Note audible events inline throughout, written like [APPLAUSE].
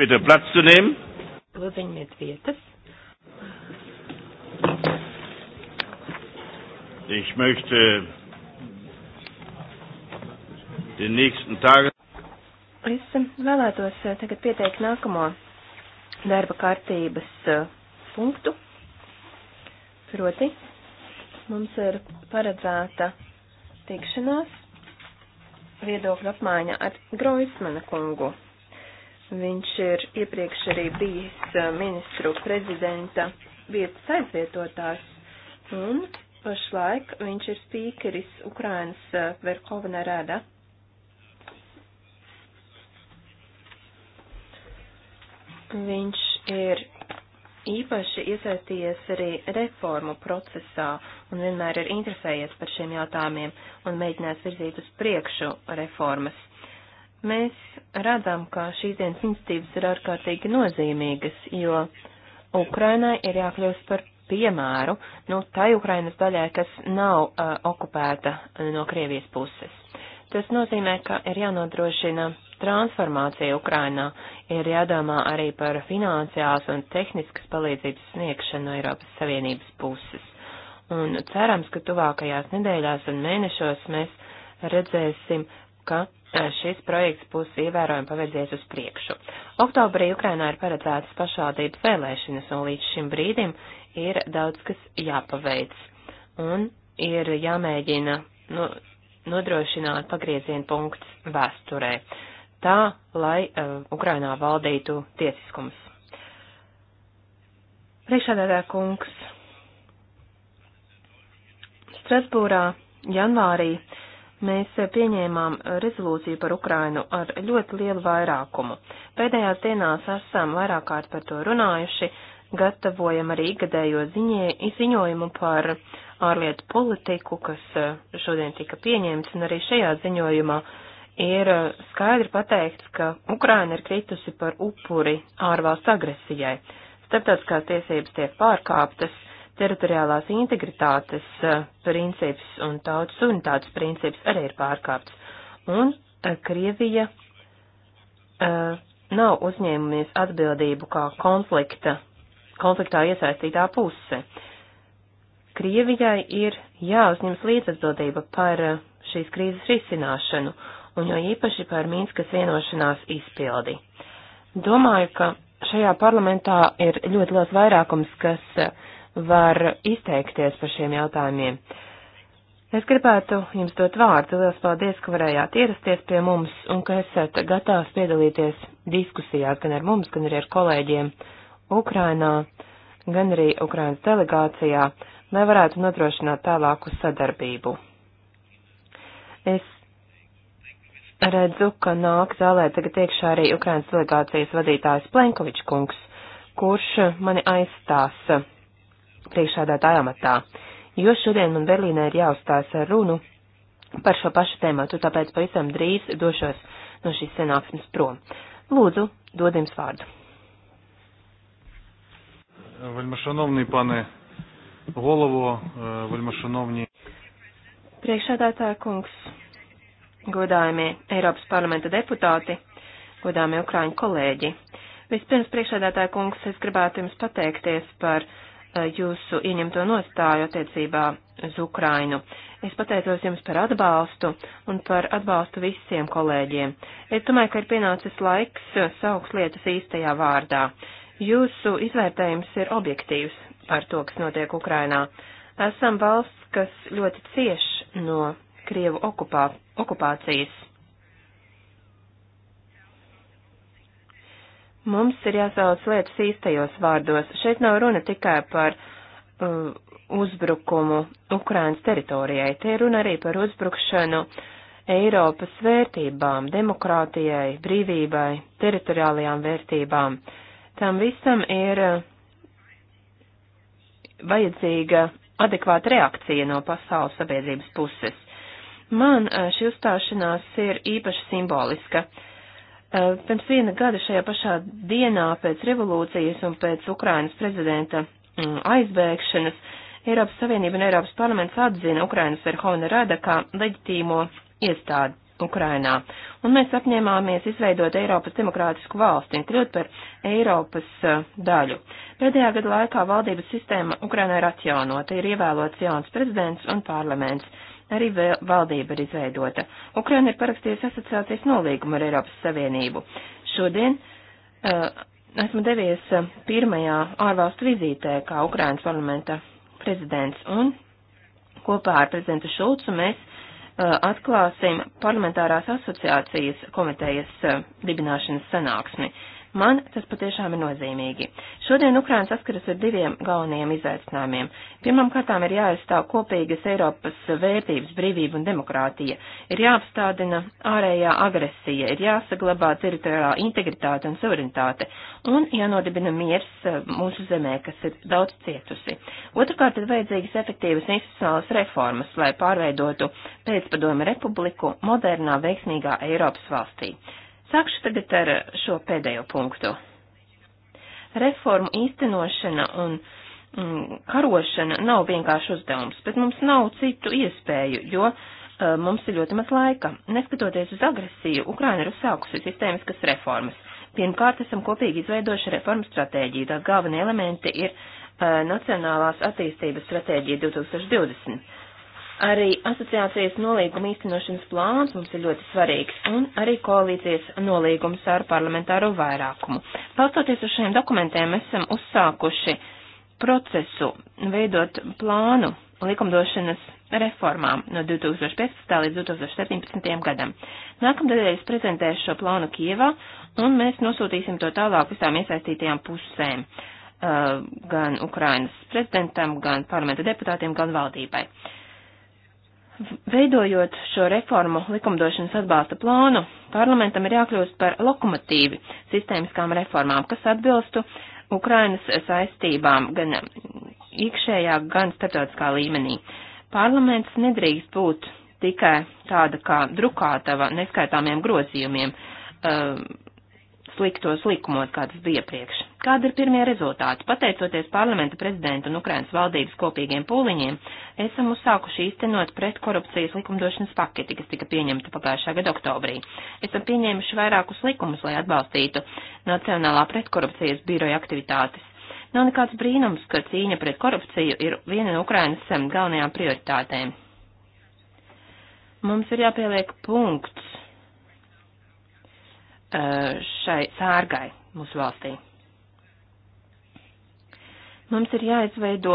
bitte Platz zu nehmen. Ich möchte den nächsten Tagen. Es vēlētos eh, tagad pieteikt nākamo darba kārtības eh, punktu. Proti, mums ir paredzēta tikšanās viedokļu apmaiņa ar Groismana kungu. Viņš ir iepriekš arī bijis eh, ministru prezidenta vietas aizvietotājs, un pašlaik viņš ir spīkeris Ukrainas eh, Verhovna Rada. Viņš ir īpaši iesaistījies arī reformu procesā un vienmēr ir interesējies par šiem jautājumiem un mēģinās virzīt uz priekšu reformas Mēs redzam, ka šīs dienas institīvas ir ārkārtīgi nozīmīgas, jo Ukrainai ir jākļūst par piemēru, nu, tai Ukrainas daļai, kas nav uh, okupēta no Krievijas puses. Tas nozīmē, ka ir jānodrošina transformācija Ukrainā, ir jādomā arī par finansiāls un tehniskas palīdzības sniegšanu no Eiropas Savienības puses. Un cerams, ka tuvākajās nedēļās un mēnešos mēs redzēsim, ka Eh, šis projekts būs ievērojami pavirzies uz priekšu. Oktobrī Ukrainā ir paredzētas pašvaldību vēlēšanas, un līdz šim brīdim ir daudz kas jāpaveic, un ir jāmēģina nu, nodrošināt pagrieziena punkts vēsturē, tā, lai uh, Ukrainā valdītu tiesiskums. Priekšādādā kungs Strasbūrā janvārī Mēs eh, pieņēmām eh, rezolūciju par Ukrainu ar ļoti lielu vairākumu. Pēdējās dienās esam vairāk kārt par to runājuši, gatavojam arī gadējo ziņojumu par ārlietu politiku, kas eh, šodien tika pieņemts, un arī šajā ziņojumā ir skaidri pateikts, ka Ukraina ir kritusi par upuri ārvalstu agresijai. Starptautiskās tiesības tiek pārkāptas teritoriālās integritātes eh, princips un tautas unitātes princips arī ir pārkāpts. Un eh, Krievija uh, nav uzņēmumies atbildību kā konflikta, konfliktā iesaistītā puse. Krievijai ir jāuzņems līdzatbildība par šīs krīzes risināšanu un jo īpaši par Mīnskas vienošanās izpildi. Domāju, ka šajā parlamentā ir ļoti liels vairākums, kas var izteikties par šiem jautājumiem. Es gribētu jums dot vārdu. Lielas paldies, ka varējāt ierasties pie mums un ka esat gatavs piedalīties diskusijās gan ar mums, gan arī ar kolēģiem Ukrainā, gan arī Ukrainas delegācijā, lai varētu nodrošināt tālāku sadarbību. Es redzu, ka nāk zālē tagad iekšā arī Ukrainas delegācijas vadītājs Plenkovičs kungs, kurš mani aizstās priekšādātāja amatā, jo šodien man Berlīnē ir jāuzstās ar runu par šo pašu tēmatu, tāpēc pavisam drīz došos no šīs senāksmes prom. Lūdzu, dod jums vārdu. Vaļmašanovnī, pane Golovo, vaļmašanovnī. Priekšādātāja kungs, godājumie Eiropas parlamenta deputāti, godājumie Ukrāņu kolēģi. Vispirms, priekšādātāja kungs, es gribētu jums pateikties par Eh, jūsu ieņemto nostāju attiecībā uz Ukrainu. Es pateicos jums par atbalstu un par atbalstu visiem kolēģiem. Es domāju, ka ir pienācis laiks saukt lietas īstajā vārdā. Jūsu izvērtējums ir objektīvs par to, kas notiek Ukrainā. Esam valsts, kas ļoti cieš no Krievu okupā, okupācijas. Mums ir jāsauc lietas īstajos vārdos. Šeit nav runa tikai par uh, uzbrukumu Ukrainas teritorijai, te ir runa arī par uzbrukšanu Eiropas vērtībām, demokrātijai, brīvībai, teritoriālajām vērtībām. Tam visam ir uh, vajadzīga adekvāta reakcija no pasaules sabiedrības puses. Man uh, šī uzstāšanās ir īpaši simboliska. Uh, Eh, pirms viena gada šajā pašā dienā pēc revolūcijas un pēc Ukrainas prezidenta mm, aizbēgšanas Eiropas Savienība un Eiropas parlaments atzina Ukrainas Verhovna Rada kā leģitīmo iestādi Ukrainā. Un mēs apņēmāmies izveidot Eiropas demokrātisku valsti un kļūt par Eiropas uh, daļu. Pēdējā gada laikā valdības sistēma Ukrainā ir atjaunota, ir ievēlots jauns prezidents un parlaments. Arī valdība ir izveidota. Ukraina ir parakstījusi asociācijas nolīgumu ar Eiropas Savienību. Šodien uh, esmu devies uh, pirmajā ārvalstu vizītē kā Ukrainas parlamenta prezidents un kopā ar prezidentu Šulcu mēs uh, atklāsim parlamentārās asociācijas komitejas uh, dibināšanas sanāksmi. Uh, Man tas patiešām ir nozīmīgi. Šodien Ukraina saskaras ar diviem galvenajiem izaicinājumiem. Pirmkārtām ir jāaizstāv kopīgas Eiropas vērtības, brīvība un demokrātija, ir jāapstādina ārējā agresija, ir jāsaglabā teritoriālā integritāte un suverenitāte un jānodibina miers eh, mūsu zemē, kas ir daudz cietusi. Otrakārt ir vajadzīgas efektīvas institucionālas reformas, lai pārveidotu pēcpadomu republiku modernā veiksmīgā Eiropas valstī. Sākšu tagad ar šo pēdējo punktu. Reformu īstenošana un mm, karošana nav vienkārši uzdevums, bet mums nav citu iespēju, jo uh, mums ir ļoti maz laika. Neskatoties uz agresiju, Ukraina ir uzsākusi sistēmiskas reformas. Pirmkārt, esam kopīgi izveidojuši reformu stratēģiju, tā galvenie elementi ir uh, Nacionālās attīstības stratēģija 2020. Arī asociācijas nolīguma īstenošanas plāns mums ir ļoti svarīgs, un arī koalīcijas nolīgums ar parlamentāro vairākumu. Palstoties uz šiem dokumentiem, esam uzsākuši procesu veidot plānu likumdošanas reformām no 2015. līdz 2017. gadam. Nākamnedēļ es prezentēšu šo plānu Kievā, un mēs nosūtīsim to tālāk visām iesaistītajām pusēm uh, gan Ukrainas prezidentam, gan parlamenta deputātiem, gan valdībai. Veidojot šo reformu likumdošanas atbalsta plānu, parlamentam ir jākļūst par lokomotīvi sistēmiskām reformām, kas atbilstu Ukrainas saistībām gan iekšējā, gan starptautiskā līmenī. Parlaments nedrīkst būt tikai tāda kā drukātava neskaitāmiem grozījumiem, ehm, sliktos likumos, kā tas bija iepriekš. Kāda ir pirmie rezultāti? Pateicoties parlamenta prezidenta un Ukrainas valdības kopīgiem pūliņiem, esam uzsākuši īstenot pretkorupcijas likumdošanas paketi, kas tika pieņemta pagājušā gada oktobrī. Esam pieņēmuši vairākus likumus, lai atbalstītu Nacionālā pretkorupcijas biroja aktivitātes. Nav nekāds brīnums, ka cīņa pret korupciju ir viena no Ukrainas galvenajām prioritātēm. Mums ir jāpieliek punkts Eh, šai sārgai mūsu valstī. Mums ir jāizveido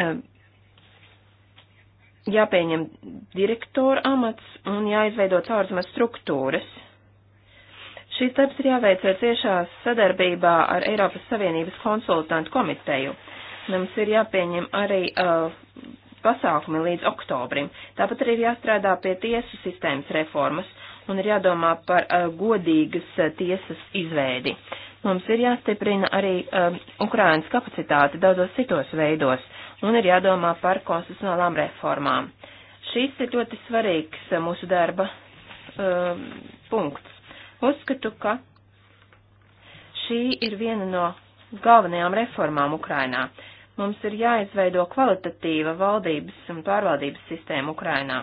eh, jāpieņem direktora amats un jāizveido caurzemes struktūras. Šīs darbs ir jāveic ciešā sadarbībā ar Eiropas Savienības konsultantu komiteju. Mums ir jāpieņem arī uh, pasākumi līdz oktobrim. Tāpat arī ir jāstrādā pie tiesu sistēmas reformas un ir jādomā par uh, godīgas uh, tiesas izveidi. Mums ir jāstiprina arī uh, Ukrainas kapacitāte daudzos citos veidos un ir jādomā par konstitucionālām reformām. Šis ir ļoti svarīgs uh, mūsu darba uh, punkts. Uzskatu, ka šī ir viena no galvenajām reformām Ukrainā. Uh, Mums ir jāizveido kvalitatīva valdības un pārvaldības sistēma Ukrainā.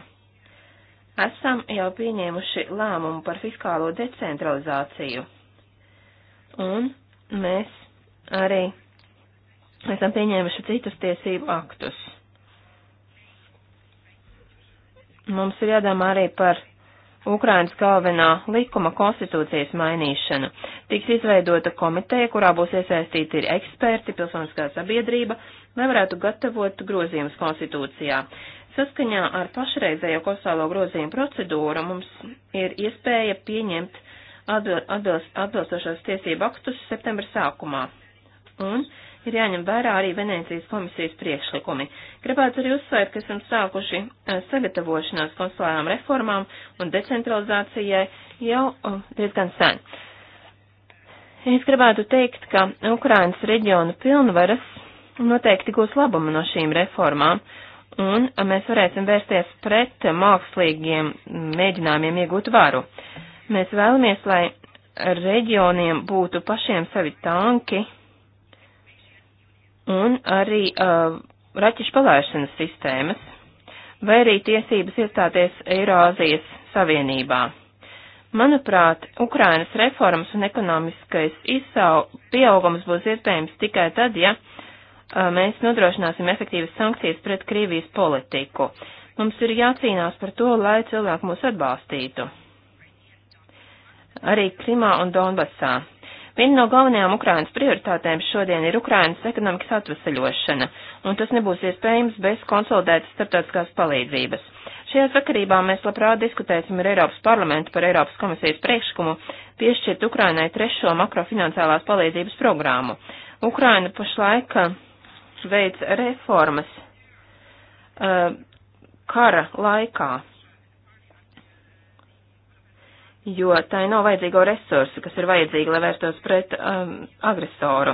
Esam jau pieņēmuši lēmumu par fiskālo decentralizāciju. Un mēs arī esam pieņēmuši citus tiesību aktus. Mums ir jādomā arī par Ukrainas galvenā likuma konstitūcijas mainīšana. Tiks izveidota komiteja, kurā būs iesaistīti ir eksperti, pilsoniskā sabiedrība, lai varētu gatavot grozījumus konstitūcijā. Saskaņā ar pašreizējo kosālo grozījumu procedūru mums ir iespēja pieņemt atbilst, atbilstošos tiesību aktus septembra sākumā. Un ir jāņem vērā arī Venēcijas komisijas priekšlikumi. Gribētu arī uzsvērt, ka esam sākuši eh, sagatavošanās konsulārām reformām un decentralizācijai jau eh, diezgan sen. Es gribētu teikt, ka Ukrainas reģiona pilnvaras noteikti gūs labumu no šīm reformām, un mēs varēsim vērsties pret mākslīgiem mēģinājumiem iegūt varu. Mēs vēlamies, lai reģioniem būtu pašiem savi tanki, un arī uh, raķešu palaišanas sistēmas, vai arī tiesības iestāties Eirāzijas Savienībā. Manuprāt, Ukrainas reformas un ekonomiskais izsau pieaugums būs iespējams tikai tad, ja uh, mēs nodrošināsim efektīvas sankcijas pret Krievijas politiku. Mums ir jācīnās par to, lai cilvēki mūs atbalstītu. Arī Krimā un Donbassā. Viena no galvenajām Ukrainas prioritātēm šodien ir Ukrainas ekonomikas atvesaļošana, un tas nebūs iespējams bez konsolidētas starptautiskās palīdzības. Šajā sakarībā mēs labprāt diskutēsim ar Eiropas parlamentu par Eiropas komisijas priekšlikumu piešķirt Ukrainai trešo makrofinanciālās palīdzības programmu. Ukraina pašlaik uh, veic reformas uh, kara laikā jo tai nav vajadzīgo resursu, kas ir vajadzīgi, lai vērstos pret um, agresoru.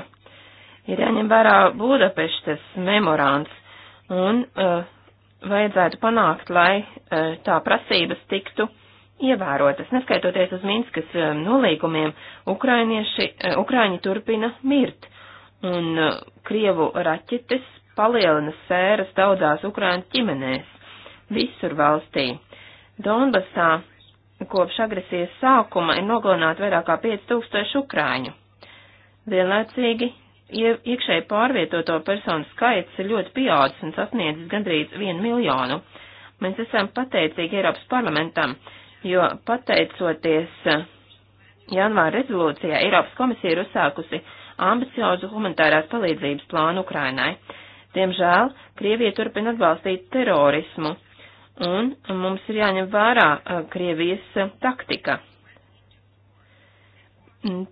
Ir jāņem vērā Budapeštes memorands un uh, vajadzētu panākt, lai uh, tā prasības tiktu ievērotas. Neskaitoties uz Minskas uh, nolīgumiem, ukrainieši, uh, ukraiņi turpina mirt, un uh, krievu raķetes palielina sēras daudzās ukraiņu ģimenēs visur valstī. Donbasā kopš agresijas sākuma ir nogalināti vairāk kā 5000 ukrāņu. Vienlaicīgi iekšēji pārvietoto personu skaits ir ļoti pieaudzis un sasniedzis gandrīz 1 miljonu. Mēs esam pateicīgi Eiropas parlamentam, jo pateicoties eh, janvāra rezolūcijā Eiropas komisija ir uzsākusi ambiciozu humanitārās palīdzības plānu Ukrainai. Diemžēl Krievija turpina atbalstīt terorismu un mums ir jāņem vērā Krievijas taktika. Mm,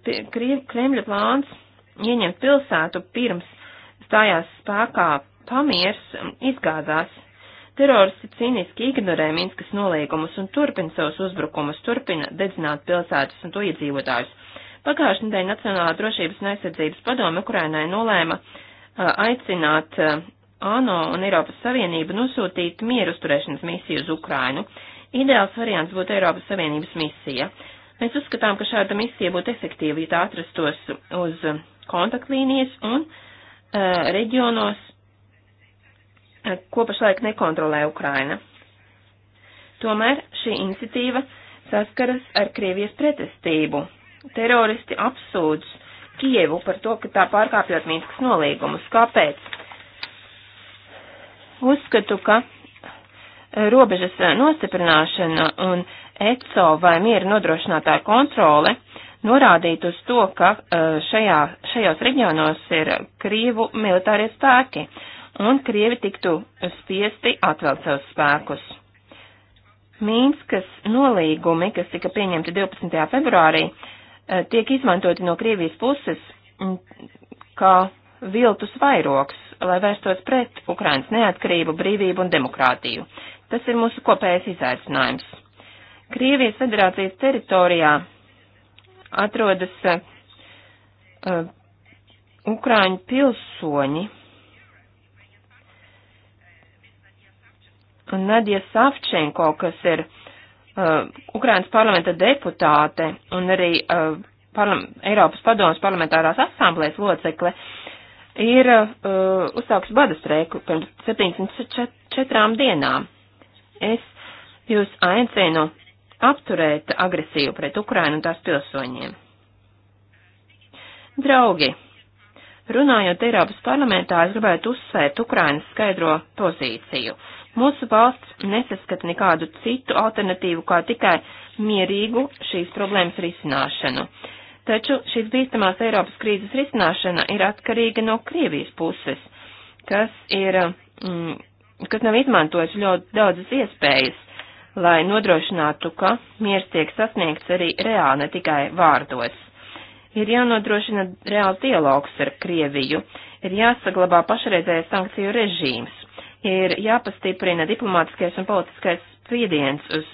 Kremļa plāns ieņemt pilsētu pirms stājās spēkā pamiers izgāzās. Teroristi cīniski ignorē Minskas noliegumus un turpina savus uzbrukumus, turpina dedzināt pilsētas un to iedzīvotājus. Pagājušajā nedēļā Nacionālā drošības un aizsardzības padome Ukrainai nolēma aicināt ANO un Eiropas Savienība nosūtītu mieru uzturēšanas misiju uz Ukrainu. Ideāls variants būtu Eiropas Savienības misija. Mēs uzskatām, ka šāda misija būtu efektīva, ja tā atrastos uz kontaktlīnijas un uh, reģionos, uh, ko pašlaik nekontrolē Ukraina. Tomēr šī iniciatīva saskaras ar Krievijas pretestību. Teroristi apsūdz Kievu par to, ka tā pārkāpjot Minskas nolīgumus. Kāpēc? Uzskatu, ka e, robežas e, nostiprināšana un ECO vai miera nodrošinātāja kontrole norādīt uz to, ka e, šajā, šajos reģionos ir krievu militārie spēki, un krievi tiktu spiesti atvēlt savus spēkus. Mīnskas nolīgumi, kas tika pieņemti 12. februārī, tiek izmantoti no Krievijas puses kā viltus vairoks, lai vērstos pret Ukrainas neatkarību, brīvību un demokrātiju. Tas ir mūsu kopējais izaicinājums. Krievijas federācijas teritorijā atrodas uh, eh, eh, Ukrāņu pilsoņi. Un Nadja Savčenko, kas ir uh, Ukrainas parlamenta deputāte un arī uh, parlam Eiropas padomas parlamentārās asamblēs locekle, uh, ir uh, uzsāks bada streiku pirms 74 dienām. Es jūs aicinu apturēt agresiju pret Ukrainu un tās pilsoņiem. Draugi, runājot Eiropas parlamentā, es gribētu uzsvērt Ukrainas skaidro pozīciju. Mūsu valsts nesaskata nekādu citu alternatīvu kā tikai mierīgu šīs problēmas risināšanu. Uh, Taču šīs bīstamās Eiropas krīzes risināšana ir atkarīga no Krievijas puses, kas ir, mm, kas nav izmantojis ļoti daudzas iespējas, lai nodrošinātu, ka miers tiek sasniegts arī reāli, ne tikai vārdos. Ir jānodrošina reāls dialogs ar Krieviju, ir jāsaglabā pašreizējais sankciju režīms, ir jāpastiprina diplomātiskais un politiskais spiediens uz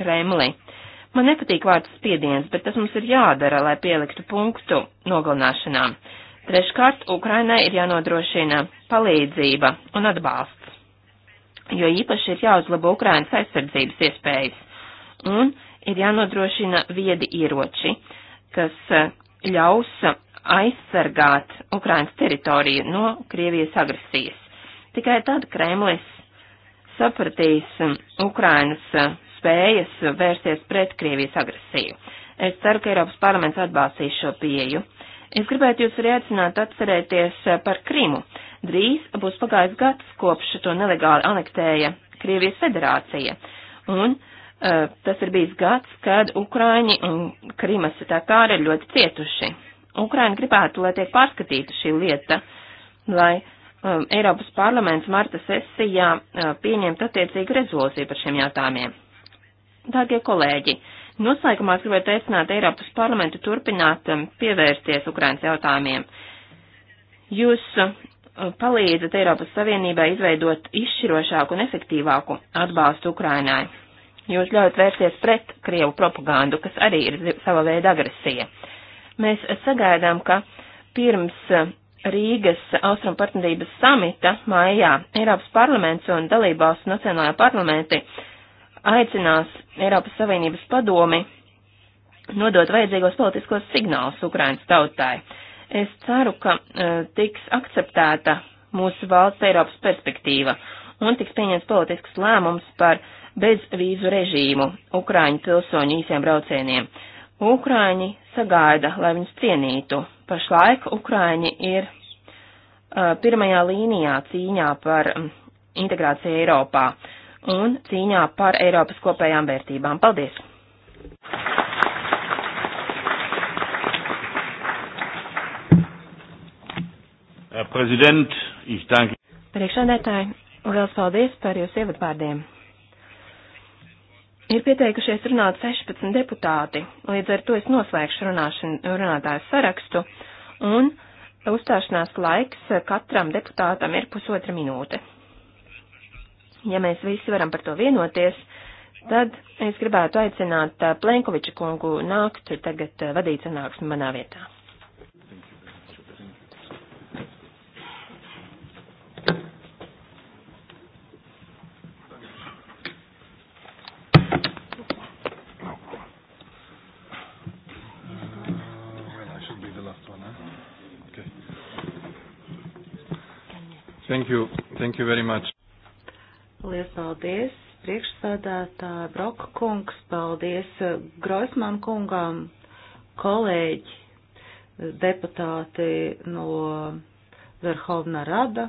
Kremli. Uh, Man nepatīk vārds spiediens, bet tas mums ir jādara, lai pieliktu punktu nogalināšanām. Treškārt, Ukrainai ir jānodrošina palīdzība un atbalsts, jo īpaši ir jāuzlabo Ukrainas aizsardzības iespējas, un ir jānodrošina viedi ieroči, kas e, ļaus aizsargāt Ukrainas teritoriju no Krievijas agresijas. Tikai tad Kremlis sapratīs Ukrainas e, spējas vērsties pret Krievijas agresiju. Es ceru, ka Eiropas parlaments atbalstīs šo pieju. Es gribētu jūs arī aicināt atcerēties par Krimu. Drīz būs pagājis gads, kopš to nelegāli anektēja Krievijas federācija. Un uh, tas ir bijis gads, kad Ukraiņi un Krimas tatāri ir ļoti cietuši. Ukraina gribētu, lai tiek pārskatīta šī lieta, lai um, Eiropas parlaments marta sesijā uh, pieņemtu attiecīgu rezolūciju par šiem jautājumiem. Dārgie kolēģi, noslēgumā es gribētu aicināt Eiropas parlamentu turpināt um, pievērsties Ukrainas jautājumiem. Jūs uh, palīdzat Eiropas Savienībai izveidot izšķirošāku un efektīvāku atbalstu Ukrainai. Jūs ļaujat vērsties pret Krievu propagandu, kas arī ir sava veida agresija. Mēs sagaidām, ka pirms uh, Rīgas Austrum partnerības samita mājā Eiropas parlaments un dalībvalsts nacionālajā parlamenti uh, aicinās Eiropas Savienības padomi nodot vajadzīgos politiskos signālus Ukrainas tautai. Es ceru, ka uh, tiks akceptēta mūsu valsts Eiropas perspektīva un tiks pieņemts politisks lēmums par bezvīzu režīmu Ukrāņu pilsoņu īsiem braucieniem. Ukrāņi sagaida, lai viņus cienītu. Pašlaik Ukrāņi ir uh, pirmajā līnijā cīņā par um, integrāciju Eiropā. Uh, un cīņā par Eiropas kopējām vērtībām. Paldies! Prezident, ich danke. Priekšsēdētāji, liels paldies par jūsu ievadvārdiem. Ir pieteikušies runāt 16 deputāti, līdz ar to es noslēgšu runātāju sarakstu, un uzstāšanās laiks katram deputātam ir pusotra minūte. Ja mēs visi varam par to vienoties, tad es gribētu aicināt uh, Plenkoviča kungu nākt tagad uh, vadīt sanāksmi manā vietā. Thank you. Thank you very much. Lielas paldies, priekšsādātāja Broka kungs, paldies eh, Groisman kungām, kolēģi, eh, deputāti no Verhovna Rada.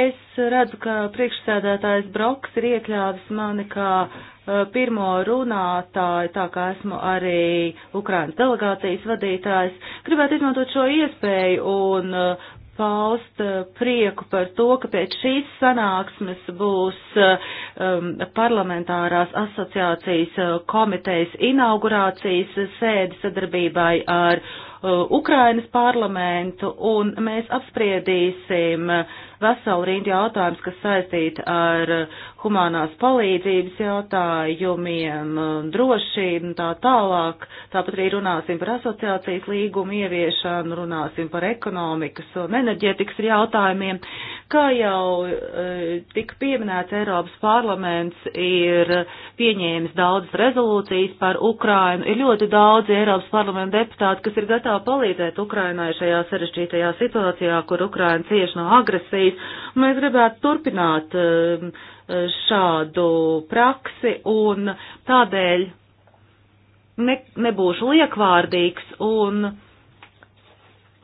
Es redzu, ka priekšsēdētājs Broks ir iekļāvis mani kā eh, pirmo runātāju, tā kā esmu arī Ukrainas delegācijas vadītājs. Gribētu izmantot šo iespēju un paust eh, prieku par to, ka pēc šīs sanāksmes būs eh, um, parlamentārās asociācijas eh, komitejas inaugurācijas sēde sadarbībai ar Uh, Ukrainas parlamentu, un mēs apspriedīsim veselu rindu jautājumus, kas saistīti ar humanās palīdzības jautājumiem, um, drošību un tā tālāk. Tāpat arī runāsim par asociācijas līgumu ieviešanu, runāsim par ekonomikas un enerģētikas jautājumiem. Uh, Kā jau e, tika pieminēts, Eiropas parlaments ir pieņēmis daudzas rezolūcijas par Ukrainu. Ir ļoti daudzi Eiropas parlamenta deputāti, kas ir gatavi palīdzēt Ukrainai šajā sarežģītajā situācijā, kur Ukraina cieši no agresijas. Mēs gribētu turpināt e, e, šādu praksi un tādēļ ne, nebūšu liekvārdīgs un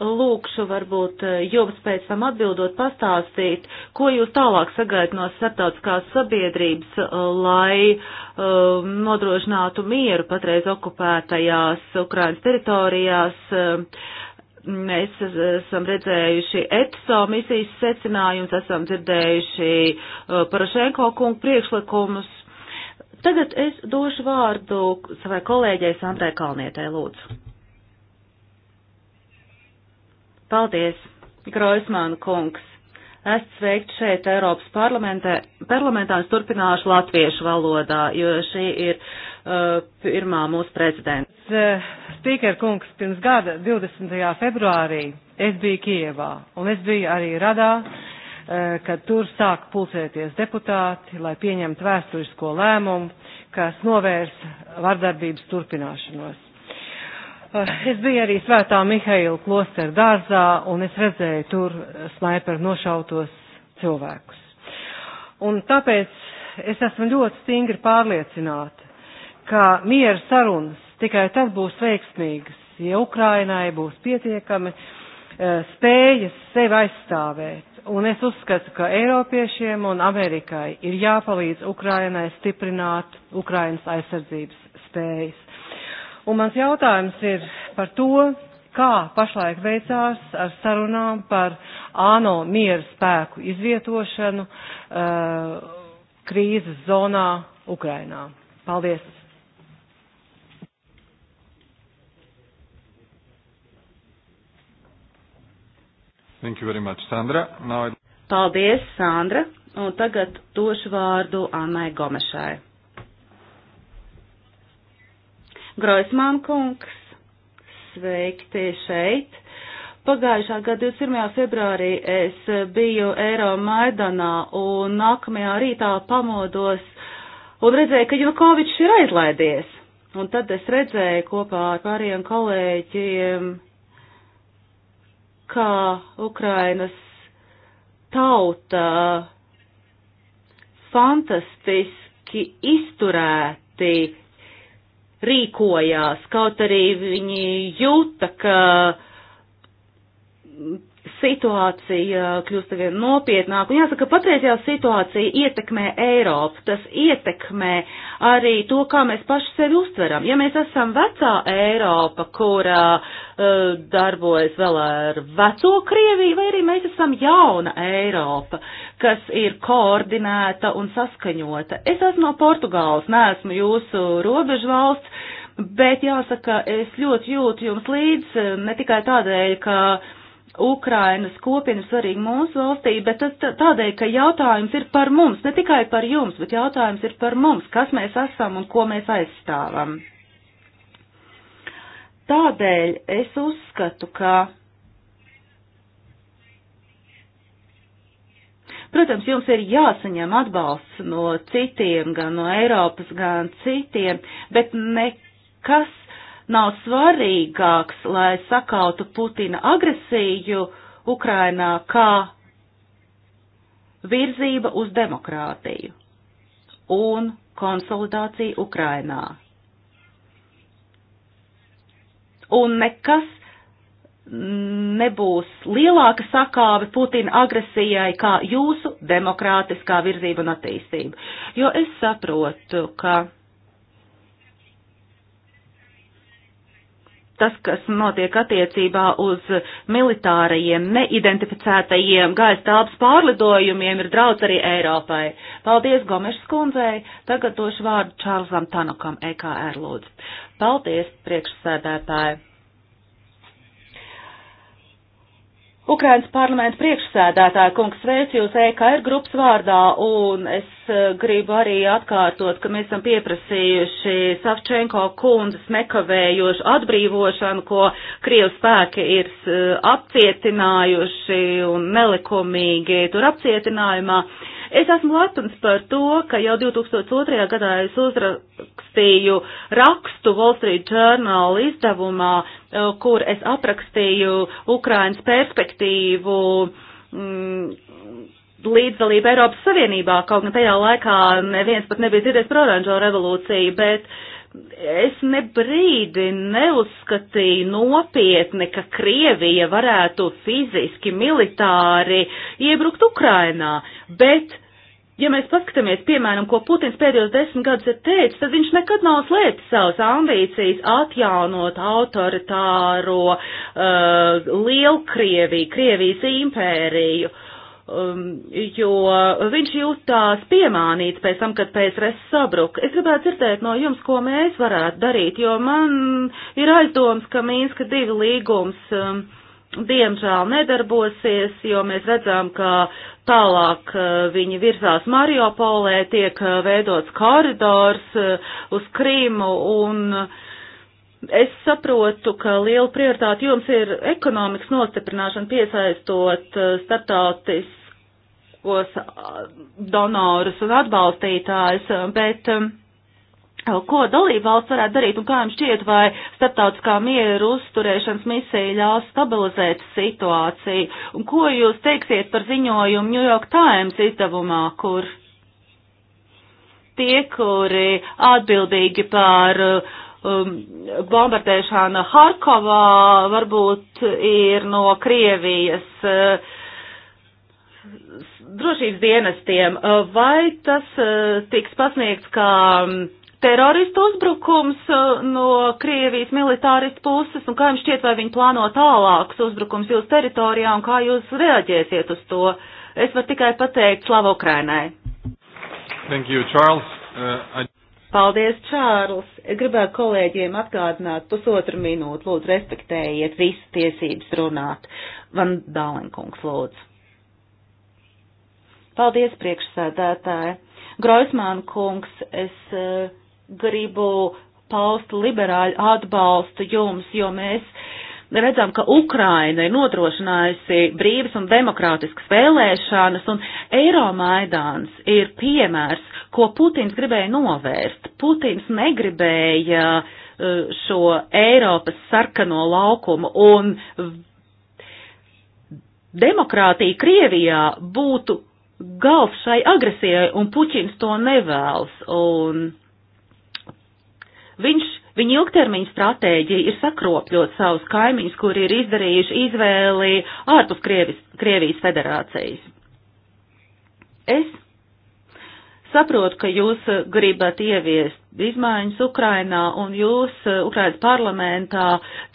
lūkšu varbūt eh, jums pēc tam atbildot pastāstīt, ko jūs tālāk sagaidat no starptautiskās sabiedrības, eh, lai uh, nodrošinātu mieru patreiz okupētajās Ukrainas teritorijās. Mēs esam redzējuši ETSO misijas secinājumus, esam dzirdējuši Parašenko kungu priekšlikumus. Tagad es došu vārdu savai kolēģei Sandrai Kalnietai, lūdzu. Paldies, Groismāna kungs. Es sveikt šeit Eiropas parlamentā. Parlamentā es turpināšu latviešu valodā, jo šī ir uh, pirmā mūsu prezidenta. Uh, Spīker kungs, pirms gada 20. februārī es biju Kievā un es biju arī Radā, uh, kad tur sāk pulcēties deputāti, lai pieņemtu vēsturisko lēmumu, kas novērs vardarbības turpināšanos. Eh, es biju arī svētā Mihaila klosteru dārzā, un es redzēju tur eh, snaiperu nošautos cilvēkus. Un tāpēc es esmu ļoti stingri pārliecināta, ka miera sarunas tikai tad būs veiksmīgas, ja Ukrainai būs pietiekami eh, spējas sevi aizstāvēt. Un es uzskatu, ka Eiropiešiem un Amerikai ir jāpalīdz Ukrainai stiprināt Ukrainas aizsardzības spējas. Un mans jautājums ir par to, kā pašlaik veicās ar sarunām par ANO miera spēku izvietošanu uh, krīzes zonā Ukrainā. Paldies! Thank you very much, Sandra. Now I... Paldies, Sandra. Un tagad došu vārdu Annai Gomešai. Groismām kungs, sveikti šeit. Pagājušā gada 21. februārī es biju Eiro Maidanā un nākamajā rītā pamodos un redzēju, ka Jukovičs ir aizlaidies. Un tad es redzēju kopā ar pāriem kolēģiem, kā Ukrainas tauta fantastiski izturēti rīkojās, kaut arī viņi jūta, ka situācija uh, kļūst vien nopietnāk. Un jāsaka, patreizajā situācija ietekmē Eiropu, tas ietekmē arī to, kā mēs paši sevi uztveram. Ja mēs esam vecā Eiropa, kurā uh, darbojas vēl ar veco Krieviju, vai arī mēs esam jauna Eiropa, kas ir koordinēta un saskaņota. Es esmu no Portugāles, neesmu jūsu robežu valsts, bet jāsaka, es ļoti jūtu jums līdz ne tikai tādēļ, ka uh, Ukrainas kopiena svarīga mūsu valstī, bet tas tādēļ, ka jautājums ir par mums, ne tikai par jums, bet jautājums ir par mums, kas mēs esam un ko mēs aizstāvam. Tādēļ es uzskatu, ka. Protams, jums ir jāsaņem atbalsts no citiem, gan no Eiropas, gan citiem, bet nekas nav svarīgāks, lai sakautu Putina agresiju Ukrainā, kā virzība uz demokrātiju un konsolidāciju Ukrainā. Un nekas nebūs lielāka sakāve Putina agresijai kā jūsu demokrātiskā virzība un attīstība. Jo es saprotu, ka tas, kas notiek attiecībā uz militārajiem, neidentificētajiem gaisa telpas pārlidojumiem, ir draudz arī Eiropai. Paldies Gomešas kundzei, tagad došu vārdu Čārlzam Tanukam, EKR lūdzu. Paldies, priekšsēdētāji. Ukrainas parlamenta priekšsēdētāja kungs sveic jūs EKR grupas vārdā, un es eh, gribu arī atkārtot, ka mēs esam pieprasījuši Savčenko kundzes nekavējošu atbrīvošanu, ko Krievas spēki ir eh, apcietinājuši un nelikumīgi tur apcietinājumā. Uh, Es esmu lepns par to, ka jau 2002. gadā es uzrakstīju rakstu Wall Street Journal izdevumā, eh, kur es aprakstīju Ukrainas perspektīvu mm, līdzdalību Eiropas Savienībā, kaut gan tajā laikā neviens pat nebija dzirdējis par oranžo revolūciju, bet uh, es ne brīdi neuzskatīju nopietni, ka Krievija varētu fiziski, militāri iebrukt Ukrainā, bet, ja mēs paskatāmies, piemēram, ko Putins pēdējos desmit gadus ir teicis, tad viņš nekad nav slēpis savas ambīcijas atjaunot autoritāro uh, Lielkrieviju, Krievijas impēriju. Uh, um, jo viņš jutās piemānīts pēc tam, kad PSRS sabruka. Es gribētu dzirdēt no jums, ko mēs varētu darīt, jo man ir aizdoms, ka Mīnska divi līgums um, diemžēl nedarbosies, jo mēs redzam, ka tālāk uh, viņi virzās Mariupolē, tiek uh, veidots koridors uh, uz Krīmu un uh, Es saprotu, ka liela prioritāte jums ir ekonomikas nostiprināšana, piesaistot uh, startautiskos uh, donorus un atbalstītājus, uh, bet um, ko dalībvalsts varētu darīt un kā jums šķiet, vai starptautiskā mieru uzturēšanas misija ļaus stabilizēt situāciju? Un ko jūs teiksiet par ziņojumu New York Times izdevumā, kur tie, kuri atbildīgi par uh, um, bombardēšana Harkovā varbūt ir no Krievijas uh, drošības dienestiem, uh, vai tas uh, tiks pasniegts kā um, teroristu uzbrukums uh, no Krievijas militāristu puses, un kā jums šķiet, vai viņi plāno tālākus uzbrukums jūsu teritorijā, un kā jūs reaģēsiet uz to? Es varu tikai pateikt slavu Ukrainai. Thank you, Charles. Uh, I... Paldies, Čārls! Gribētu kolēģiem atgādināt pusotru minūtu, lūdzu, respektējiet visu tiesības runāt. Van Dālenkungs, lūdzu. Paldies, priekšsēdētāji! Groismāna kungs, es uh, gribu paust liberāļu atbalstu jums, jo mēs uh, redzam, ka Ukraina ir nodrošinājusi brīvas un demokrātiskas vēlēšanas, un Eiromaidāns ir piemērs, ko Putins gribēja novērst. Putins negribēja uh, šo Eiropas sarkano laukumu, un demokrātija Krievijā būtu galvs šai agresijai, un Puķins to nevēlas. Un viņš Viņa ilgtermiņa stratēģija ir sakropļot savus kaimiņus, kuri ir izdarījuši izvēli ārpus Krievis, Krievijas federācijas. Es saprotu, ka jūs gribat ieviest izmaiņas Ukrainā un jūs Ukrainas parlamentā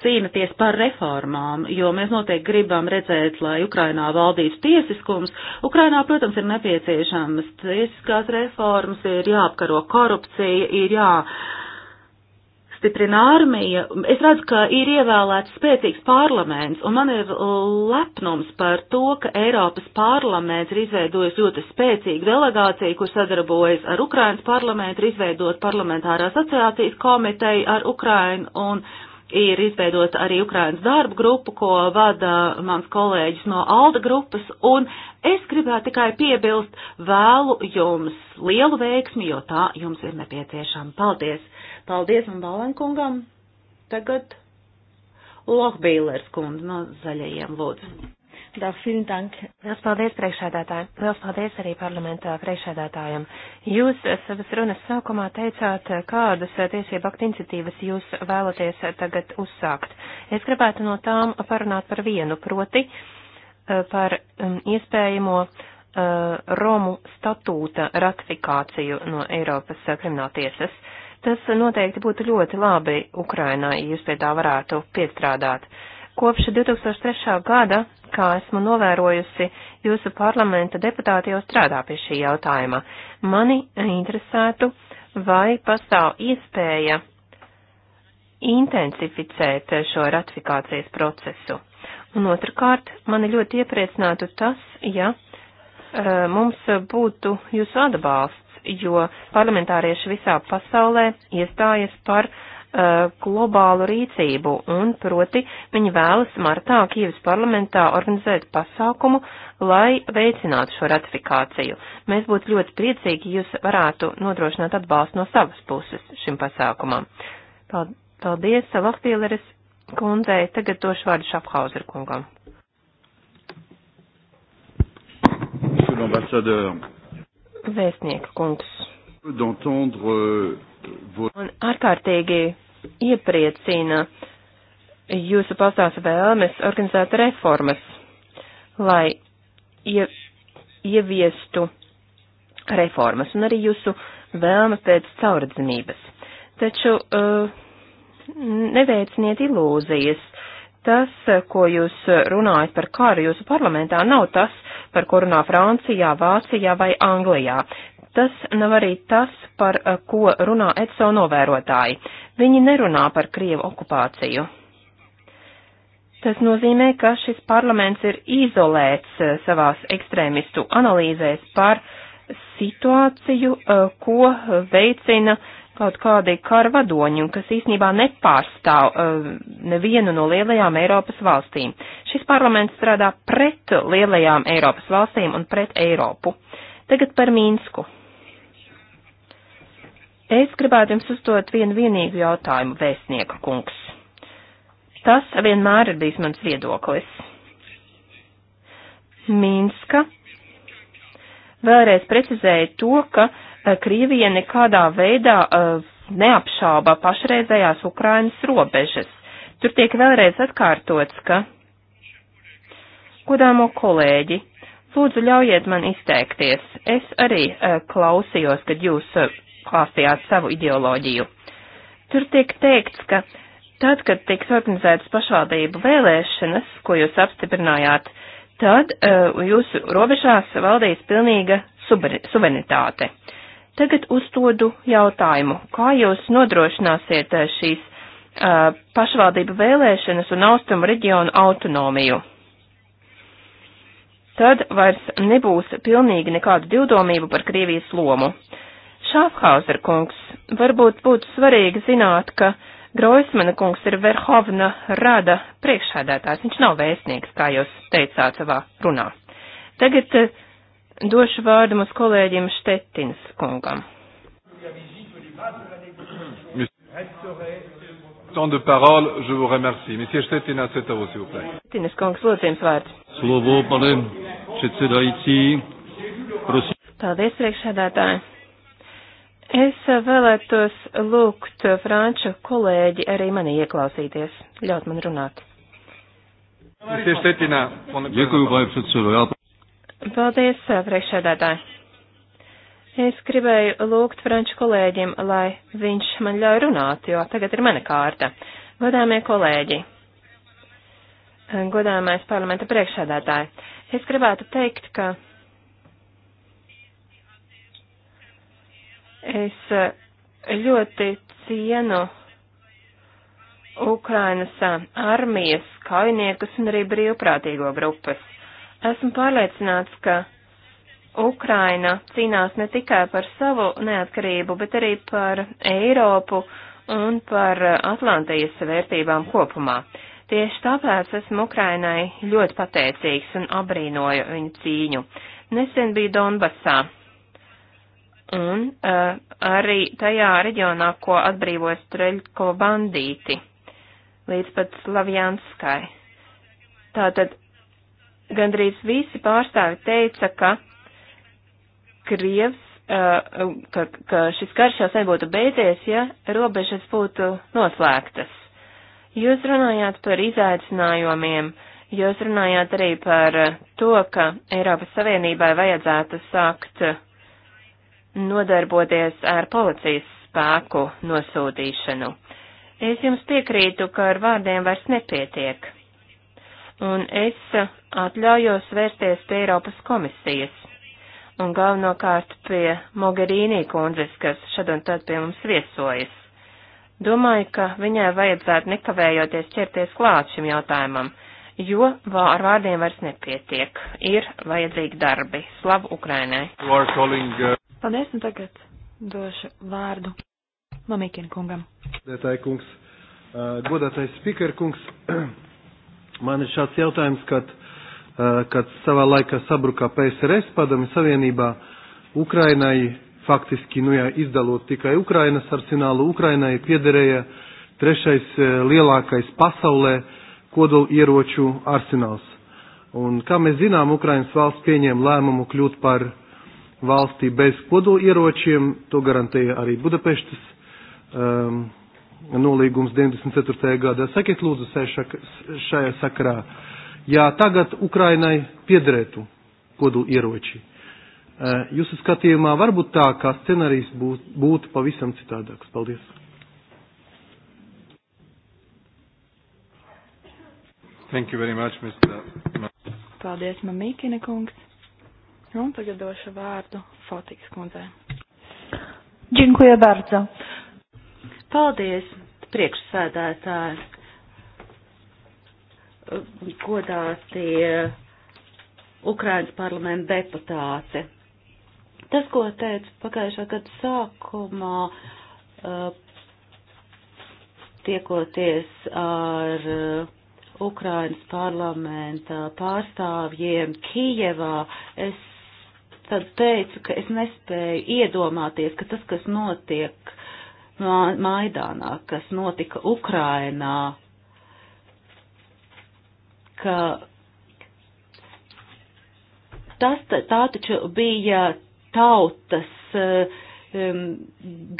cīnaties par reformām, jo mēs noteikti gribam redzēt, lai Ukrainā valdītu tiesiskums. Ukrainā, protams, ir nepieciešamas tiesiskās reformas, ir jāapkaro korupcija, ir jā jāstiprina armija, es redzu, ka ir ievēlēts spēcīgs parlaments, un man ir lepnums par to, ka Eiropas parlaments ir izveidojis ļoti spēcīgu delegāciju, kur sadarbojas ar Ukrainas parlamentu, ir izveidot parlamentārā asociācijas komiteju ar Ukrainu, un ir izveidota arī Ukrainas darba grupa, ko vada mans kolēģis no Alda grupas, un es gribētu tikai piebilst vēlu jums lielu veiksmi, jo tā jums ir nepieciešama. Paldies! Paldies un Balenkungam. Tagad Lohbīlers kundze no zaļajiem lūdzu. Da, vielen Dank. Liels paldies priekšādātājiem. Liels paldies arī parlamentā priekšādātājiem. Jūs savas runas sākumā teicāt, kādas tiesību aktu iniciatīvas jūs vēlaties tagad uzsākt. Es gribētu no tām parunāt par vienu, proti eh, par mm, iespējamo eh, Romu statūta ratifikāciju no Eiropas eh, krimināltiesas. Tas noteikti būtu ļoti labi Ukrainai, ja jūs pie tā varētu piestrādāt. Kopš 2003. gada, kā esmu novērojusi, jūsu parlamenta deputāti jau strādā pie šī jautājuma. Mani interesētu, vai pastāv iespēja intensificēt šo ratifikācijas procesu. Un otrkārt, mani ļoti iepriecinātu tas, ja eh, mums būtu jūsu atbalsts jo parlamentārieši visā pasaulē iestājas par uh, globālu rīcību, un proti viņi vēlas martā Kīvas parlamentā organizēt pasākumu, lai veicinātu šo ratifikāciju. Mēs būtu ļoti priecīgi, ja jūs varētu nodrošināt atbalstu no savas puses šim pasākumam. Paldies, Laftīleres kundzei, tagad došu vārdu Šaphauser kungam. Monsieur l'ambassadeur, Vēstnieka kungs. Euh, un ārkārtīgi iepriecina jūsu paustās vēlmes organizēt reformas, lai ie, ieviestu reformas un arī jūsu vēlme pēc caurredzamības. Taču uh, neveiciniet ilūzijas, Tas, ko jūs runājat par kāru jūsu parlamentā, nav tas, par ko runā Francijā, Vācijā vai Anglijā. Tas nav arī tas, par eh, ko runā ECO novērotāji. Viņi nerunā par Krievu okupāciju. Tas nozīmē, ka šis parlaments ir izolēts eh, savās ekstrēmistu analīzēs par situāciju, eh, ko veicina uh, kaut kādi karvadoņi, kas īsnībā nepārstāv uh, nevienu no lielajām Eiropas valstīm. Šis parlaments strādā pret lielajām Eiropas valstīm un pret Eiropu. Tagad par Mīnsku. Es gribētu jums uzdot vienu vienīgu jautājumu, vēstnieka kungs. Tas vienmēr ir bijis mans viedoklis. Mīnska vēlreiz precizēja to, ka uh, Eh, Krievija nekādā veidā eh, neapšāba pašreizējās Ukrainas robežas. Tur tiek vēlreiz atkārtots, ka, godāmo kolēģi, lūdzu ļaujiet man izteikties. Es arī eh, klausījos, kad jūs klāstījāt savu ideoloģiju. Tur tiek teikts, ka tad, kad tiks organizētas pašvaldību vēlēšanas, ko jūs apstiprinājāt, tad uh, jūsu robežās valdīs pilnīga suverenitāte. Tagad uzdodu jautājumu, kā jūs nodrošināsiet eh, šīs uh, pašvaldību vēlēšanas un austrumu reģionu autonomiju? Tad vairs nebūs pilnīgi nekādu divdomību par Krievijas lomu. Šāfhauser kungs, varbūt būtu svarīgi zināt, ka Groismana kungs ir Verhovna rada priekšsēdētājs, viņš nav vēstnieks, kā jūs teicāt savā runā. Tagad uh, Došu vārdu mūsu kolēģim Štetins kungam. Temps de parole, je vous remercie. Monsieur Štetina, c'est à vous, s'il vous plaît. Štetines kungs, lūdzu jums vārdu. Slovo, pane předsedající. Prosím. Paldies, priekšsēdētāji. Es vēlētos lūgt franču kolēģi arī mani ieklausīties, ļaut man runāt. Děkuji, pane předsedo. Paldies, priekšsēdētāji. Es gribēju lūgt franču kolēģim, lai viņš man ļauj runāt, jo tagad ir mana kārta. Godāmie kolēģi, godāmais parlamenta priekšsēdētāji, es gribētu teikt, ka es ļoti cienu Ukrainas armijas kaujiniekus un arī brīvprātīgo grupas. Esmu pārliecināts, ka Ukraina cīnās ne tikai par savu neatkarību, bet arī par Eiropu un par Atlantijas vērtībām kopumā. Tieši tāpēc esmu Ukrainai ļoti pateicīgs un abrīnoju viņu cīņu. Nesen biju Donbassā un uh, arī tajā reģionā, ko atbrīvoja Streļko bandīti līdz pat Slavjanskai. Tātad gandrīz visi pārstāvi teica, ka Krievs, uh, um, ka, ka šis karš jau sen būtu beidzies, ja robežas būtu noslēgtas. Jūs runājāt par izaicinājumiem, jūs runājāt arī par to, ka Eiropas Savienībai vajadzētu sākt nodarboties ar policijas spēku nosūtīšanu. Es jums piekrītu, ka ar vārdiem vairs nepietiek un es atļaujos vērsties pie Eiropas komisijas un galvenokārt pie Mogherīnī kundzes, kas šad un tad pie mums viesojas. Domāju, ka viņai vajadzētu nekavējoties ķerties klāt šim jautājumam, jo ar vārdiem vairs nepietiek. Ir vajadzīgi darbi. Slavu Ukrainai! Uh, Paldies, un tagad došu vārdu Mamikina kungam. Dētāji kungs, uh, godātais speaker kungs. [CLEARS THROAT] Man ir šāds jautājums, kad, eh, kad savā laikā sabruka PSRS padomi savienībā Ukrainai, faktiski, nu jā, izdalot tikai Ukrainas arsenālu, Ukrainai piederēja trešais eh, lielākais pasaulē kodolu ieroču arsenāls. Un, kā mēs zinām, Ukrainas valsts pieņēma lēmumu kļūt par valstī bez kodolieročiem, to garantēja arī Budapeštas um, ehm, nolīgums 94. gadā. Sakiet lūdzu šajā sakarā, ja tagad Ukrainai piederētu kodu ieroči, jūsu skatījumā varbūt tā, kā scenārijs būtu, būtu pavisam citādāks. Paldies! Thank you very much, Mr. Paldies, Mamīkina kungs. Un tagad došu vārdu Fotiks kundzei. Dziękuję bardzo. Paldies, priekšsēdētāji, godātie Ukrainas parlamenta deputāti. Tas, ko teicu pagājušā gada sākumā, eh, tiekoties ar eh, Ukrainas parlamenta pārstāvjiem Kijevā, es tad teicu, ka es nespēju iedomāties, ka tas, kas notiek Maidānā, kas notika Ukrainā, ka tas, tā taču bija tautas um,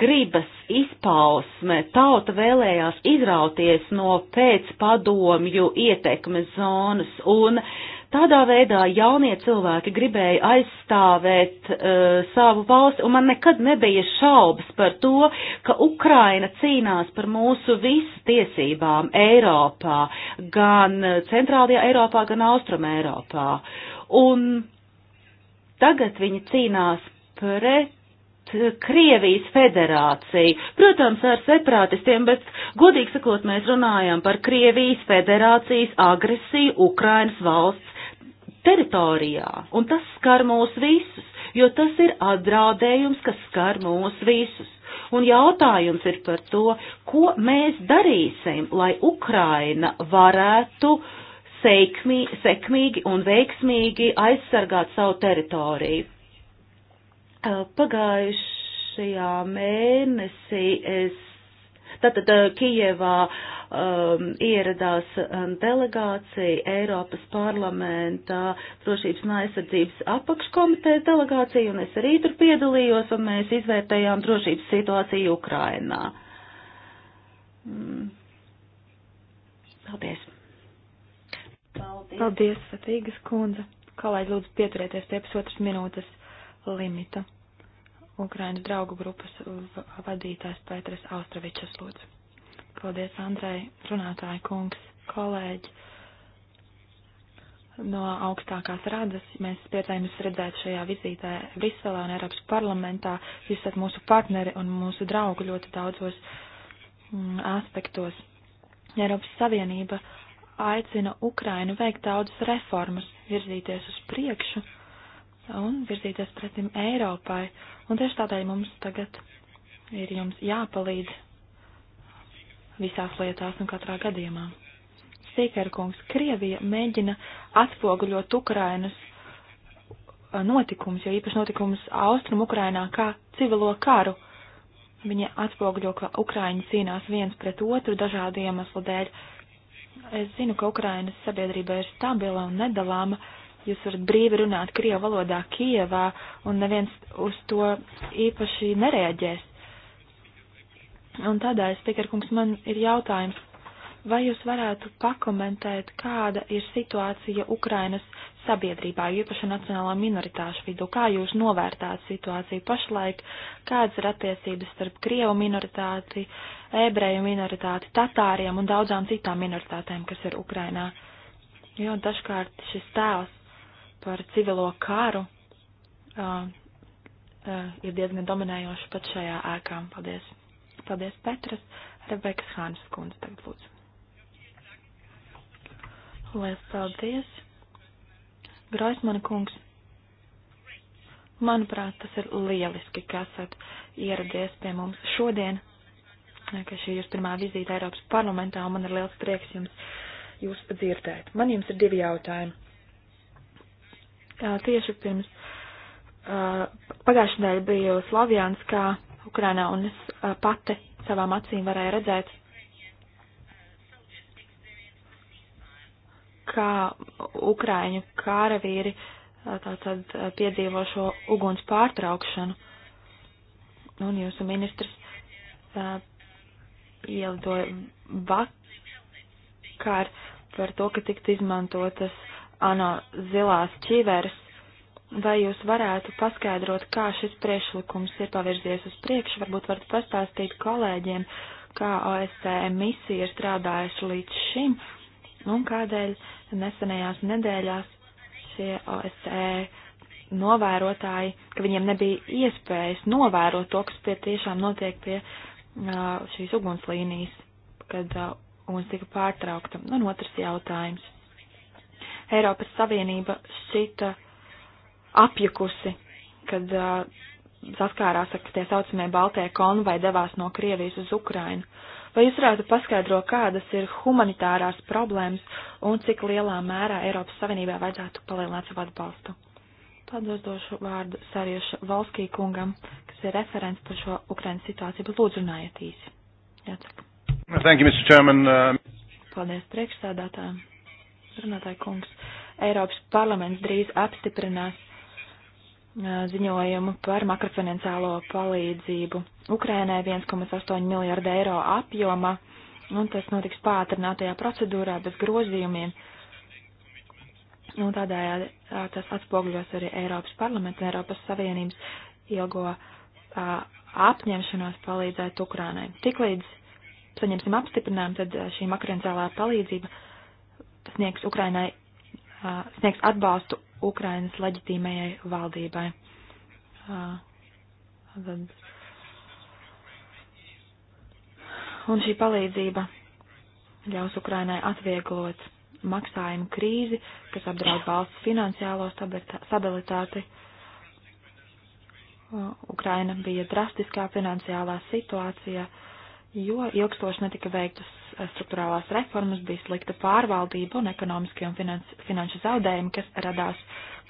gribas izpausme, tauta vēlējās izrauties no pēcpadomju ietekmes zonas un uh, Tādā veidā jaunie cilvēki gribēja aizstāvēt uh, savu valsti, un man nekad nebija šaubas par to, ka Ukraina cīnās par mūsu visu tiesībām Eiropā, gan uh, centrālajā Eiropā, gan austrum Eiropā. Un tagad viņi cīnās pret uh, Krievijas federāciju. Protams, ar separātistiem, bet godīgi sakot, mēs runājam par Krievijas federācijas agresiju Ukrainas valsts teritorijā, un tas skar mūs visus, jo tas ir atdraudējums, kas skar mūs visus. Un jautājums ir par to, ko mēs darīsim, lai Ukraina varētu seikmī, sekmīgi un veiksmīgi aizsargāt savu teritoriju. Pagājušajā mēnesī es Tātad eh, Kijevā um, ieradās ehm, delegācija Eiropas parlamenta drošības un aizsardzības apakškomiteja delegācija, un es arī tur piedalījos, un mēs izvērtējām drošības situāciju Ukrainā. Mm. Paldies. Paldies, Paldies Satīgas kundze. Kolēģi, lūdzu pieturieties pie pusotras minūtes limita. Ukrainas draugu grupas vadītājs Pēters Austravičs lūdzu. Paldies, Andrei, runātāja kungs, kolēģi. No augstākās radas mēs piecējām jūs redzēt šajā vizītē Briselē un Eiropas parlamentā. Jūs esat mūsu partneri un mūsu draugi ļoti daudzos mm, aspektos. Eiropas Savienība aicina Ukrainu veikt daudzas reformas, virzīties uz priekšu un virzīties pretim Eiropai. Un tieši tādēļ mums tagad ir jums jāpalīdz visās lietās un katrā gadījumā. Sīkerkungs, Krievija mēģina atspoguļot Ukrainas notikums, jo īpaši notikums Austrum Ukrainā kā civilo karu. Viņa atspoguļo, ka Ukraiņi cīnās viens pret otru dažādu iemeslu dēļ. Es zinu, ka Ukrainas sabiedrība ir stabila un nedalāma, uh, Jūs varat brīvi runāt Krievu valodā Kievā, un neviens uz to īpaši nereaģēs. Un tādā, Speaker kungs, man ir jautājums, vai jūs varētu pakomentēt, kāda ir situācija Ukrainas sabiedrībā, īpaši nacionālā minoritāšu vidū, kā jūs novērtāt situāciju pašlaik, kādas ir attiecības starp Krievu minoritāti, ebreju minoritāti, tatāriem un daudzām citām minoritātēm, kas ir Ukrainā. Jo dažkārt šis tēls par civilo kāru uh, uh, ir diezgan dominējoši pat šajā ēkā. Paldies. Paldies, Petras. Rebekas Hānas kundze tagad lūdzu. Lielas paldies. Groismana kungs. Manuprāt, tas ir lieliski, ka esat ieradies pie mums šodien, ka šī ir pirmā vizīte Eiropas parlamentā, un man ir liels prieks jums jūs dzirdēt. Man jums ir divi jautājumi tieši pirms pagājušajā nedēļā biju Slavjānskā, Ukrainā, un es pati savām acīm varēju redzēt, kā Ukraiņu kāravīri tātad piedzīvo šo uguns pārtraukšanu. Un jūsu ministrs ielidoja vakar par to, ka tiktu izmantotas ANO zilās ķiveres, vai jūs varētu paskaidrot, kā šis priekšlikums ir pavirzies uz priekšu, varbūt varat pastāstīt kolēģiem, kā OSCE misija ir strādājuši līdz šim, un kādēļ nesenajās nedēļās šie OSCE novērotāji, ka viņiem nebija iespējas novērot to, kas pie tiešām notiek pie uh, šīs ugunslīnijas, kad uh, uguns tika pārtraukta. Un otrs jautājums. Eiropas Savienība šita apjukusi, kad uh, saskārās ar tie saucamie Baltie konvai devās no Krievijas uz Ukrainu. Vai jūs varētu paskaidrot, kādas ir humanitārās problēmas un cik lielā mērā Eiropas Savienībā vajadzētu palielināt savu atbalstu? Paldies došu vārdu Sarieša Valskī kungam, kas ir referents par šo Ukrainas situāciju, bet lūdzu runājiet īsi. Jācaka. Thank you, Mr. Chairman. Uh, Paldies priekšsēdātājiem runātāja kungs, Eiropas parlaments drīz apstiprinās ziņojumu par makrofinanciālo palīdzību Ukrainai 1,8 miljārda eiro apjoma, un tas notiks pātrinātajā procedūrā bez grozījumiem. Un tādējādi tas atspogļos arī Eiropas parlamenta un Eiropas Savienības ilgo a, apņemšanos palīdzēt Ukrainai. Tiklīdz saņemsim apstiprinājumu, tad šī makroenciālā palīdzība sniegs Ukrainai, sniegs atbalstu Ukrainas leģitīmajai valdībai. Un šī palīdzība ļaus Ukrainai atvieglot maksājumu krīzi, kas apdraud valsts finansiālo stabilitāti. Ukraina bija drastiskā finansiālā situācijā, uh, jo ilgstoši netika veiktas eh, struktūrālās reformas, bija slikta pārvaldība un ekonomiskie un finans, finanšu zaudējumi, kas radās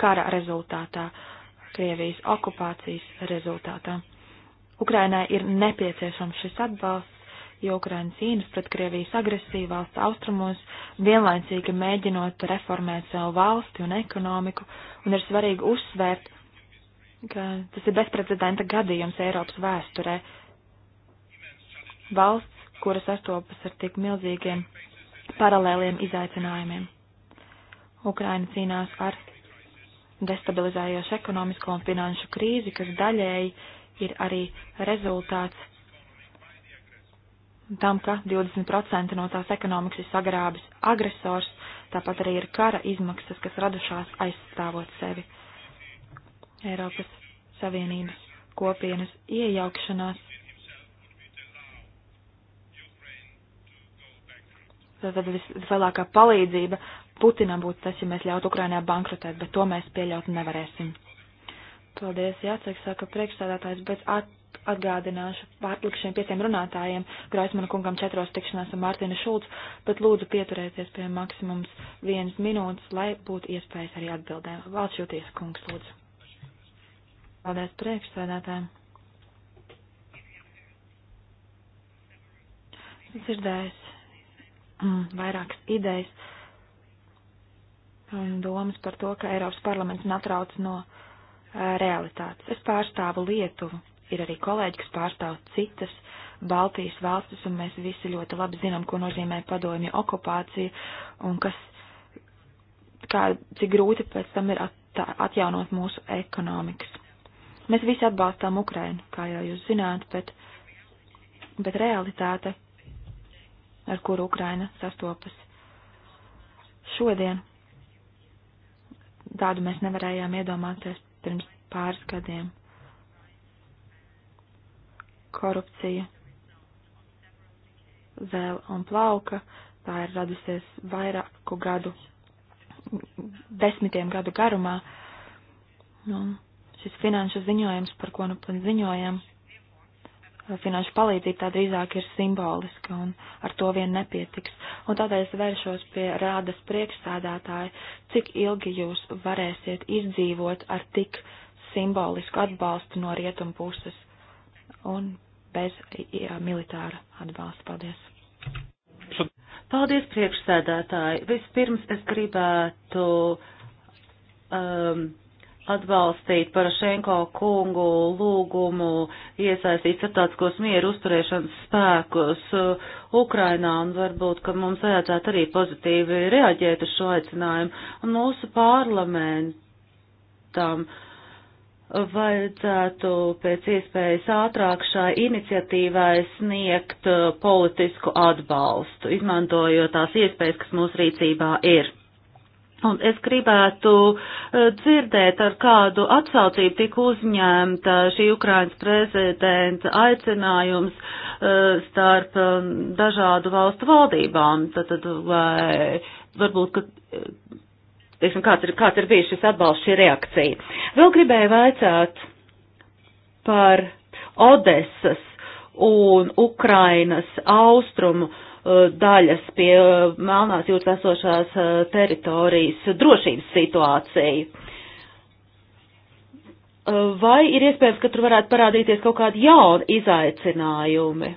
kara rezultātā, Krievijas okupācijas rezultātā. Ukrainai ir nepieciešams šis atbalsts, jo Ukraina cīnas pret Krievijas agresiju valsts austrumos, vienlaicīgi mēģinot reformēt savu valsti un ekonomiku, un ir svarīgi uzsvērt, ka tas ir bezprecedenta gadījums Eiropas vēsturē valsts, kuras sastopas ar tik milzīgiem paralēliem izaicinājumiem. Ukraina cīnās ar destabilizējošu ekonomisko un finanšu krīzi, kas daļēji ir arī rezultāts tam, ka 20% no tās ekonomikas ir sagrābis agresors, tāpat arī ir kara izmaksas, kas radušās aizstāvot sevi. Eiropas Savienības kopienas iejaukšanās Tad vis, vislielākā palīdzība Putinam būtu tas, ja mēs ļautu Ukrainā bankrotēt, bet to mēs pieļaut nevarēsim. Paldies, jācek, saka priekšstādātājs, bet at, atgādināšu pārlikšiem pieciem runātājiem, Graismanu kungam četros tikšanās ar Mārtiņu Šulcu, bet lūdzu pieturēties pie maksimums vienas minūtes, lai būtu iespējas arī atbildēm. Valsts jūties, kungs, lūdzu. Paldies priekšstādātājiem. Dzirdējis Mm, vairākas idejas un domas par to, ka Eiropas parlaments natrauc no realitātes. Es pārstāvu Lietuvu, ir arī kolēģi, kas pārstāv citas Baltijas valstis, un mēs visi ļoti labi zinām, ko nozīmē padomju okupācija un kas, kā, cik grūti pēc tam ir at, atjaunot mūsu ekonomikas. Mēs visi atbalstām Ukrainu, kā jau jūs zināt, bet, bet realitāte ar kuru Ukraina sastopas šodien. Tādu mēs nevarējām iedomāties pirms pāris gadiem. Korupcija vēl un plauka, tā ir radusies vairāku gadu, desmitiem gadu garumā. Un šis finanšu ziņojums, par ko nu pat ziņojam, finanšu palīdzība tā drīzāk ir simboliska un ar to vien nepietiks. Un tādēļ es vēršos pie rādas priekšsādātāja, cik ilgi jūs varēsiet izdzīvot ar tik simbolisku atbalstu no rietumu puses un bez jā, militāra atbalsta. Paldies! Paldies, priekšsēdētāji! Vispirms es gribētu um, atbalstīt Parašenko kungu lūgumu iesaistīt starptautiskos mieru uzturēšanas spēkus uh, Ukrainā, un varbūt, ka mums vajadzētu arī pozitīvi reaģēt uz šo aicinājumu. Un mūsu parlamentam vajadzētu pēc iespējas ātrāk šai iniciatīvai sniegt uh, politisku atbalstu, izmantojot tās iespējas, kas mūsu rīcībā ir. Un es gribētu e, dzirdēt, ar kādu atsaucību tika uzņemta šī Ukrainas prezidenta aicinājums e, starp e, dažādu valstu valdībām. Tad, tad vai varbūt, ka, teiksim, kāds ir, kāds ir bijis šis atbalsts, šī reakcija. Vēl gribēju vaicāt par Odesas un Ukrainas austrumu uh, Uh, daļas pie uh, Melnās jūras esošās uh, teritorijas drošības situāciju. Vai ir iespējams, ka tur varētu parādīties kaut kādi jauni izaicinājumi?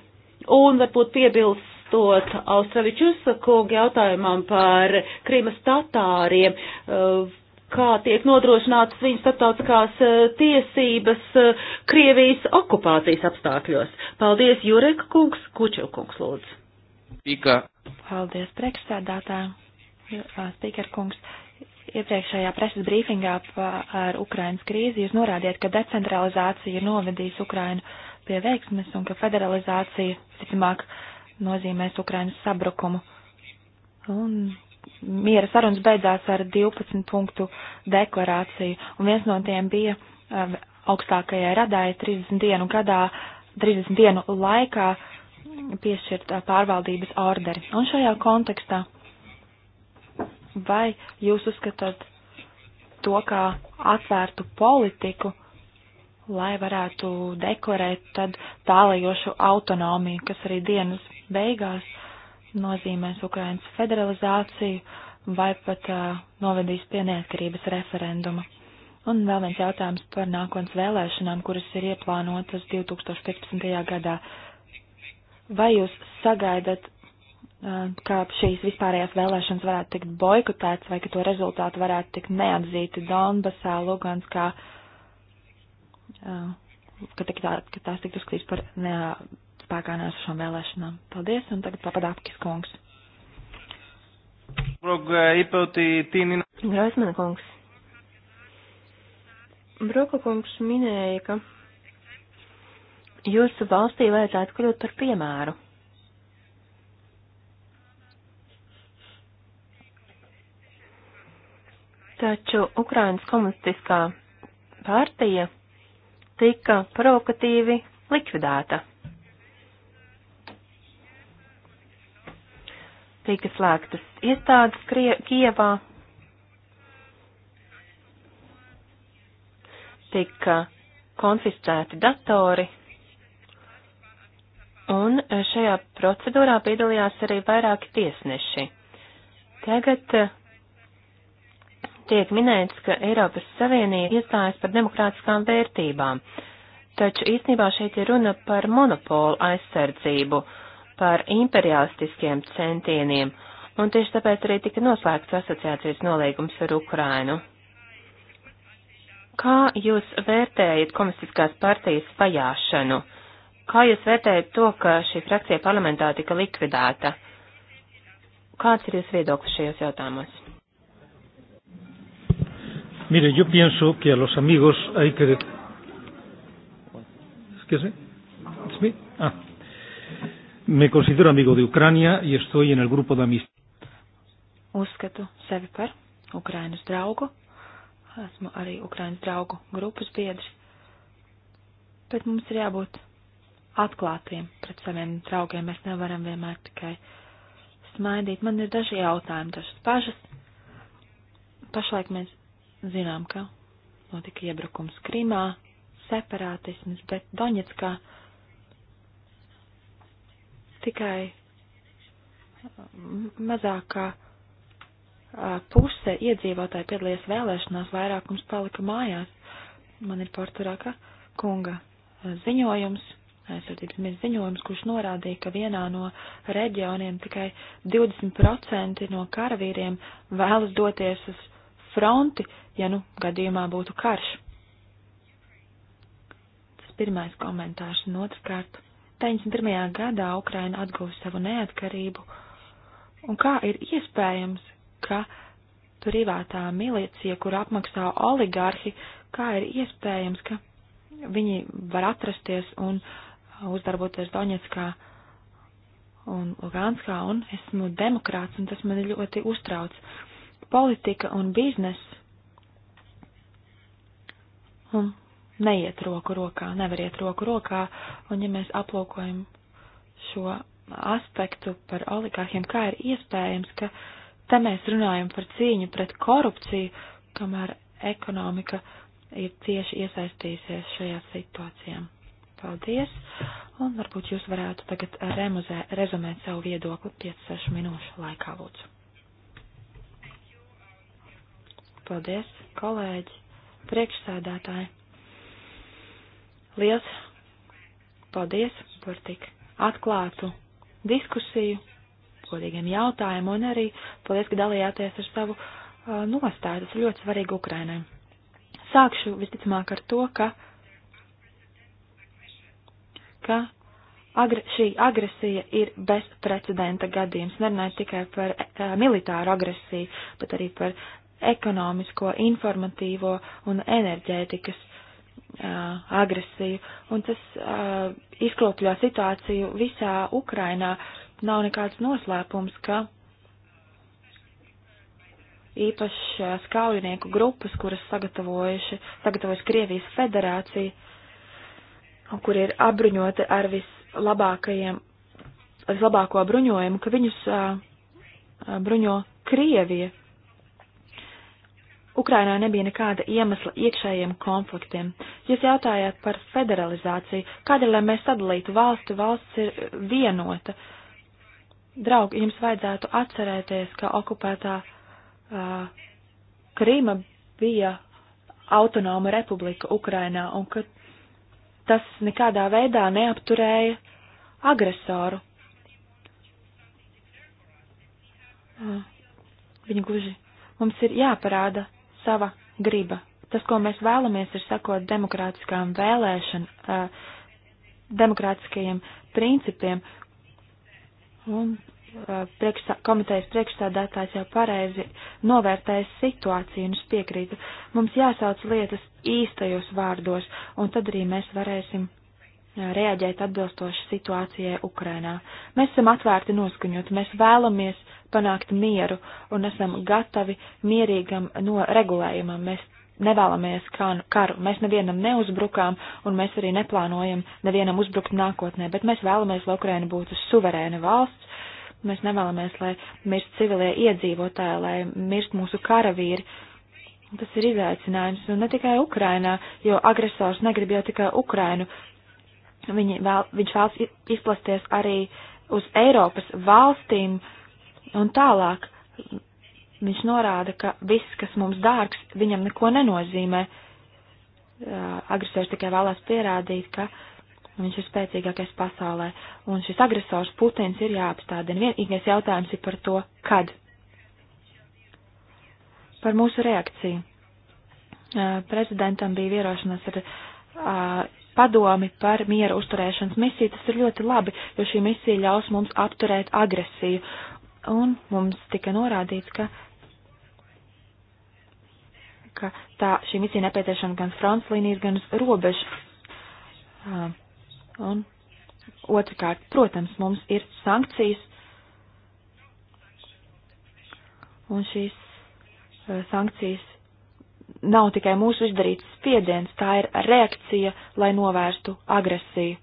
Un varbūt piebilstot Austravičus kungu jautājumam par Krīmas tatāriem, kā tiek nodrošinātas viņu starptautiskās tiesības Krievijas okupācijas apstākļos. Paldies, Jurek kungs, Kučev kungs, lūdzu. Speaker. Paldies, priekšsēdētāji. Speaker kungs, iepriekšējā preses brīfingā par Ukrainas krīzi jūs norādījāt, ka decentralizācija ir novedījusi Ukrainu pie veiksmes un ka federalizācija, visticamāk, nozīmēs Ukrainas sabrukumu. Un miera sarunas beidzās ar 12 punktu deklarāciju, un viens no tiem bija augstākajai radāja 30 dienu gadā, 30 dienu laikā piešķirt pārvaldības orderi. Un šajā kontekstā, vai jūs uzskatāt to kā atvērtu politiku, lai varētu deklarēt tad tālajošu autonomiju, kas arī dienas beigās nozīmēs Ukrainas federalizāciju vai pat uh, novedīs pie neatkarības referenduma. Un vēl viens jautājums par nākotnes vēlēšanām, kuras ir ieplānotas 2015. gadā. Uh, Vai jūs sagaidat, ka šīs vispārējās vēlēšanas varētu tikt boikotēts vai ka to rezultātu varētu tikt neatzīti Donbasā, Luganskā, ka, tā, ka tās tiktu uzskatīts par ne, spēkā nesošām vēlēšanām? Paldies, un tagad papadāpkis kungs. Grausmana kungs. Broka kungs minēja, ka jūsu valstī vajadzētu kļūt par piemēru. Taču Ukrainas komunistiskā partija tika provokatīvi likvidēta. Tika slēgtas iestādes Krie Kievā, tika konfiscēti datori. Un e, šajā procedūrā piedalījās arī vairāki tiesneši. Tagad e, tiek minēts, ka Eiropas Savienība iestājas par demokrātiskām vērtībām, taču īstenībā šeit ir runa par monopolu aizsardzību, par imperialistiskiem centieniem, un tieši tāpēc arī tika noslēgts asociācijas nolīgums ar Ukrainu. Kā jūs vērtējat komunistiskās partijas vajāšanu? Kā jūs vērtējat to, ka šī frakcija parlamentā tika likvidēta? Kāds ir jūsu viedoklis šajos jautājumos? Mire, yo pienso que a los amigos hay que. Excuse me. It's me. Ah. Me considero amigo de Ucrania y estoy en el grupo de amistad. Uzskatu sevi par Ukrainas draugu. Esmu arī Ukrainas draugu grupas biedrs. Bet mums ir jābūt atklātiem pret saviem draugiem. Mēs nevaram vienmēr tikai smaidīt. Man ir daži jautājumi, dažas pažas. Pašlaik mēs zinām, ka notika iebrukums Krimā, separātisms, bet Doņetskā tikai mm, mazākā puse iedzīvotāji piedalījās vēlēšanās, vairākums palika mājās. Man ir porturāka kunga ziņojums, aizsardzības ministra ziņojums, kurš norādīja, ka vienā no reģioniem tikai 20% no karavīriem vēlas doties uz fronti, ja nu gadījumā būtu karš. Tas pirmais komentārs un otrkārt. 91. gadā Ukraina atguva savu neatkarību, un kā ir iespējams, ka privātā milicija, kur apmaksā oligarhi, kā ir iespējams, ka viņi var atrasties un uh, uzdarboties Doņetskā un Luganskā, un esmu demokrāts, un tas man ļoti uztrauc. Politika un biznes un neiet roku rokā, nevar iet roku rokā, un ja mēs aplūkojam šo aspektu par oligarhiem, kā ir iespējams, ka te mēs runājam par cīņu pret korupciju, kamēr ekonomika ir cieši iesaistījusies šajā situācijām. Paldies! Un varbūt jūs varētu tagad remuzē, rezumēt savu viedokli 5-6 minūšu laikā, lūdzu. Paldies, kolēģi, priekšsēdētāji. Liels paldies par tik atklātu diskusiju, godīgiem jautājumiem un arī paldies, ka dalījāties ar savu uh, nostāju. Tas ir ļoti svarīgi Ukrainai. Sākšu visticamāk ar to, ka ka agre, šī agresija ir bezprecedenta gadījums. Nerunājot tikai par e, militāru agresiju, bet arī par ekonomisko, informatīvo un enerģētikas e, agresiju. Un tas e, izkropļo situāciju visā Ukrainā. Nav nekāds noslēpums, ka īpaši skaujinieku grupas, kuras sagatavojuši, sagatavojuši Krievijas federācija, kur ir apbruņoti ar vislabākajiem, vislabāko bruņojumu, ka viņus uh, bruņo Krievija. Ukrainā nebija nekāda iemesla iekšējiem konfliktiem. Jūs jautājāt par federalizāciju. Kādēļ, lai mēs sadalītu valstu, valsts ir vienota? Draugi, jums vajadzētu atcerēties, ka okupētā uh, Krīma bija autonoma republika Ukrainā un ka tas nekādā veidā neapturēja agresoru. Ah, Viņa gluži mums ir jāparāda sava griba. Tas, ko mēs vēlamies, ir sakot demokrātiskām vēlēšanām, ah, demokrātiskajiem principiem. Un Eh, priekšstā, komitejas priekšstādātājs jau pareizi novērtēs situāciju un es piekrītu. Mums jāsauc lietas īstajos vārdos, un tad arī mēs varēsim eh, reaģēt atbilstoši situācijai Ukrainā. Mēs esam atvērti noskaņot, mēs vēlamies panākt mieru un esam gatavi mierīgam no regulējumam. Mēs nevēlamies karu, mēs nevienam neuzbrukām un mēs arī neplānojam nevienam uzbrukt nākotnē, bet mēs vēlamies, lai Ukraina būtu suverēna valsts, Mēs nevēlamies, lai mirst civilie iedzīvotāji, lai mirst mūsu karavīri. Tas ir izaicinājums, un ne tikai Ukrainā, jo agresors negrib jau tikai Ukrainu. Viņi vēl, viņš vēlas izplasties arī uz Eiropas valstīm un tālāk. Viņš norāda, ka viss, kas mums dārgs, viņam neko nenozīmē. Agresors tikai vēlās pierādīt, ka uh, Viņš ir spēcīgākais pasaulē, un šis agresors Putins ir jāapstādina. Vienīgais jautājums ir par to, kad. Par mūsu reakciju. Prezidentam bija vierošanās ar padomi par miera uzturēšanas misiju. Tas ir ļoti labi, jo šī misija ļaus mums apturēt agresiju. Un mums tika norādīts, ka ka tā šī misija nepieciešama gan fronts līnijas, gan robežu Un otrkārt, protams, mums ir sankcijas, un šīs eh, sankcijas nav tikai mūsu izdarīts spiediens, tā ir reakcija, lai novērstu agresiju.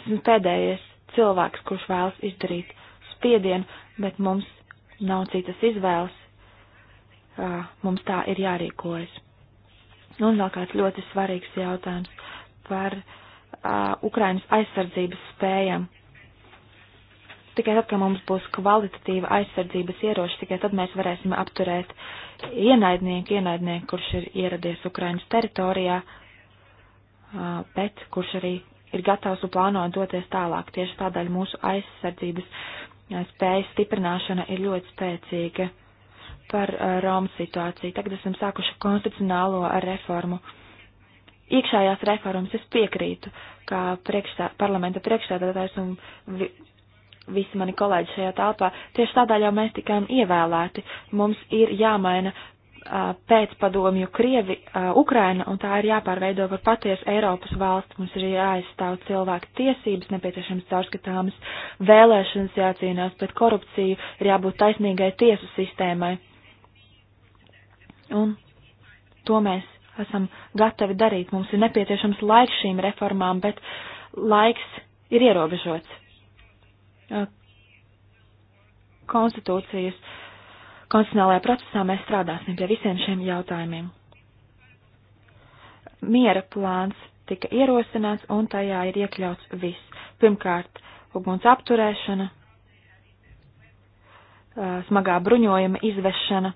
Esmu pēdējais cilvēks, kurš vēlas izdarīt spiedienu, bet mums nav citas izvēles. Eh, mums tā ir jārīkojas. Un vēl kāds ļoti svarīgs jautājums par uh, Ukrainas aizsardzības spējām. Tikai tad, kad mums būs kvalitatīva aizsardzības ieroči, tikai tad mēs varēsim apturēt ienaidnieku, ienaidnieku, kurš ir ieradies Ukrainas teritorijā, uh, bet kurš arī ir gatavs un plāno doties tālāk. Tieši tādēļ mūsu aizsardzības spējas stiprināšana ir ļoti spēcīga par Romas situāciju. Tagad esam sākuši konstitucionālo reformu. Uh, iekšējās reformas. Es piekrītu, kā priekšstā, parlamenta priekšstādātājs un vi, visi mani kolēģi šajā telpā. Tieši tādēļ jau mēs tikām ievēlēti. Mums ir jāmaina pēcpadomju Krievi, uh, Ukraina, un tā ir jāpārveido par patiesu Eiropas valsti. Mums ir jāaizstāv cilvēku tiesības, nepieciešams caurskatāmas vēlēšanas, jācīnās pret korupciju, ir jābūt taisnīgai tiesu sistēmai. Un to mēs esam gatavi darīt. Mums ir nepieciešams laiks šīm reformām, bet laiks ir ierobežots. Konstitūcijas konstitucionālajā procesā mēs strādāsim pie visiem šiem jautājumiem. Miera plāns tika ierosināts un tajā ir iekļauts viss. Pirmkārt, uguns apturēšana, smagā bruņojuma izvešana,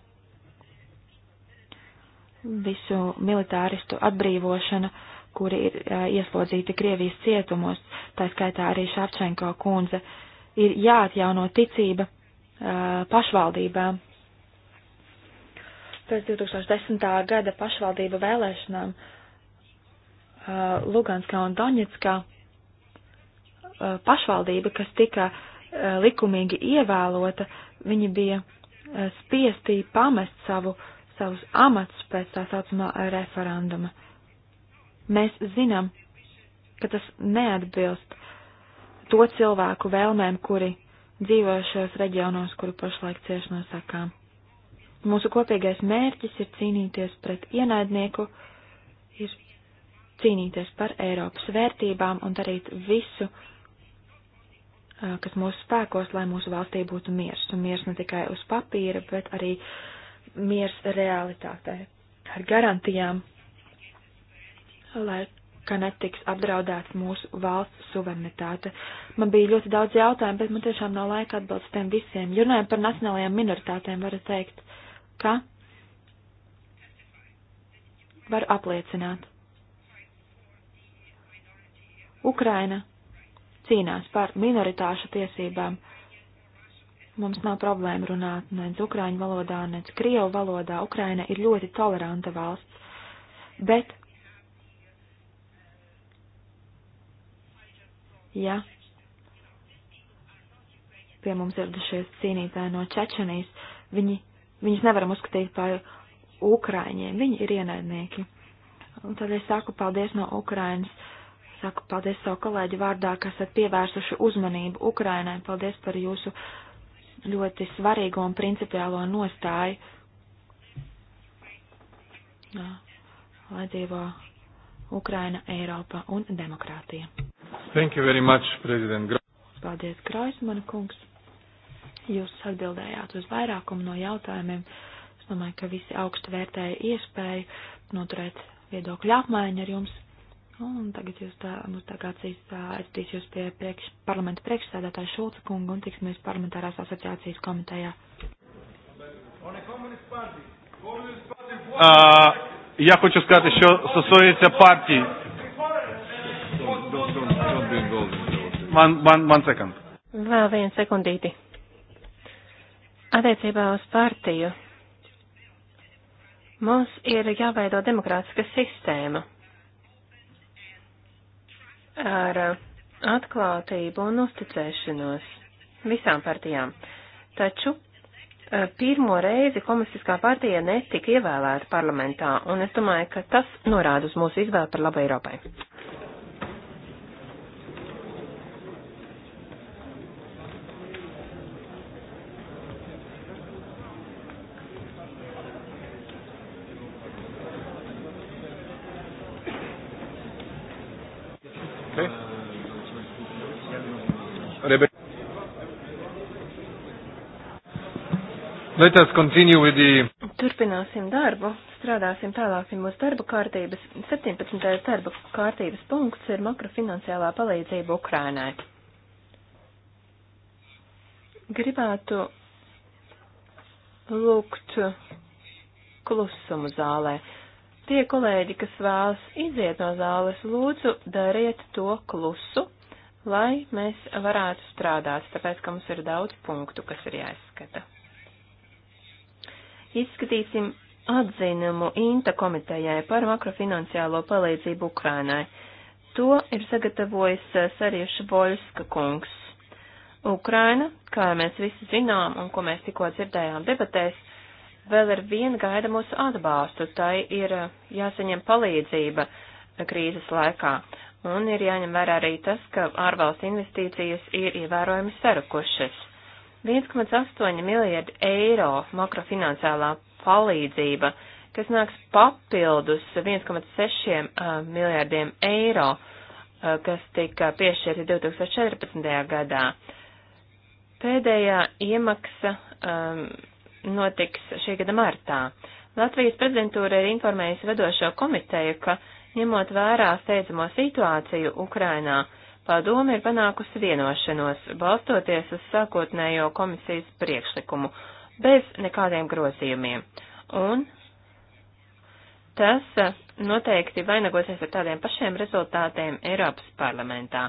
visu militāristu atbrīvošanu, kuri ir ieslodzīti Krievijas cietumos, tā skaitā arī Šarčenko kundze, ir jāatjauno ticība pašvaldībām. Pēc 2010. gada pašvaldība vēlēšanām Luganskā un Doņetskā pašvaldība, kas tika likumīgi ievēlota, viņi bija spiestī pamest savu uh, savus amats pēc tā saucamā referenduma. Mēs zinām, ka tas neatbilst to cilvēku vēlmēm, kuri dzīvo šajos reģionos, kuri pašlaik cieši no sakām. Mūsu kopīgais mērķis ir cīnīties pret ienaidnieku, ir cīnīties par Eiropas vērtībām un darīt visu, kas mūsu spēkos, lai mūsu valstī būtu miers. Un miers ne tikai uz papīra, bet arī uh, miers realitātē, ar garantijām, lai ka netiks apdraudēts mūsu valsts suverenitāte. Man bija ļoti daudz jautājumu, bet man tiešām nav laika atbildēt tiem visiem. Ja runājam par nacionālajām minoritātēm, varu teikt, ka var apliecināt. Ukraina cīnās par minoritāšu tiesībām Mums nav problēma runāt nec ukraiņu valodā, nec krievu valodā. Ukraina ir ļoti toleranta valsts, bet, ja pie mums ieradušies cīnītāji no Čečenijas, viņi, viņus nevaram uzskatīt par ukraiņiem, viņi ir ienaidnieki. Un tad es saku paldies no Ukrainas, saku paldies savu kolēģi vārdā, kas esat pievērsuši uzmanību Ukrainai, paldies par jūsu ļoti svarīgo un principiālo nostāju, lai dzīvo Ukraina, Eiropa un demokrātija. Thank you very much, President Groisman. Paldies, Groisman kungs. Jūs atbildējāt uz vairākumu no jautājumiem. Es domāju, ka visi augstu vērtēja iespēju noturēt viedokļu apmaiņu ar jums. Un tagad jūs tā, nu, tā kā cīs, tā, aizstīs jūs pie priekš, parlamenta priekšsēdētāja Šulca kunga un tiksimies parlamentārās asociācijas komitejā. Uh, я хочу сказать еще сосуется партии. Man, man, man second. Vēl vienu sekundīti. Attiecībā uz partiju. Mums ir jāveido demokrātiska sistēma ar uh, atklātību un uzticēšanos visām partijām. Taču uh, pirmo reizi komunistiskā partija netika ievēlēta parlamentā, un es domāju, ka tas norāda uz mūsu izvēli par labu Eiropai. Let us continue with the... Turpināsim darbu, strādāsim tālāk pie mūsu darba kārtības. 17. darba kārtības punkts ir makrofinansiālā palīdzība Ukrainai. Gribētu lūgt klusumu zālē. Tie kolēģi, kas vēlas iziet no zāles, lūdzu, dariet to klusu, lai mēs varētu strādāt, tāpēc, ka mums ir daudz punktu, kas ir jāizskata izskatīsim atzinumu INTA komitejai par makrofinansiālo palīdzību Ukrainai. To ir sagatavojis eh, Sarieša Boļska kungs. Ukraina, kā mēs visi zinām un ko mēs tikko dzirdējām debatēs, vēl ar vienu gaida mūsu atbalstu. Tai ir eh, jāsaņem palīdzība eh, krīzes laikā. Un ir jāņem vērā arī tas, ka ārvalstu investīcijas ir ievērojami sarukušas. 1,8 miljardi eiro makrofinansālā palīdzība, kas nāks papildus 1,6 miljardiem eiro, kas tika piešķirti 2014. gadā. Pēdējā iemaksa um, notiks šī gada martā. Latvijas prezidentūra ir informējusi vedošo komiteju, ka, ņemot vērā steidzamo situāciju Ukrainā, uh, Padome ir panākusi vienošanos, balstoties uz sākotnējo komisijas priekšlikumu, bez nekādiem grozījumiem. Un tas eh, noteikti vainagosies ar tādiem pašiem rezultātiem Eiropas parlamentā.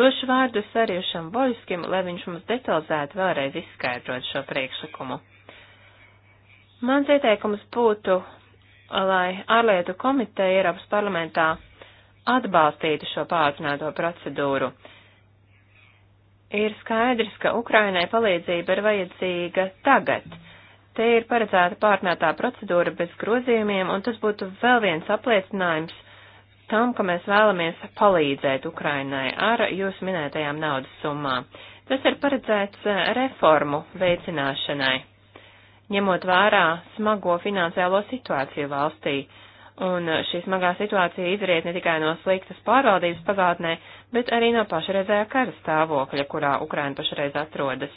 Došu vārdu Sarjušam Voļskim, lai viņš mums detalizēti vēlreiz izskaidrot šo priekšlikumu. Mans ieteikums būtu, lai ārlietu komiteja Eiropas parlamentā atbalstītu šo pātrināto procedūru. Ir skaidrs, ka Ukrainai palīdzība ir vajadzīga tagad. Te ir paredzēta pārnētā procedūra bez grozījumiem, un tas būtu vēl viens apliecinājums tam, ka mēs vēlamies palīdzēt Ukrainai ar jūs minētajām naudas summām. Tas ir paredzēts eh, reformu veicināšanai, ņemot vērā smago finansiālo situāciju valstī. Un uh, šī smagā situācija izriet ne tikai no sliktas pārvaldības pagātnē, bet arī no pašreizējā kara stāvokļa, kurā Ukraina pašreiz atrodas.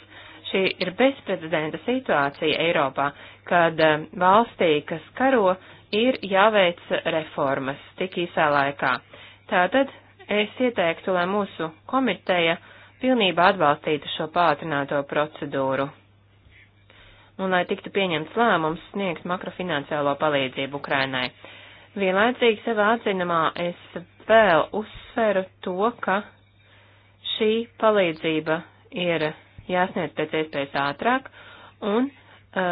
Šī ir bezprecedenta situācija Eiropā, kad uh, valstī, kas karo, ir jāveic reformas tik īsā laikā. Tātad es ieteiktu, lai mūsu komiteja pilnībā atbalstītu šo pātrināto procedūru un lai tiktu pieņemts lēmums sniegt makrofinanciālo palīdzību Ukrainai. Vienlaicīgi savā atzinumā es vēl uzsveru to, ka šī palīdzība ir jāsniedz pēc iespējas ātrāk, un uh,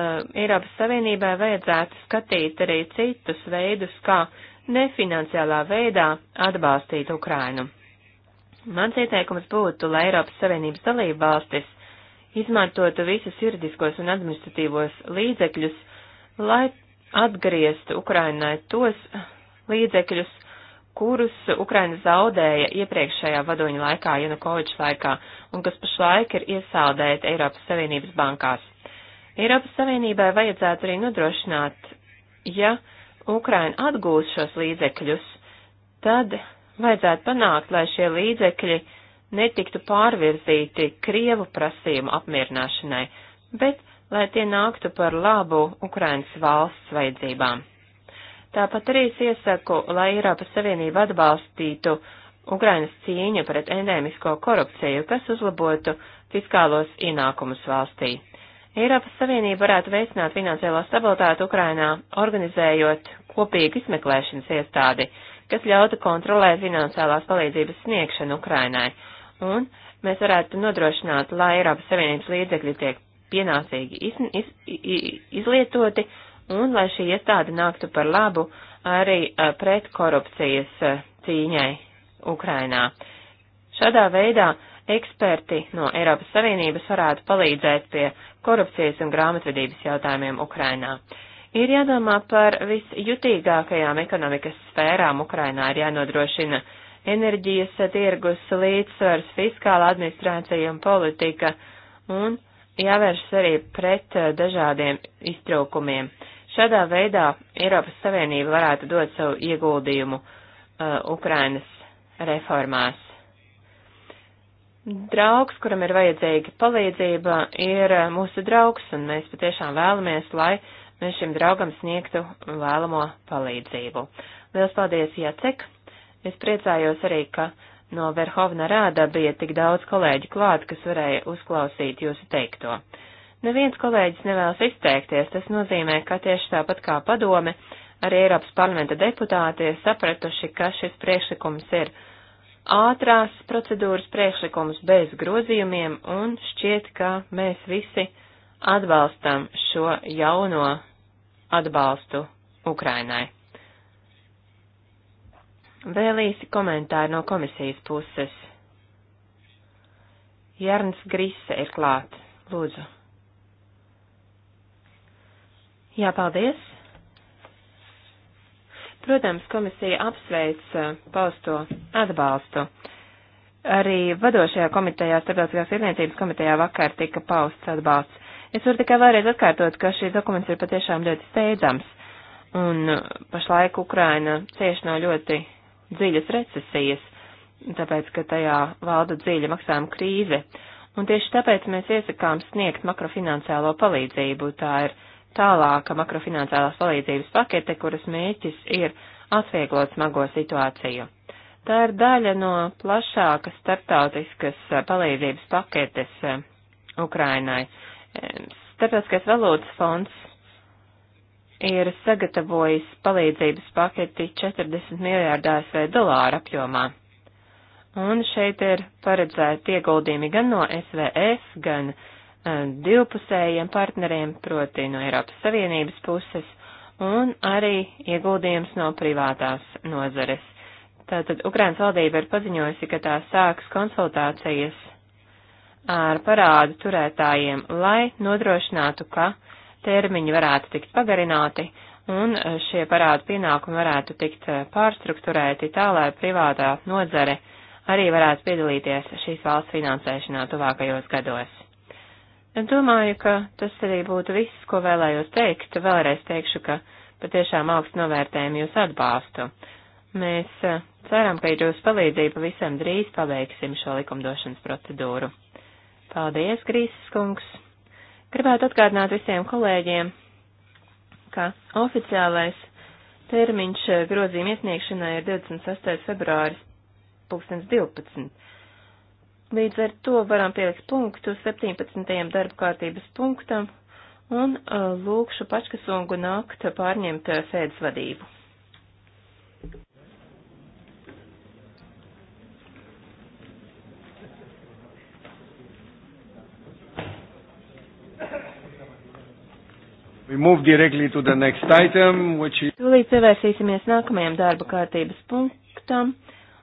Eiropas Savienībai vajadzētu skatīt arī citus veidus, kā nefinanciālā veidā atbalstīt Ukrainu. Mans ieteikums būtu, lai Eiropas Savienības dalība valstis izmantotu visus juridiskos un administratīvos līdzekļus, lai atgriezt Ukrainai tos līdzekļus, kurus Ukraina zaudēja iepriekšējā vadoņa laikā, Janukoviča laikā, un kas pašlaik ir iesaldēti Eiropas Savienības bankās. Eiropas Savienībai vajadzētu arī nodrošināt, ja Ukraina atgūs šos līdzekļus, tad vajadzētu panākt, lai šie līdzekļi netiktu pārvirzīti Krievu prasījumu apmierināšanai, bet lai tie nāktu par labu Ukrainas valsts vajadzībām. Tāpat arī es iesaku, lai Eiropas Savienība atbalstītu Ukrainas cīņu pret endēmisko korupciju, kas uzlabotu fiskālos ienākumus valstī. Eiropas Savienība varētu veicināt finansiālo stabilitāti Ukrainā, organizējot kopīgu izmeklēšanas iestādi, kas ļautu kontrolēt finansiālās palīdzības sniegšanu Ukrainai, un mēs varētu nodrošināt, lai Eiropas Savienības līdzekļi tiek pienācīgi iz, iz, izlietoti un lai šī iestāde nāktu par labu arī pret korupcijas cīņai Ukrainā. Šādā veidā eksperti no Eiropas Savienības varētu palīdzēt pie korupcijas un grāmatvedības jautājumiem Ukrainā. Ir jādomā par visjutīgākajām ekonomikas sfērām Ukrainā, ir jānodrošina enerģijas tirgus, līdzsvars, fiskāla administrācija un politika, un jāvēršas arī pret eh, dažādiem iztraukumiem. Šādā veidā Eiropas Savienība varētu dot savu ieguldījumu uh, Ukrainas reformās. Draugs, kuram ir vajadzīga palīdzība, ir eh, mūsu draugs, un mēs patiešām vēlamies, lai mēs šim draugam sniegtu vēlamo palīdzību. Liels paldies, Jacek! Es priecājos arī, ka uh, no Verhovna Rāda bija tik daudz kolēģu klāt, kas varēja uzklausīt jūsu teikto. Neviens kolēģis nevēlas izteikties, tas nozīmē, ka tieši tāpat kā padome, arī Eiropas parlamenta deputāti ir sapratuši, ka šis priekšlikums ir ātrās procedūras priekšlikums bez grozījumiem, un šķiet, ka mēs visi atbalstam šo jauno atbalstu Ukrainai. Vēl īsi komentāri no komisijas puses. Jārns Grise ir klāt. Lūdzu. Jā, paldies. Protams, komisija apsveic pausto atbalstu. Arī vadošajā komitejā, starptautiskās vienotības komitejā vakar tika pausts atbalsts. Es varu tikai vēlreiz atkārtot, ka šis dokuments ir patiešām ļoti steidzams, un pašlaik Ukraina cieš no ļoti dziļas recesijas, tāpēc, ka tajā valda dziļa maksājuma krīze. Un tieši tāpēc mēs iesakām sniegt makrofinanciālo palīdzību. Tā ir tālāka makrofinanciālās palīdzības pakete, kuras mērķis ir atvieglot smago situāciju. Tā ir daļa no plašākas starptautiskas palīdzības paketes eh, Ukrainai. Starptautiskais valūtas fonds ir sagatavojis palīdzības paketi 40 miljārdā ASV dolāru apjomā. Un šeit ir paredzēti ieguldījumi gan no SVF, gan uh, divpusējiem partneriem, proti no Eiropas Savienības puses, un arī ieguldījums no privātās nozares. Tātad Ukrainas valdība ir paziņojusi, ka tā sāks konsultācijas ar parādu turētājiem, lai nodrošinātu, ka uh, termiņi varētu tikt pagarināti un e, šie parādu pienākumi varētu tikt e, pārstruktūrēti tā, lai privātā nodzare arī varētu piedalīties šīs valsts finansēšanā tuvākajos gados. Domāju, ka tas arī būtu viss, ko vēlējos teikt. Vēlreiz teikšu, ka patiešām augstu novērtējumu jūs atbalstu. Mēs e, ceram, ka ar jūsu palīdzību visam drīz pabeigsim šo likumdošanas procedūru. Paldies, Grīsas kungs! Gribētu atgādināt visiem kolēģiem, ka oficiālais termiņš grozījuma iesniegšanai ir 26. februāris 2012. Līdz ar to varam pielikt punktu 17. darba kārtības punktam un uh, lūkšu pačkasungu nākt pārņemt uh, sēdes vadību. Item, which... Tūlīt pievērsīsimies nākamajam darba kārtības punktam,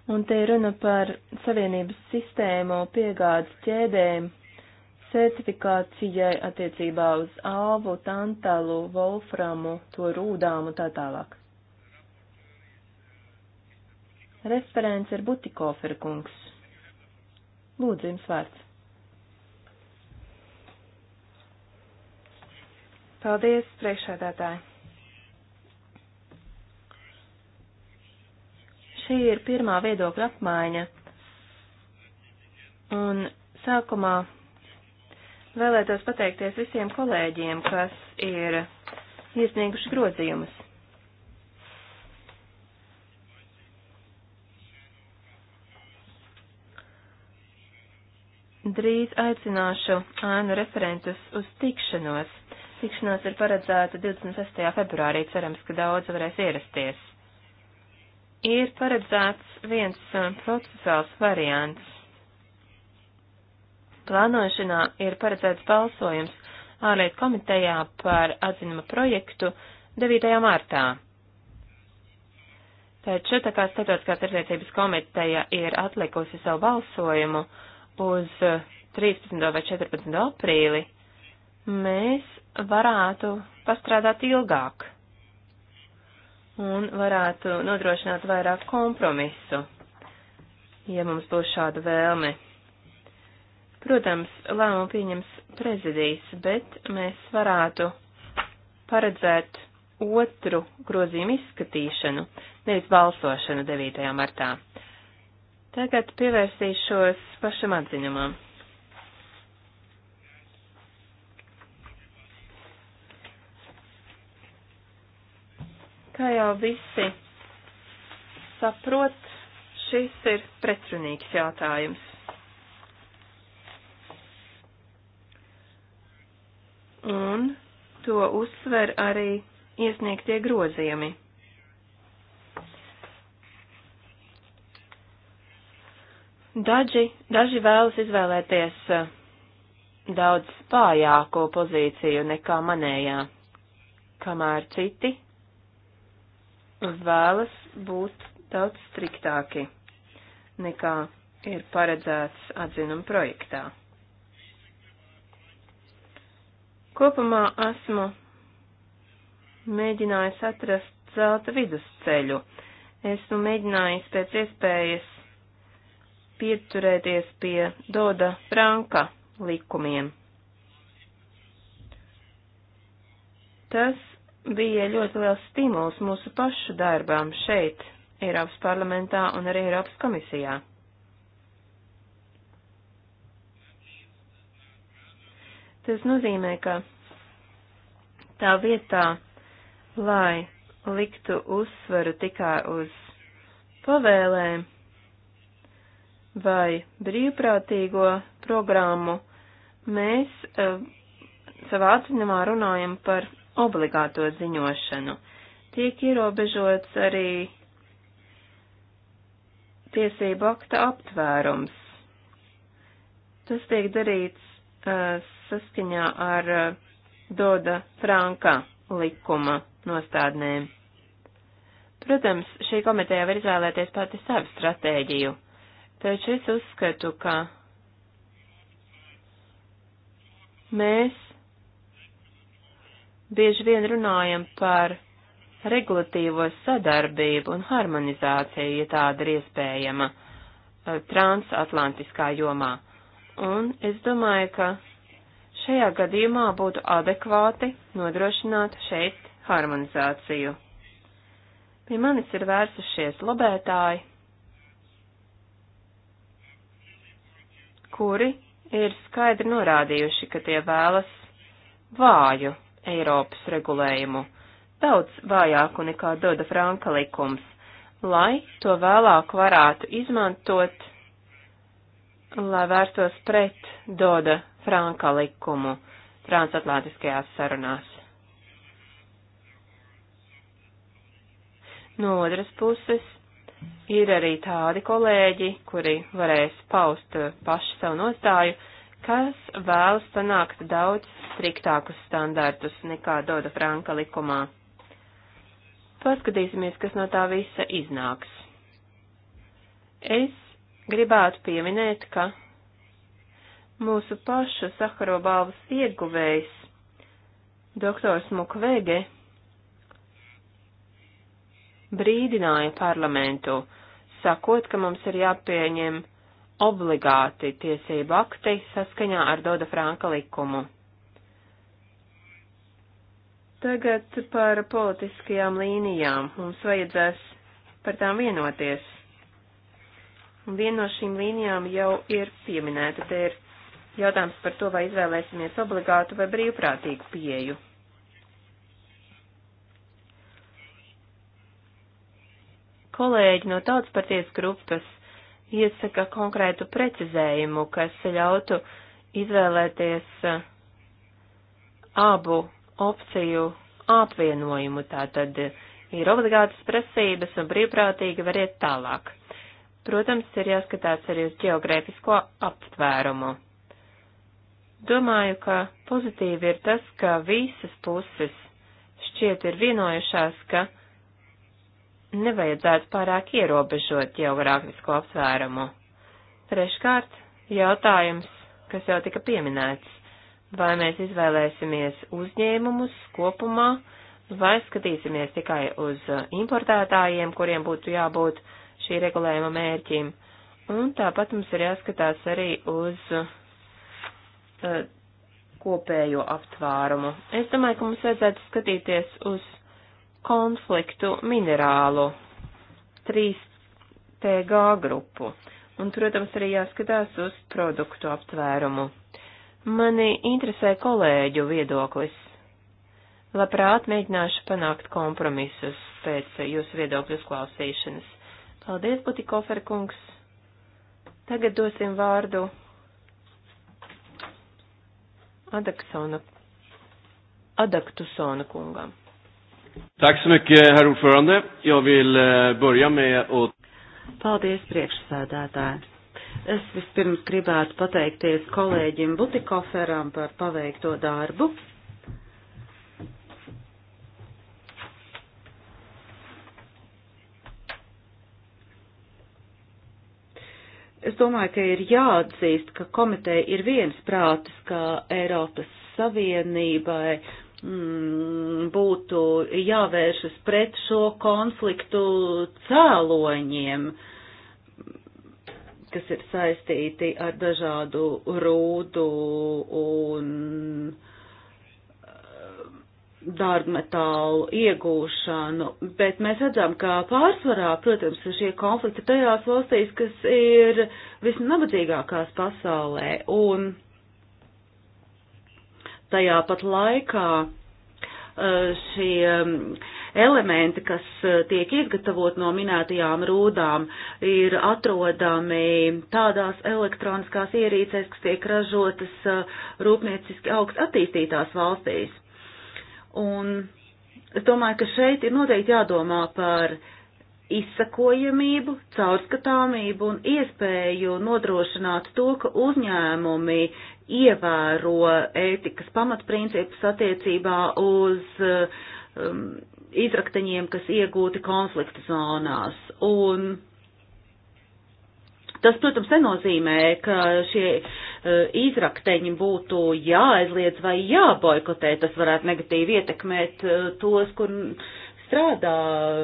un te ir runa par Savienības sistēmu piegādes ķēdēm certifikācijai attiecībā uz alvu, tantalu, volframu, to rūdām un tā tālāk. Referents ir Butikofera kungs. Lūdzu, jums vārds. Paldies, priekšādātāji. Šī ir pirmā viedokļa apmaiņa. Un sākumā vēlētos pateikties visiem kolēģiem, kas ir iesnieguši grozījumus. Drīz aicināšu ēnu referentus uz tikšanos, Tikšanās ir paredzēta 26. februārī, cerams, ka daudz varēs ierasties. Ir paredzēts viens um, procesāls variants. Plānošanā ir paredzēts balsojums ārlietu komitejā par atzinuma projektu 9. martā. Taču tā kā Starptautiskās tirdzniecības komiteja ir atlikusi savu balsojumu uz 13. Uh, vai 14. aprīli, mēs varētu pastrādāt ilgāk un varētu nodrošināt vairāk kompromisu, ja mums būs šāda vēlme. Protams, lēmumu pieņems prezidijs, bet mēs varētu paredzēt otru grozījumu izskatīšanu, nevis balsošanu 9. martā. Tagad pievērsīšos pašam atzinumam. Kā jau visi saprot, šis ir pretrunīgs jautājums. Un to uzsver arī iesniegtie grozījumi. Daži, daži vēlas izvēlēties eh, daudz spājāko pozīciju nekā manējā, kamēr citi vēlas būt daudz striktāki nekā ir paredzēts atzinuma projektā. Kopumā esmu mēģinājis atrast zelta vidusceļu. Esmu mēģinājis pēc iespējas pieturēties pie Doda Franka likumiem. Tas bija ļoti liels stimuls mūsu pašu darbām šeit, Eiropas parlamentā un arī Eiropas komisijā. Tas nozīmē, ka tā vietā, lai liktu uzsvaru tikai uz pavēlēm vai brīvprātīgo programmu, mēs uh, savā atziņumā runājam par obligāto ziņošanu. Tiek ierobežots arī tiesību akta aptvērums. Tas tiek darīts uh, saskaņā ar uh, Doda Franka likuma nostādnēm. Protams, šī komiteja var izvēlēties pati savu stratēģiju, taču es uzskatu, ka mēs bieži vien runājam par regulatīvo sadarbību un harmonizāciju, ja tāda ir iespējama, eh, transatlantiskā jomā. Un es domāju, ka šajā gadījumā būtu adekvāti nodrošināt šeit harmonizāciju. Pie manis ir vērsušies lobētāji, kuri ir skaidri norādījuši, ka tie vēlas vāju Eiropas regulējumu, daudz vājāku nekā Doda Franka likums, lai to vēlāk varētu izmantot, lai vērstos pret Doda Franka likumu transatlantiskajās sarunās. No otras puses, ir arī tādi kolēģi, kuri varēs paust paši savu nostāju, kas vēlas panākt daudz striktākus standartus nekā Doda Franka likumā. Paskatīsimies, kas no tā visa iznāks. Es gribētu pieminēt, ka mūsu pašu Sakaro balvas ieguvējs, doktors Mukvege, brīdināja parlamentu, sakot, ka mums ir jāpieņem obligāti tiesību akti saskaņā ar Doda Franka likumu. Tagad par politiskajām līnijām. Mums vajadzēs par tām vienoties. Un viena no šīm līnijām jau ir pieminēta. Te ir jautājums par to, vai izvēlēsimies obligātu vai brīvprātīgu pieeju. Kolēģi no tautsparties grupas iesaka konkrētu precizējumu, kas ļautu izvēlēties uh, abu opciju apvienojumu, tātad ir obligātas prasības un brīvprātīgi var iet tālāk. Protams, ir jāskatās arī uz geogrāfisko aptvērumu. Domāju, ka pozitīvi ir tas, ka visas puses šķiet ir vienojušās, ka nevajadzētu pārāk ierobežot geogrāfisko aptvērumu. Treškārt, jautājums, kas jau tika pieminēts vai mēs izvēlēsimies uzņēmumus kopumā, vai skatīsimies tikai uz uh, importētājiem, kuriem būtu jābūt šī regulējuma mērķim. Un tāpat mums ir jāskatās arī uz uh, kopējo aptvērumu. Es domāju, ka mums vajadzētu skatīties uz konfliktu minerālu 3TG grupu. Un, protams, arī jāskatās uz produktu aptvērumu. Mani interesē kolēģu viedoklis. Labprāt mēģināšu panākt kompromisus pēc jūsu viedokļu klausīšanas. Paldies, Butikofer kungs. Tagad dosim vārdu Adaksona, Adaktusona kungam. Tack så mycket, herr ordförande. Jag vill eh, börja med att... Paldies, priekšsēdētāji. Es vispirms gribētu pateikties kolēģim Butikoferam par paveikto darbu. Es domāju, ka ir jāatzīst, ka komiteja ir viens prātis, ka Eiropas Savienībai mm, būtu jāvēršas pret šo konfliktu cēloņiem. Uh, kas ir saistīti ar dažādu rūdu un um, dārgmetālu iegūšanu, bet mēs redzam, ka pārsvarā, protams, šie konflikti tajās valstīs, kas ir visnabadzīgākās pasaulē, un tajā pat laikā uh, šie elementi, kas eh, tiek izgatavot no minētajām rūdām, ir atrodami tādās elektroniskās ierīcēs, kas tiek ražotas eh, rūpnieciski augst attīstītās valstīs. Un es domāju, ka šeit ir noteikti jādomā par izsakojamību, caurskatāmību un iespēju nodrošināt to, ka uzņēmumi ievēro ētikas pamatprincipus attiecībā uz eh, um, izraktaņiem, kas iegūti konflikta zonās. Un tas, protams, nenozīmē, ka šie e, izrakteņi būtu jāaizliedz vai jāboikotē. Tas varētu negatīvi ietekmēt e, tos, kur strādā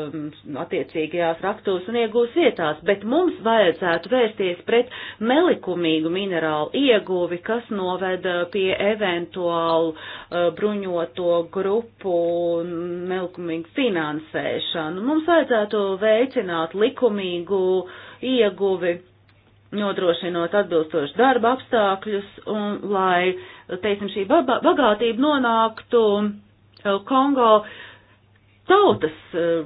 mm, attiecīgajās raktos un iegūs vietās, bet mums vajadzētu vērsties pret nelikumīgu minerālu ieguvi, kas noveda eh, pie eventuālu uh, bruņoto grupu nelikumīgu finansēšanu. Mums vajadzētu veicināt likumīgu ieguvi nodrošinot atbilstošu darba apstākļus, un lai, teiksim, šī bagātība nonāktu eh, Kongo uh, tautas uh,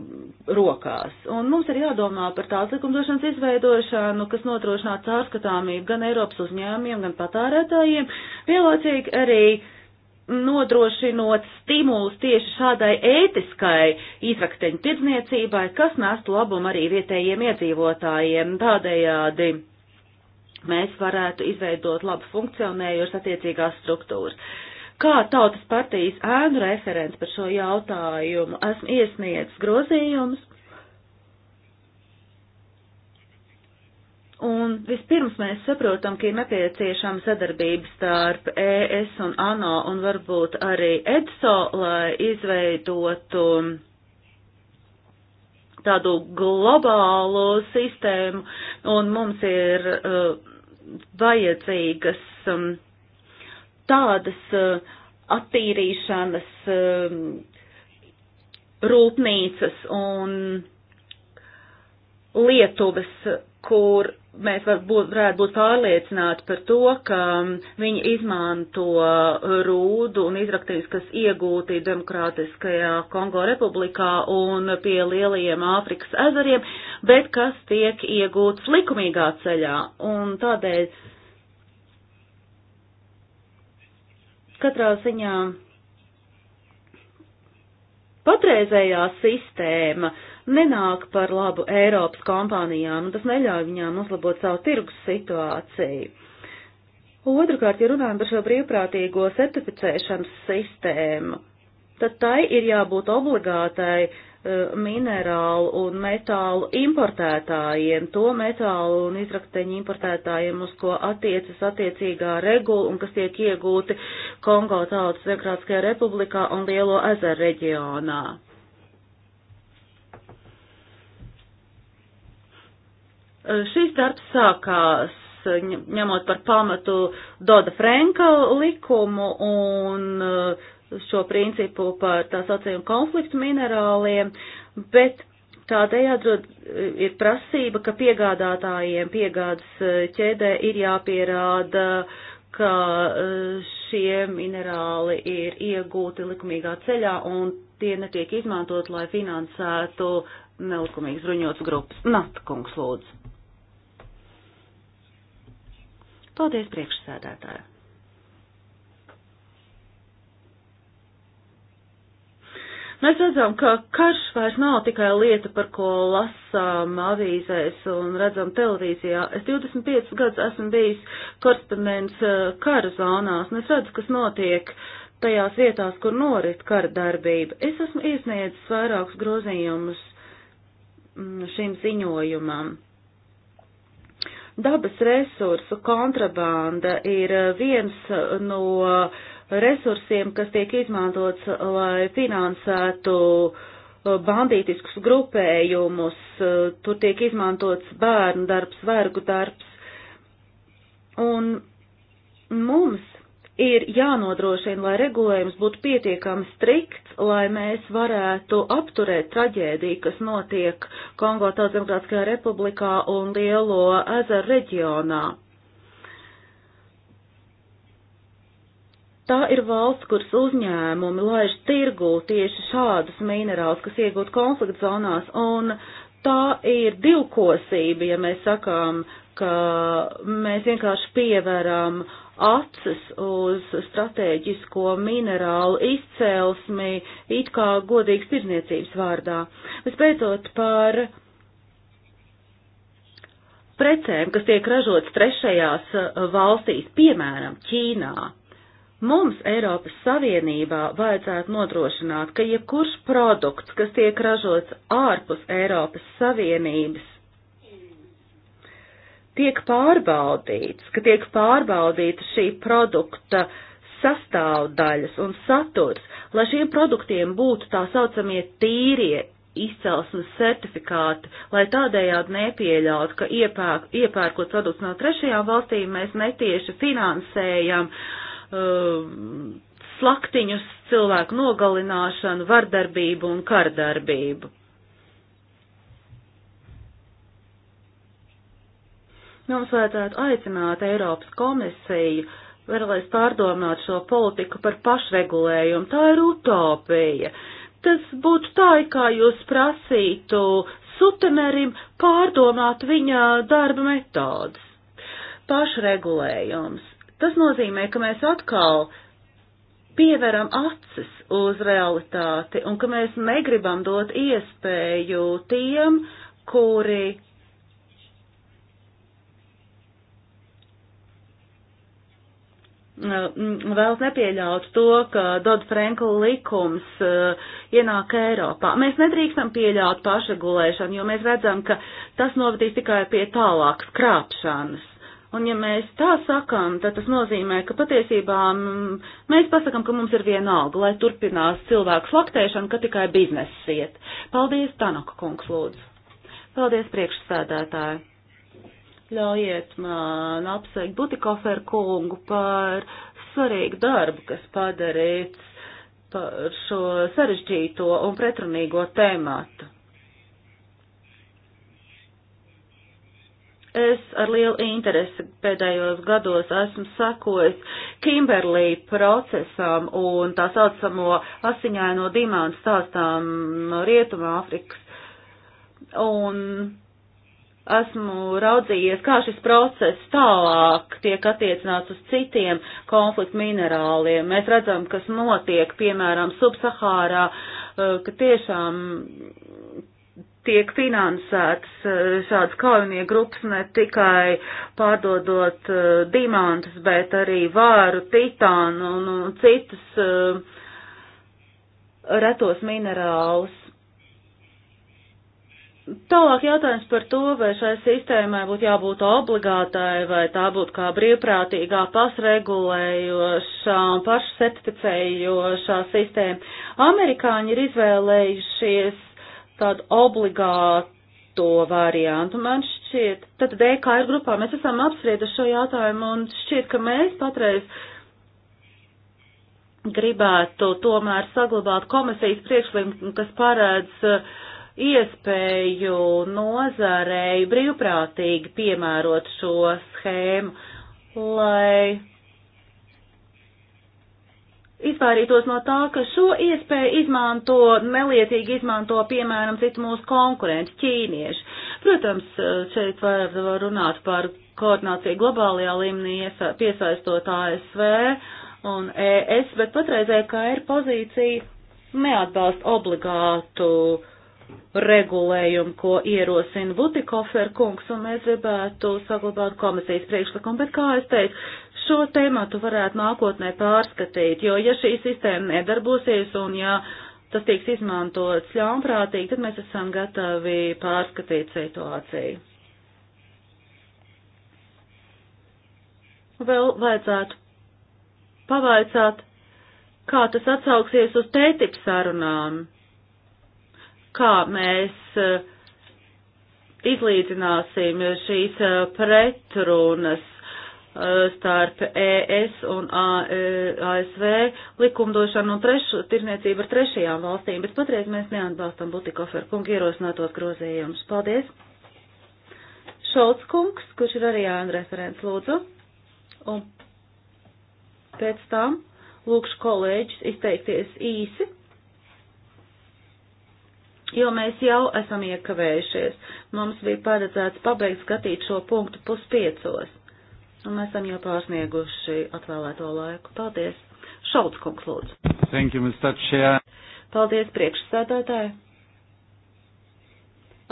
rokās. Un mums ir jādomā par tās likumdošanas izveidošanu, kas notrošinātu caurskatāmību gan Eiropas uzņēmiem, gan patērētājiem, vienlaicīgi arī nodrošinot stimulus tieši šādai ētiskai izrakteņu tirdzniecībai, kas nestu labumu arī vietējiem iedzīvotājiem. Tādējādi mēs varētu izveidot labu funkcionējušas attiecīgās struktūras kā tautas partijas ēnu referents par šo jautājumu esmu iesniedzis grozījumus. Un vispirms mēs saprotam, ka ir nepieciešama sadarbība starp ES un ANO un varbūt arī EDSO, lai izveidotu tādu globālu sistēmu, un mums ir uh, vajadzīgas um, tādas eh, attīrīšanas eh, rūpnīcas un Lietuvas, kur mēs varbūt, varētu būt pārliecināti par to, ka viņi izmanto rūdu un izraktīvus, kas iegūti Demokrātiskajā Kongo republikā un pie lielajiem Āfrikas ezeriem, bet kas tiek iegūts likumīgā ceļā. Un tādēļ Katrā ziņā patreizējā sistēma nenāk par labu Eiropas kompānijām, un tas neļauj viņām uzlabot savu tirgus situāciju. Otrakārt, ja runājam par šo brīvprātīgo certificēšanas sistēmu, tad tai ir jābūt obligātai Eh, minerālu un metālu importētājiem, to metālu un izrakteņu importētājiem, uz ko attiecas attiecīgā regula un kas tiek iegūti Kongo Tautas Demokrātiskajā republikā un Lielo ezeru reģionā. Eh, Šīs darbs sākās ņemot par pamatu Doda Frenka likumu un uh, šo principu par tā saucējiem konfliktu minerāliem, bet tādējādi ir prasība, ka piegādātājiem piegādas eh, ķēdē ir jāpierāda, ka eh, šie minerāli ir iegūti likumīgā ceļā un tie netiek izmantot, lai finansētu nelikumīgi bruņotas grupas. Naftkungs lūdzu. Paldies priekšsēdētāju. Mēs redzam, ka karš vairs nav tikai lieta, par ko lasām avīzēs un redzam televīzijā. Es 25 gadus esmu bijis korespondents eh, kara zonās, un es redzu, kas notiek tajās vietās, kur norit kara darbība. Es esmu iesniedzis vairākus grozījumus mm, šim ziņojumam. Dabas resursu kontrabanda ir eh, viens eh, no uh, resursiem, kas tiek izmantots, lai finansētu uh, bandītiskus grupējumus, uh, tur tiek izmantots bērnu darbs, vergu darbs. Un mums ir jānodrošina, lai regulējums būtu pietiekami strikts, lai mēs varētu apturēt traģēdiju, kas notiek Kongo Tautas Demokrātiskajā republikā un Lielo ezeru reģionā. Tā ir valsts, kuras uzņēmumi laiž tirgū tieši šādus minerālus, kas iegūt konflikta zonās, un tā ir divkosība, ja mēs sakām, ka mēs vienkārši pieveram acis uz strateģisko minerālu izcelsmi, it kā godīgas tirzniecības vārdā. Vispēcot par precēm, kas tiek ražotas trešajās valstīs, piemēram, Ķīnā. Mums Eiropas Savienībā vajadzētu nodrošināt, ka jebkurš produkts, kas tiek ražots ārpus Eiropas Savienības, tiek pārbaudīts, ka tiek pārbaudīta šī produkta sastāvdaļas un saturs, lai šiem produktiem būtu tā saucamie tīrie izcelsmes certifikāti, lai tādējādi nepieļaut, ka iepērk, iepērkot produktus no trešajām valstīm mēs netieši finansējam uh, Um, slaktiņus, cilvēku nogalināšanu, vardarbību un kardarbību. Mums vajadzētu aicināt Eiropas komisiju, vēlēs pārdomāt šo politiku par pašregulējumu. Tā ir utopija. Tas būtu tā, kā jūs prasītu sutenerim pārdomāt viņa darba metodas. Pašregulējums Tas nozīmē, ka mēs atkal pieveram acis uz realitāti un ka mēs negribam dot iespēju tiem, kuri vēlas nepieļaut to, ka Dodd-Franka likums uh, ienāk Eiropā. Mēs nedrīkstam pieļaut pašregulēšanu, jo mēs redzam, ka tas novadīs tikai pie tālākas krāpšanas. Un ja mēs tā sakam, tad tas nozīmē, ka patiesībā mm, mēs pasakam, ka mums ir viena alga, lai turpinās cilvēku slaktēšana, ka tikai bizness iet. Paldies, Tanaka kungs, lūdzu. Paldies, priekšsēdētāji. Ļaujiet man apsveikt Butikoferu kungu par svarīgu darbu, kas padarīts par šo sarežģīto un pretrunīgo tēmātu. Es ar lielu interesi pēdējos gados esmu sekojis Kimberlī procesam un tā saucamo asiņaino dimānu stāstām no Rietuma Āfrikas. Un esmu raudzījies, kā šis process tālāk tiek attiecināts uz citiem konfliktu minerāliem. Mēs redzam, kas notiek, piemēram, Subsahārā, ka tiešām tiek finansētas eh, šādas kaujinieku grupas ne tikai pārdodot eh, dimantus, bet arī vāru, titānu un citus eh, retos minerālus. Tālāk jautājums par to, vai šai sistēmai būtu jābūt obligātai, vai tā būtu kā brīvprātīgā pasregulējošā un pašsertificējošā sistēma. Amerikāņi ir izvēlējušies tādu obligāto variantu, man šķiet. Tātad EKR grupā mēs esam apsprieduši šo jautājumu un šķiet, ka mēs patreiz gribētu tomēr saglabāt komisijas priekšlikumu, kas paredz uh, iespēju nozarei brīvprātīgi piemērot šo schēmu, lai izvairītos no tā, ka šo iespēju izmanto, nelietīgi izmanto, piemēram, citu mūsu konkurentu ķīnieši. Protams, šeit var, var runāt par koordināciju globālajā līmenī, piesaistot ASV un ES, bet patreizēja, kā ir pozīcija neatbalsta obligātu regulējumu, ko ierosina Butikofer kungs, un mēs gribētu saglabāt komisijas priekšlikumu, bet, kā es teicu, šo tēmatu varētu nākotnē pārskatīt, jo ja šī sistēma nedarbosies un ja tas tiks izmantots ļaunprātīgi, tad mēs esam gatavi pārskatīt situāciju. Vēl vajadzētu pavaicāt, kā tas atsauksies uz tētip sarunām, kā mēs eh, izlīdzināsim šīs eh, pretrunas Eh, starp ES un ASV eh, likumdošanu un trešu, tirniecību ar trešajām valstīm, bet patreiz mēs neatbalstam Butikoferu kungu ierosinātos grozījumus. Paldies! Šolts kungs, kurš ir arī ēna referents, lūdzu. Un pēc tam lūkšu kolēģis izteikties īsi, jo mēs jau esam iekavējušies. Mums bija paredzēts pabeigt skatīt šo punktu puspiecos. Un mēs esam jau pārsnieguši atvēlēto laiku. Paldies! Šauds kungs lūdzu. Thank you, Mr. Chair. Paldies priekšsēdētāji.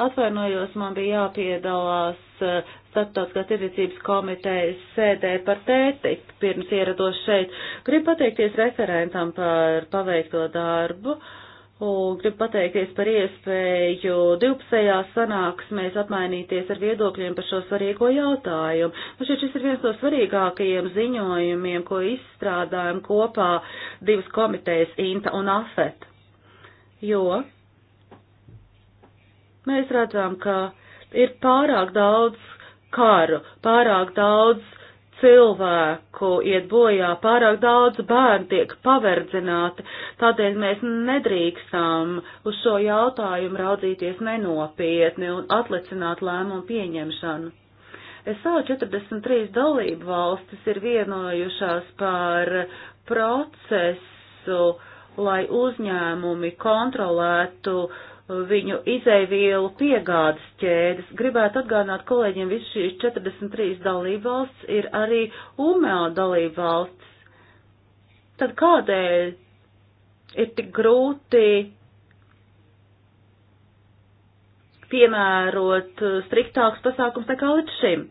Atvainojos, man bija jāpiedalās eh, Startautiskās tirdzniecības komitejas sēdē par tēti, pirms ierados šeit. Gribu pateikties referentam par paveikto darbu. Uh, Un gribu pateikties par iespēju divpusējās sanāksmēs apmainīties ar viedokļiem par šo svarīgo jautājumu. Man šķiet, šis ir viens no svarīgākajiem ziņojumiem, ko izstrādājam kopā divas komitejas INTA un AFET. Jo mēs redzam, ka ir pārāk daudz karu, pārāk daudz cilvēku iet bojā, pārāk daudz bērnu tiek paverdzināti, tādēļ mēs nedrīkstam uz šo jautājumu raudzīties nenopietni un atlicināt lēmumu pieņemšanu. SAU 43 dalību valstis ir vienojušās par procesu, lai uzņēmumi kontrolētu uh, viņu izēvielu piegādes ķēdes. Gribētu atgādināt kolēģiem, visu šīs 43 dalībvalsts ir arī UMEO dalībvalsts. Tad kādēļ ir tik grūti piemērot striktāks pasākums nekā līdz šim?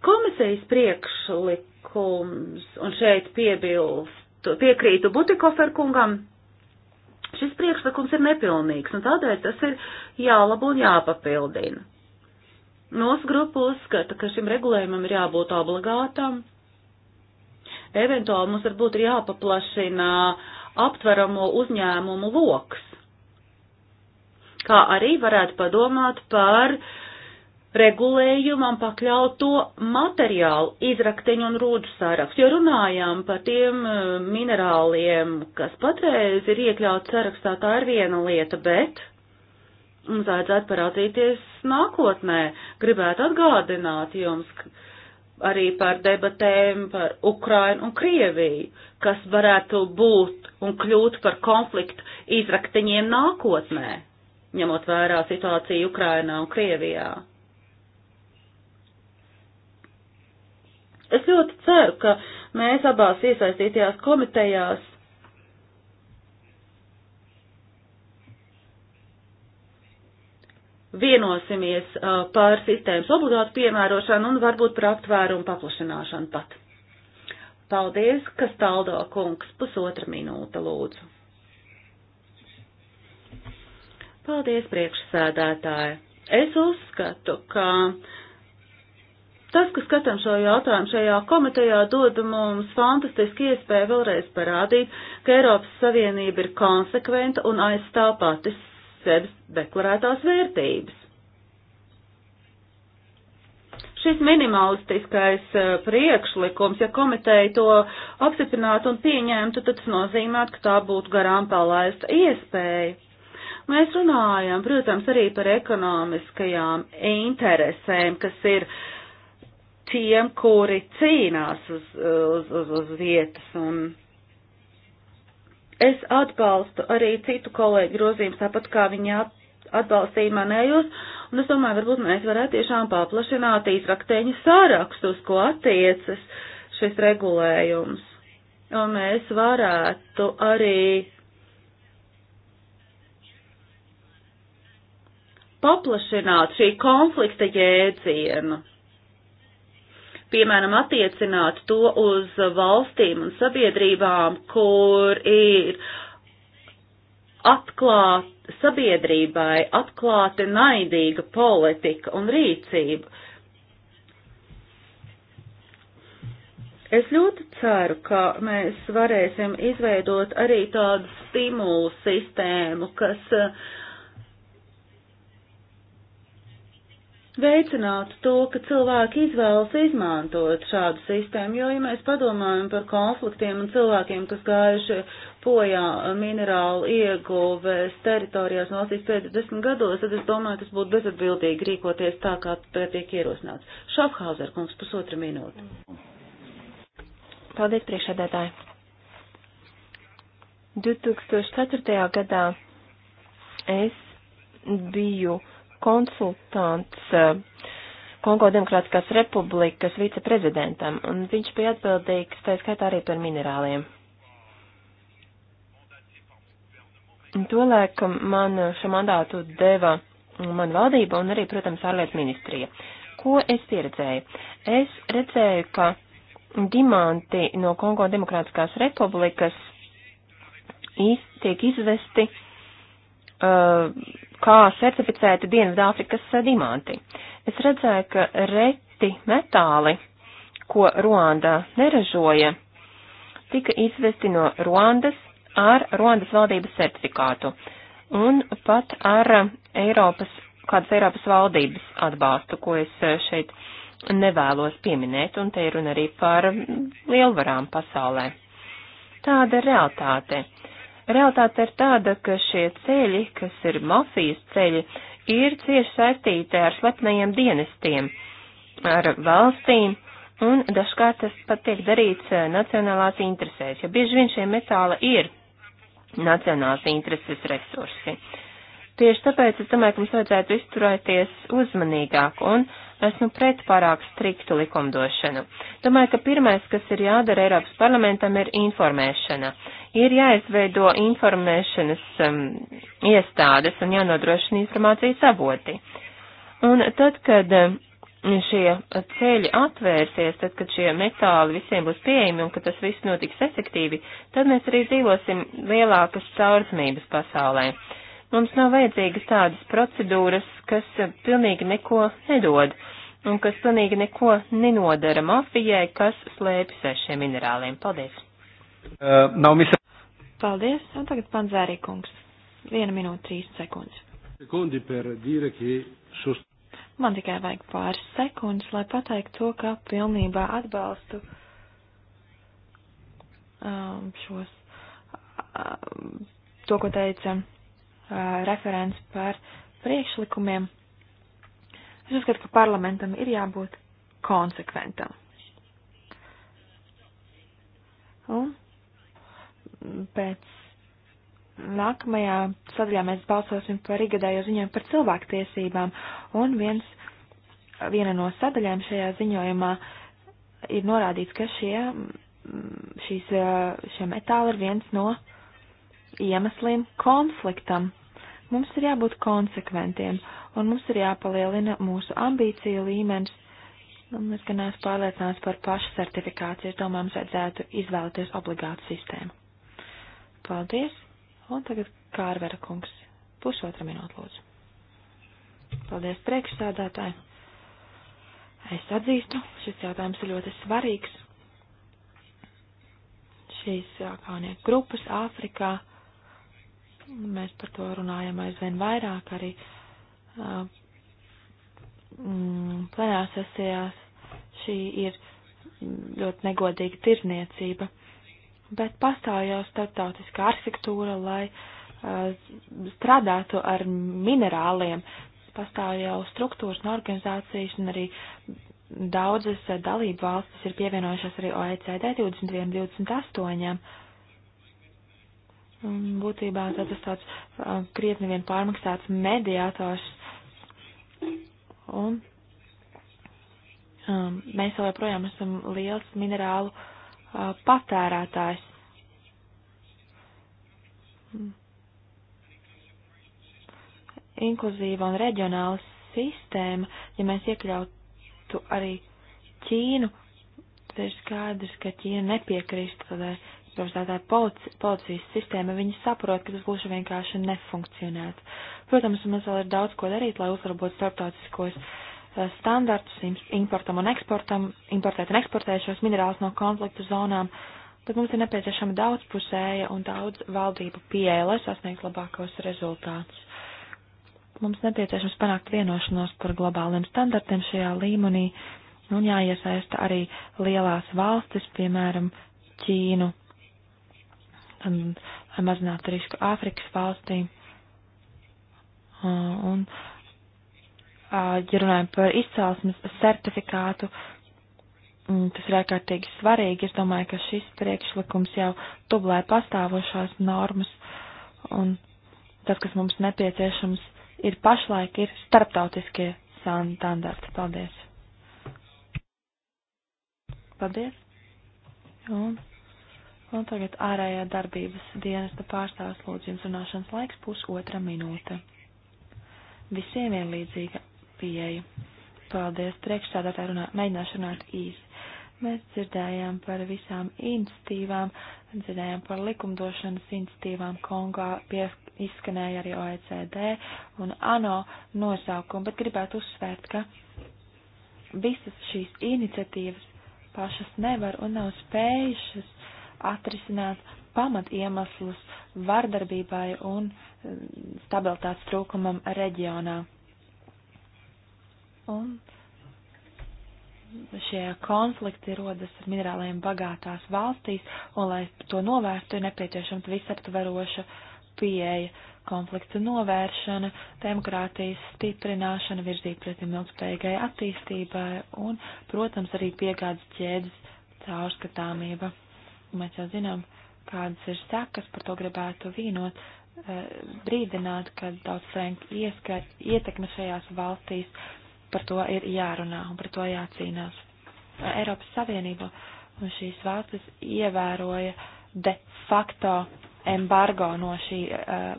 Komisijas priekšlikums, un šeit piebilst, piekrītu Butikoferkungam, Šis priekšlikums ir nepilnīgs, un tādēļ tas ir jālabo un jāpapildina. Mūsu grupa uzskata, ka šim regulējumam ir jābūt obligātam. Eventuāli mums varbūt ir jāpaplašina aptveramo uzņēmumu loks, kā arī varētu padomāt par uh, regulējumam pakļauto materiālu izrakteņu un rūdu sarakstu, jo runājām par tiem eh, minerāliem, kas patreiz ir iekļauts sarakstā, tā ir viena lieta, bet mums vajadzētu parādīties nākotnē. Gribētu atgādināt jums arī par debatēm par Ukrainu un Krieviju, kas varētu būt un kļūt par konfliktu izrakteņiem nākotnē, ņemot vērā situāciju Ukrainā un Krievijā. Es ļoti ceru, ka mēs abās iesaistītajās komitejās vienosimies uh, par sistēmas obligātu piemērošanu un varbūt par aktvērumu paplašināšanu pat. Paldies, kas taldo kungs, pusotra minūte lūdzu. Paldies, priekšsēdētāji. Es uzskatu, ka uh, Tas, ka skatām šo jautājumu šajā komitejā, dod mums fantastiski iespēju vēlreiz parādīt, ka Eiropas Savienība ir konsekventa un aizstāv pati sevis deklarētās vērtības. Šis minimalistiskais eh, priekšlikums, ja komiteja to apstiprinātu un pieņemtu, tad tas nozīmētu, ka tā būtu garām palaista iespēja. Mēs runājam, protams, arī par ekonomiskajām interesēm, kas ir uh, tiem, kuri cīnās uz, uz, uz, uz vietas. Un es atbalstu arī citu kolēģu grozījumus, tāpat kā viņi atbalstīja manējos, un es domāju, varbūt mēs varētu tiešām paplašināt īsrakteņu sārakstus, ko attiecas šis regulējums. Un mēs varētu arī paplašināt šī konflikta jēdzienu piemēram, attiecināt to uz valstīm un sabiedrībām, kur ir atklāt, sabiedrībai atklāti naidīga politika un rīcība. Es ļoti ceru, ka mēs varēsim izveidot arī tādu stimulu sistēmu, kas uh, veicinātu to, ka cilvēki izvēlas izmantot šādu sistēmu, jo, ja mēs padomājam par konfliktiem un cilvēkiem, kas gājuši bojā minerālu ieguves teritorijās valstīs pēdējos desmit gados, tad es domāju, tas būtu bezatbildīgi rīkoties tā, kā tiek ierosināts. Šafhauser kungs, pusotra minūte. Paldies, priekšsēdētāji. 2004. gadā es biju uh, konsultants eh, Kongo Demokrātiskās republikas viceprezidentam, un viņš bija atbildīgs, tā skaitā arī par minerāliem. Tolēk man šo mandātu deva man valdība un arī, protams, ārlietu ministrija. Ko es pieredzēju? Es redzēju, ka dimanti no Kongo Demokrātiskās republikas iz, tiek izvesti uh, kā certificēti Dienvidāfrikas dimanti. Es redzēju, ka reti metāli, ko Ruanda neražoja, tika izvesti no Ruandas ar Ruandas valdības certifikātu un pat ar Eiropas, kādas Eiropas valdības atbalstu, ko es šeit nevēlos pieminēt, un te ir runa arī par lielvarām pasaulē. Tāda ir realitāte. Uh, Realtāte ir tāda, ka šie ceļi, kas ir mafijas ceļi, ir cieši saistīti ar slepnajiem dienestiem, ar valstīm, un dažkārt tas pat tiek darīts eh, nacionālās interesēs, jo bieži vien šie metāli ir nacionālās intereses resursi. Tieši tāpēc es domāju, ka mums vajadzētu izturēties uzmanīgāk un uh, esmu pret pārāk striktu likumdošanu. Domāju, ka pirmais, kas ir jādara Eiropas parlamentam, ir informēšana. Ir jāizveido informēšanas um, iestādes un jānodrošina informācijas avoti. Un tad, kad um, šie ceļi atvērsies, tad, kad šie metāli visiem būs pieejami un ka tas viss notiks efektīvi, tad mēs arī dzīvosim lielākas caursmības pasaulē. Uh, Mums nav vajadzīgas tādas procedūras, kas pilnīgi neko nedod un kas pilnīgi neko nenodara mafijai, kas slēpjas aiz šiem minerāliem. Paldies! Uh, nav misa. Paldies, un tagad Panzērī kungs. Viena minūte, trīs sekundes. Sekundi per dire, ka sus... Man tikai vajag pāris sekundes, lai pateiktu to, ka pilnībā atbalstu um, šos, um, to, ko teica referents par priekšlikumiem. Es uzskatu, ka parlamentam ir jābūt konsekventam. Un pēc nākamajā sadaļā mēs balsosim par igadējo ziņojumu par cilvēktiesībām, un viens, viena no sadaļām šajā ziņojumā ir norādīts, ka šie, šīs, šie metāli ir viens no iemesliem konfliktam. Mums ir jābūt konsekventiem, un mums ir jāpalielina mūsu ambīciju līmenis. Un es gan esmu pārliecināts par pašu certifikāciju. Es domāju, mums vajadzētu izvēlēties obligātu sistēmu. Paldies! Un tagad Kārvera kungs. Pusotra minūte, lūdzu. Paldies, priekšsādātāji! Es atzīstu, šis jautājums ir ļoti svarīgs. Šīs kānie grupas Āfrikā Mēs par to runājam aizvien vairāk arī uh, mm, plenāsesijās. Šī ir ļoti negodīga tirzniecība, bet pastāv jau starptautiskā arhitektūra, lai uh, strādātu ar minerāliem. Pastāv jau struktūras un organizācijas un arī daudzas dalību valstis ir pievienojušās arī OECD 21, 28 Um, būtībā tas tāds uh, krietni vien pārmaksāts mediātors. Un um, mēs vēl joprojām esam liels minerālu uh, patērētājs. Inkluzīva un reģionāla sistēma, ja mēs iekļautu arī Ķīnu, tad ir skaidrs, ka Ķīna nepiekrīst tādai priekšstādāja polici, policijas sistēma, viņi saprot, ka tas gluži vienkārši nefunkcionēs. Protams, mums vēl ir daudz ko darīt, lai uzlabotu starptautiskos eh, standartus importam un eksportam, importēt un eksportēt šos minerālus no konfliktu zonām, tad mums ir nepieciešama daudzpusēja un daudz valdību pieeja, lai sasniegtu labākos rezultātus. Mums nepieciešams panākt vienošanos par globāliem standartiem šajā līmenī un jāiesaista arī lielās valstis, piemēram, Ķīnu um, lai mazinātu risku Āfrikas valstīm. Uh, un, uh, ja runājam par izcelsmes certifikātu, um, tas ir ārkārtīgi svarīgi. Es domāju, ka šis priekšlikums jau dublē pastāvošās normas, un tas, kas mums nepieciešams, ir pašlaik ir starptautiskie standarti. Paldies! Paldies! Un Un tagad ārējā darbības dienesta pārstāvs lūdzu jums runāšanas laiks pusotra minūte. Visiem vienlīdzīga pieeja. Paldies, priekšstādātāji runā, mēģināšu runāt īsi. Mēs dzirdējām par visām institīvām, dzirdējām par likumdošanas institīvām Kongā, pie, izskanēja arī OECD un ANO nosaukumu, bet gribētu uzsvērt, ka visas šīs iniciatīvas pašas nevar un nav spējušas atrisināt pamatiemeslus vardarbībai un um, stabilitātes trūkumam reģionā. Un šie konflikti rodas ar minerāliem bagātās valstīs, un lai to novērstu, ir nepieciešams visaptveroša pieeja, konfliktu novēršana, demokrātijas stiprināšana, virzība pretim ilgspējīgai attīstībai un, protams, arī piegādes ķēdes caurskatāmība. Mēs jau zinām, kādas ir sekas, par to gribētu vīnot, eh, brīdināt, ka daudz franku ietekme šajās valstīs, par to ir jārunā un par to jācīnās. Eiropas Savienība un šīs valstis ievēroja de facto embargo no šī eh,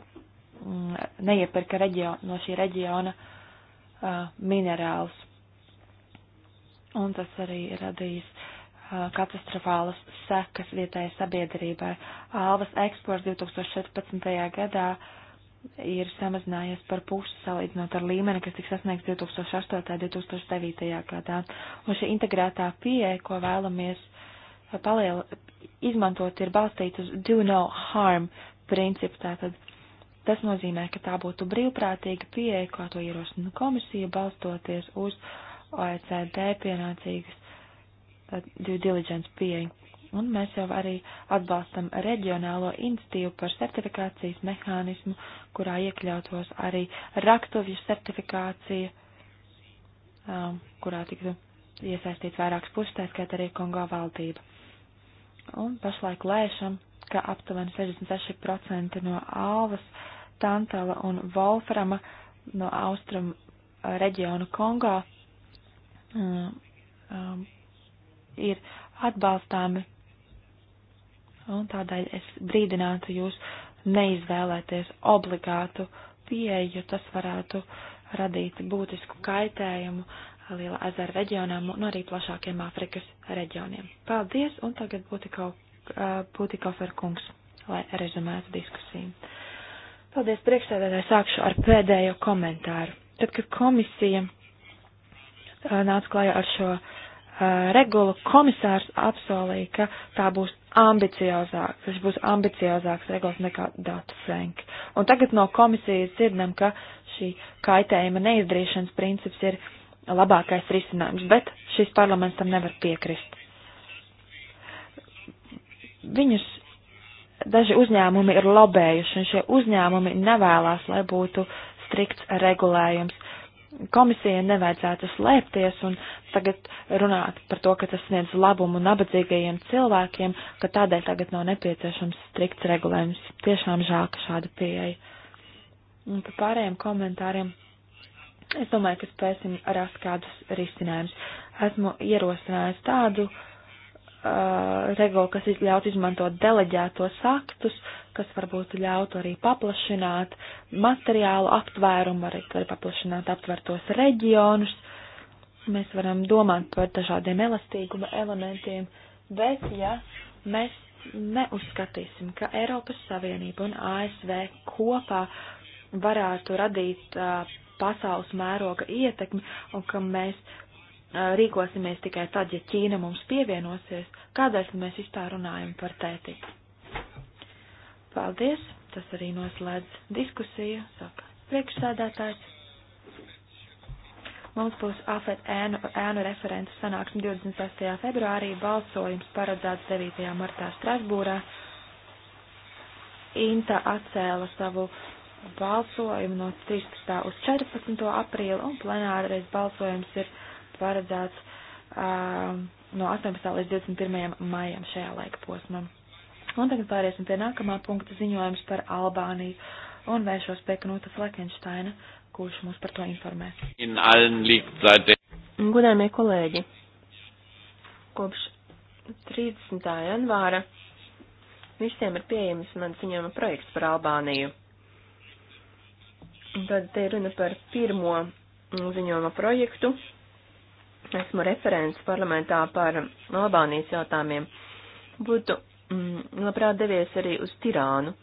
mm, neiepirka reģiona, no šī reģiona eh, minerālus. Un tas arī radīs uh, katastrofālas sekas vietējai sabiedrībai. Alvas eksports 2014. gadā ir samazinājies par pusi salīdzinot ar līmeni, kas tika sasniegts 2008. un 2009. gadā. Un šī integrētā pieeja, ko vēlamies paliel, izmantot, ir balstīta uz do no harm principu. Tātad tas nozīmē, ka tā būtu brīvprātīga pieeja, kā to ierosina komisija, balstoties uz OECD pienācīgas Uh, due diligence pieeja. Un mēs jau arī atbalstam reģionālo institīvu par certifikācijas mehānismu, kurā iekļautos arī raktuvju certifikācija, um, kurā tiktu iesaistīts vairākas puses, tā skaitā arī Kongo valdība. Un pašlaik lēšam, ka aptuveni 66% no alvas, tantala un volframa no austrumu reģionu Kongo mm, um, um, ir atbalstāmi. Un tādēļ es brīdinātu jūs neizvēlēties obligātu pieeju, jo tas varētu radīt būtisku kaitējumu Lielā ezera reģionām un arī plašākiem Āfrikas reģioniem. Paldies, un tagad būtu kaut ar kungs, lai rezumētu diskusiju. Paldies, priekšsēdētāji, sākšu ar pēdējo komentāru. Tad, kad komisija uh, nāca klājā ar šo uh, Eh, regula komisārs apsolīja, ka tā būs ambiciozāks, viņš būs ambiciozāks regulas nekā datu frank. Un tagad no komisijas dzirdam, ka šī kaitējuma neizdarīšanas princips ir labākais risinājums, bet šis parlaments tam nevar piekrist. Viņus daži uzņēmumi ir lobējuši, un šie uzņēmumi nevēlas, lai būtu strikts regulējums komisijai nevajadzētu slēpties un tagad runāt par to, ka tas sniedz labumu nabadzīgajiem cilvēkiem, ka tādēļ tagad nav nepieciešams strikts regulējums. Tiešām žēl, ka šāda pieeja. Un par pārējiem komentāriem. Es domāju, ka spēsim rast kādus risinājumus. Esmu ierosinājis tādu uh, regula, kas ļaut izmantot deleģētos aktus, kas varbūt ļautu arī paplašināt materiālu aptvērumu, arī, arī paplašināt aptvertos reģionus. Mēs varam domāt par dažādiem elastīguma elementiem, bet ja mēs neuzskatīsim, ka Eiropas Savienība un ASV kopā varētu radīt uh, pasaules mēroga ietekmi un ka mēs Eh, rīkosimies tikai tad, ja Ķīna mums pievienosies, kādēļ mēs vispār runājam par tētiku. Paldies, tas arī noslēdz diskusiju, saka priekšsēdētājs. Mums būs AFET ēnu, ēnu referentu sanāksme 26. februārī, balsojums paredzēts 9. martā Strasbūrā. Inta atcēla savu balsojumu no 13. uz 14. aprīli un plenārais balsojums ir paredzēts uh, no 18. līdz 21. maijam šajā laika posmā. Un tagad pāriesim pie nākamā punkta ziņojums par Albāniju un vēršos pie Knūta Flekenšteina, kurš mūs par to informēs. Gudājumie kolēģi, kopš 30. janvāra visiem ir pieejams mans ziņojuma projekts par Albāniju. Tad te ir runa par pirmo ziņojuma projektu, Esmu referents parlamentā par Albānijas jautājumiem. Būtu mm, labprāt devies arī uz Tirānu,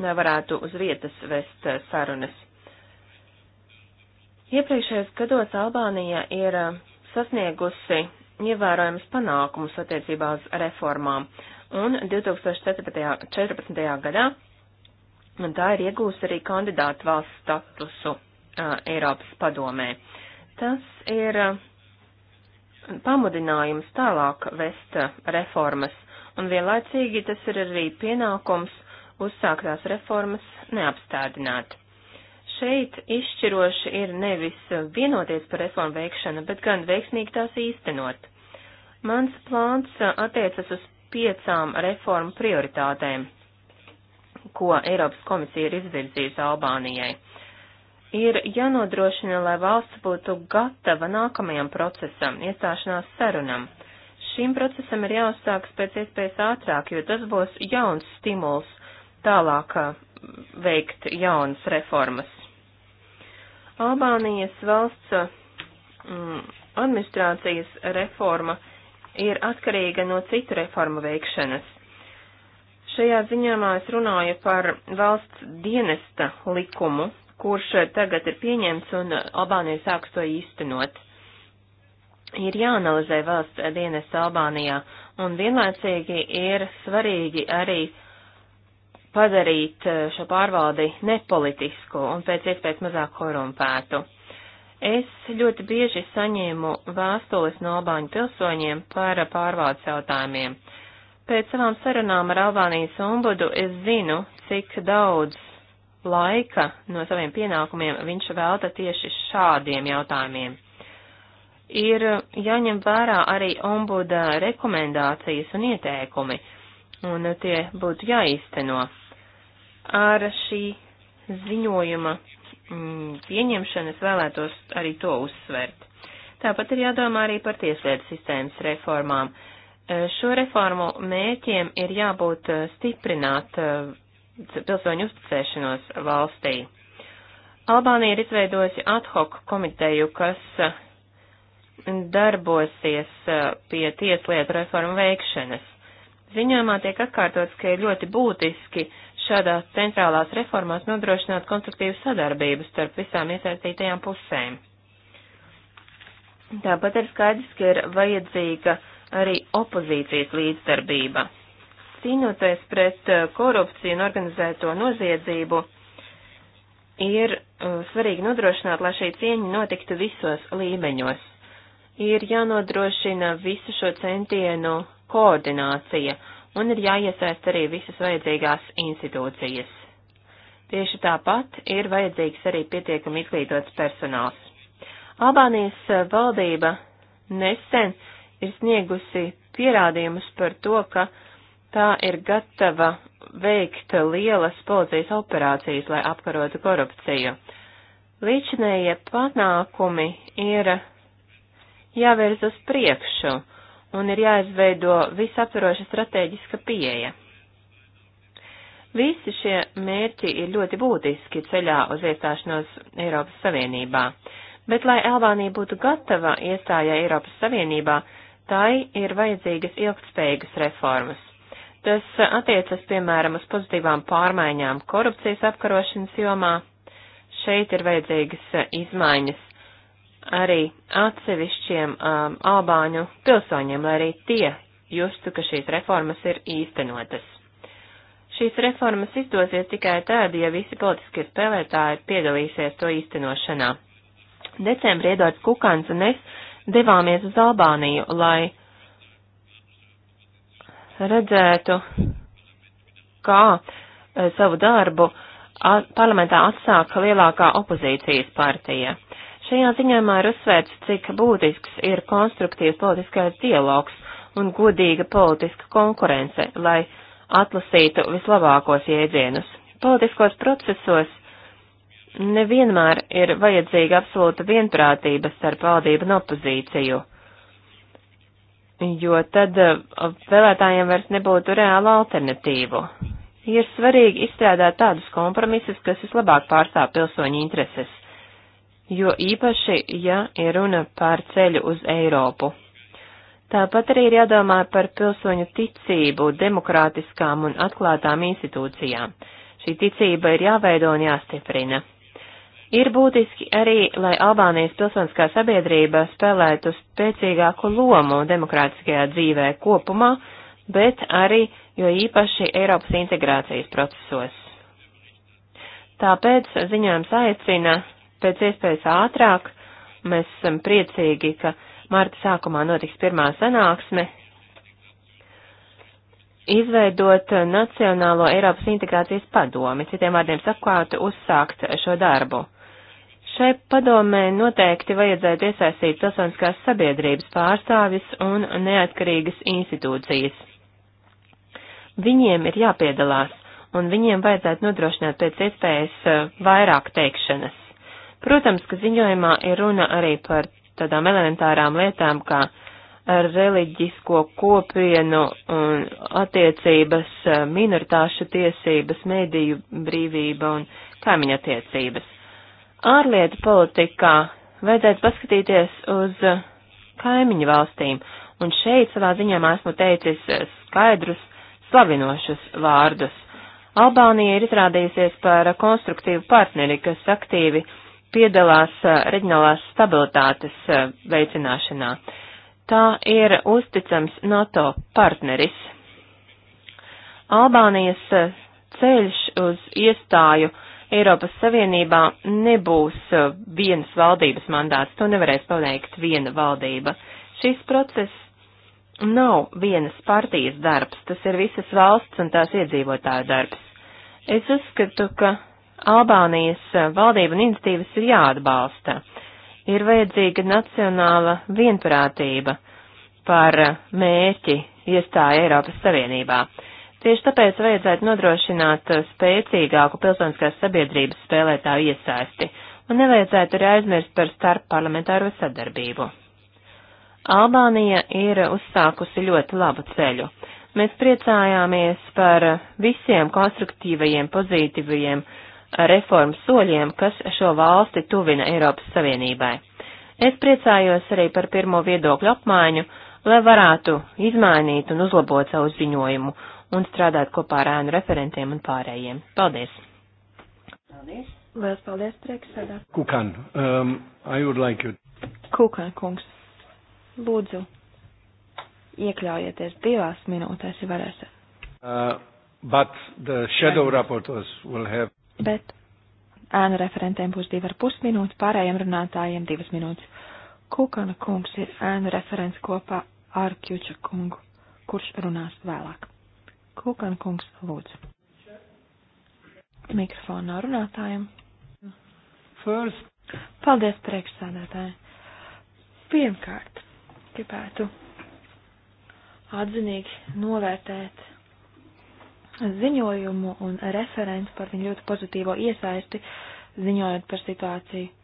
lai varētu uz vietas vest sarunas. Iepriekšējos gados Albānija ir eh, sasniegusi ievērojams panākumus attiecībā uz reformām, un 2014. gadā tā ir iegūst arī kandidātu valsts statusu uh, Eiropas padomē. Tas ir uh, pamudinājums tālāk vest reformas, un vienlaicīgi tas ir arī pienākums uzsāktās reformas neapstādināt. Šeit izšķiroši ir nevis vienoties par reformu veikšanu, bet gan veiksmīgi tās īstenot. Mans plāns attiecas uz piecām reformu prioritātēm, ko Eiropas komisija ir izvirzījusi Albānijai ir jānodrošina, lai valsts būtu gatava nākamajam procesam, iestāšanās sarunam. Šim procesam ir jāuzsākas pēc iespējas ātrāk, jo tas būs jauns stimuls tālāk uh, veikt jaunas reformas. Albānijas valsts uh, mm, administrācijas reforma ir atkarīga no citu reformu veikšanas. Šajā ziņāmā es runāju par valsts dienesta likumu, kurš tagad ir pieņemts un Albānija sāks to īstenot. Ir jāanalizē valsts dienas Albānijā un vienlaicīgi ir svarīgi arī padarīt šo pārvaldi nepolitisku un pēc iespējas mazāk korumpētu. Es ļoti bieži saņēmu vēstules no Albāņu pilsoņiem par pārvaldes jautājumiem. Pēc savām sarunām ar Albānijas ombudu es zinu, cik daudz laika no saviem pienākumiem viņš velta tieši šādiem jautājumiem. Ir jāņem vērā arī ombuda rekomendācijas un ieteikumi, un tie būtu jāīsteno. Ar šī ziņojuma mm, pieņemšanu es vēlētos arī to uzsvert. Tāpat ir jādomā arī par tieslietu sistēmas reformām. Šo reformu mērķiem ir jābūt stiprināt pilsoņu uzticēšanos valstī. Albānija ir izveidojusi ad hoc komiteju, kas darbosies e, pie tieslietu reformu veikšanas. Ziņojumā tiek atkārtots, ka ir ļoti būtiski šādās centrālās reformās nodrošināt konstruktīvu sadarbību starp visām iesaistītajām pusēm. Tāpat ir skaidrs, ka ir vajadzīga arī opozīcijas līdzdarbība cīnoties pret uh, korupciju un organizēto noziedzību, ir uh, svarīgi nodrošināt, lai šī cieņa notiktu visos līmeņos. Ir jānodrošina visu šo centienu koordinācija un ir jāiesaist arī visas vajadzīgās institūcijas. Tieši tāpat ir vajadzīgs arī pietiekami izglītots personāls. Albānijas uh, valdība nesen ir sniegusi pierādījumus par to, ka uh, tā ir gatava veikt lielas policijas operācijas, lai apkarotu korupciju. Līdzinējie panākumi ir jāvērz uz priekšu un ir jāizveido visaptvaroša strateģiska pieeja. Visi šie mērķi ir ļoti būtiski ceļā uz iestāšanos Eiropas Savienībā, bet lai Albānija būtu gatava iestājai Eiropas Savienībā, tai ir vajadzīgas ilgtspējīgas reformas. Tas attiecas, piemēram, uz pozitīvām pārmaiņām korupcijas apkarošanas jomā. Šeit ir vajadzīgas eh, izmaiņas arī atsevišķiem um, albāņu pilsoņiem, lai arī tie justu, ka šīs reformas ir īstenotas. Šīs reformas izdosies tikai tad, ja visi politiskie spēlētāji piedalīsies to īstenošanā. Decembrī Edvards Kukans un es devāmies uz Albāniju, lai redzētu, kā e, savu darbu parlamentā atsāk lielākā opozīcijas partija. Šajā ziņojumā ir uzsvērts, cik būtisks ir konstruktīvs politiskais dialogs un godīga politiska konkurence, lai atlasītu vislabākos jēdzienus. Politiskos procesos nevienmēr ir vajadzīga absolūta vienprātība starp valdību un opozīciju jo tad eh, vēlētājiem vairs nebūtu reāla alternatīvu. Ir svarīgi izstrādāt tādus kompromisus, kas vislabāk pārstāv pilsoņu intereses, jo īpaši, ja ir runa par ceļu uz Eiropu. Tāpat arī ir jādomā par pilsoņu ticību demokrātiskām un atklātām institūcijām. Šī ticība ir jāveido un jāstiprina. Ir būtiski arī, lai Albānijas pilsoniskā sabiedrība spēlētu spēcīgāku lomu demokrātiskajā dzīvē kopumā, bet arī, jo īpaši Eiropas integrācijas procesos. Tāpēc ziņojums aicina pēc iespējas ātrāk. Mēs esam priecīgi, ka marta sākumā notiks pirmā sanāksme, izveidot Nacionālo Eiropas integrācijas padomi, citiem vārdiem sakot, uzsākt šo darbu. Šai padomē noteikti vajadzētu iesaistīt pilsoniskās sabiedrības pārstāvis un neatkarīgas institūcijas. Viņiem ir jāpiedalās, un viņiem vajadzētu nodrošināt pēc iespējas eh, vairāk teikšanas. Protams, ka ziņojumā ir runa arī par tādām elementārām lietām, kā reliģisko kopienu un attiecības, eh, minoritāšu tiesības, mēdīju brīvība un kaimiņa attiecības. Ārlietu politikā vajadzētu paskatīties uz uh, kaimiņu valstīm, un šeit savā ziņā esmu teicis uh, skaidrus, slavinošus vārdus. Albānija ir izrādījusies par uh, konstruktīvu partneri, kas aktīvi piedalās reģionālās stabilitātes veicināšanā. Tā ir uzticams NATO partneris. Albānijas ceļš uz iestāju uh, Eiropas Savienībā nebūs uh, vienas valdības mandāts, to nevarēs paveikt viena valdība. Šis process nav vienas partijas darbs, tas ir visas valsts un tās iedzīvotāju darbs. Es uzskatu, ka Albānijas uh, valdība un iniciatīvas ir jāatbalsta. Ir vajadzīga nacionāla vienprātība par uh, mērķi iestāja Eiropas Savienībā. Tieši tāpēc vajadzētu nodrošināt uh, spēcīgāku pilsoniskās sabiedrības spēlētāju iesaisti, un nevajadzētu arī aizmirst par starpparlamentāro sadarbību. Albānija ir uzsākusi ļoti labu ceļu. Mēs priecājāmies par visiem konstruktīvajiem, pozitīvajiem uh, reformu soļiem, kas šo valsti tuvina Eiropas Savienībai. Es priecājos arī par pirmo viedokļu apmaiņu, lai varētu izmainīt un uzlabot savu ziņojumu un strādāt kopā ar ēnu referentiem un pārējiem. Paldies! Paldies! Lielas paldies, priekšsēdā. Kukan, um, I would like you. Kukan, kungs, lūdzu, iekļaujieties divās minūtēs, ja varēsiet. Uh, but the shadow rapporteurs will have. Bet ēnu referentiem būs divi ar pus minūtes, pārējiem runātājiem divas minūtes. Kukana kungs ir ēnu referents kopā ar Kjuča kungu, kurš runās vēlāk. Kukan kungs, lūdzu. Mikrofonā runātājiem. First. Paldies, priekšsādātāji. Pirmkārt, gribētu atzinīgi novērtēt ziņojumu un referentu par viņu ļoti pozitīvo iesaisti ziņojot par situāciju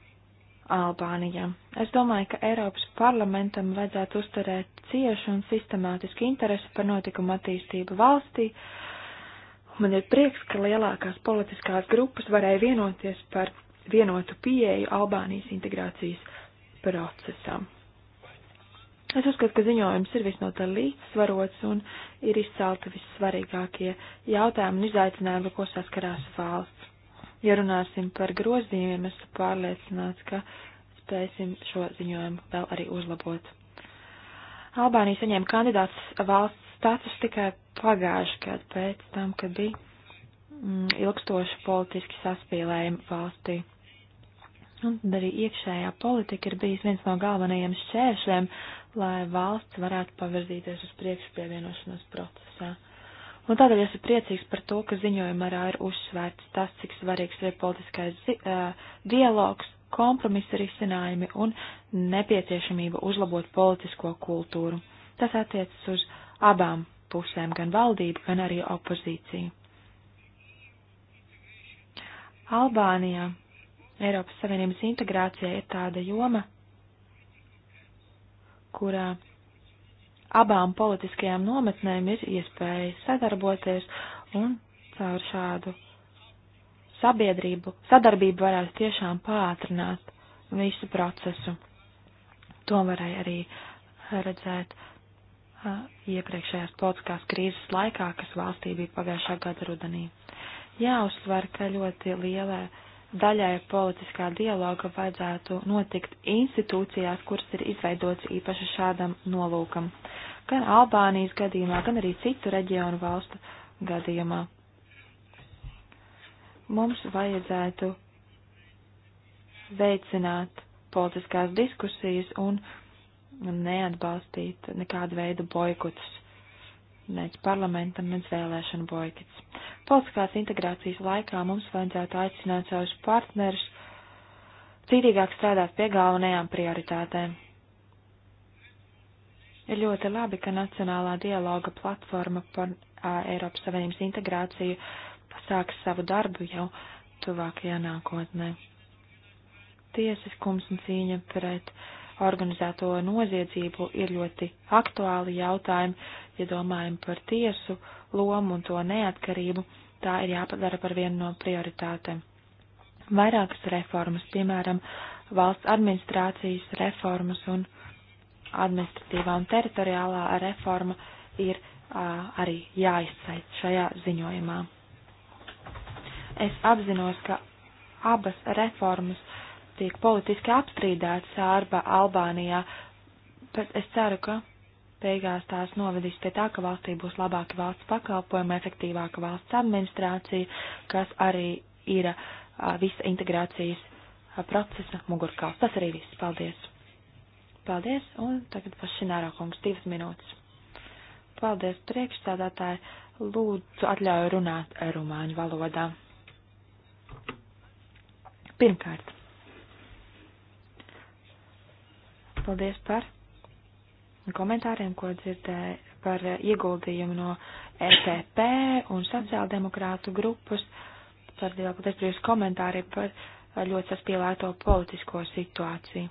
Albānijā. Es domāju, ka Eiropas parlamentam vajadzētu uzturēt ciešu un sistemātisku interesi par notikumu attīstību valstī. Man ir prieks, ka lielākās politiskās grupas varēja vienoties par vienotu pieeju Albānijas integrācijas procesam. Es uzskatu, ka ziņojums ir visnotaļ līdzsvarots un ir izcelti vissvarīgākie jautājumi un izaicinājumi, ko saskarās valsts. Ja runāsim par grozījumiem, esmu pārliecināts, ka spēsim šo ziņojumu vēl arī uzlabot. Albānija saņēma kandidāts valsts status tikai pagājuši gadu pēc tam, kad bija mm, ilgstoši politiski saspīlējumi valstī. Un tad arī iekšējā politika ir bijis viens no galvenajiem šķēršļiem, lai valsts varētu pavirzīties uz priekšu pievienošanos procesā. Un tādēļ esmu priecīgs par to, ka ziņojumā ir uzsvērts tas, cik svarīgs ir politiskais uh, dialogs, kompromisa risinājumi un nepieciešamība uzlabot politisko kultūru. Tas attiecas uz abām pusēm, gan valdību, gan arī opozīciju. Albānijā Eiropas Savienības integrācija ir tāda joma, kurā uh, abām politiskajām nometnēm ir iespēja sadarboties un caur šādu sabiedrību, sadarbību varētu tiešām pātrināt visu procesu. To varēja arī redzēt uh, iepriekšējās politiskās krīzes laikā, kas valstī bija pagājušā gada rudenī. Jāuzsver, ka ļoti lielai daļai politiskā dialoga vajadzētu notikt institūcijās, kuras ir izveidotas īpaši šādam nolūkam, gan Albānijas gadījumā, gan arī citu reģionu valstu gadījumā. Mums vajadzētu veicināt politiskās diskusijas un neatbalstīt nekādu veidu boikotus nec parlamentam, nec vēlēšanu boikets. Politiskās integrācijas laikā mums vajadzētu aicināt savus partnerus cītīgāk strādāt pie galvenajām prioritātēm. Ir ļoti labi, ka Nacionālā dialoga platforma par a, Eiropas Savienības integrāciju sāks savu darbu jau tuvākajā nākotnē. Tiesiskums un cīņa pret uh, organizēto noziedzību ir ļoti aktuāli jautājumi, ja domājam par tiesu lomu un to neatkarību, tā ir jāpadara par vienu no prioritātēm. Vairākas reformas, piemēram, valsts administrācijas reformas un administratīvā un teritoriālā reforma ir a, arī jāizsaic šajā ziņojumā. Es apzinos, ka abas reformas tiek politiski apstrīdēts sārba Albānijā, bet es ceru, ka beigās tās novedīs pie tā, ka valstī būs labāki valsts pakalpojumi, efektīvāka valsts administrācija, kas arī ir a, visa integrācijas a, procesa mugurkauls. Tas arī viss. Paldies! Paldies! Un tagad pašināro kungs divas minūtes. Paldies priekšstādātāji! Lūdzu atļauju runāt rumāņu valodā. Pirmkārt. Paldies par komentāriem, ko dzirdēju par ieguldījumu no EPP un sociāldemokrātu grupas. Par vēl paties par jūsu komentāriem par ļoti saspīlēto politisko situāciju.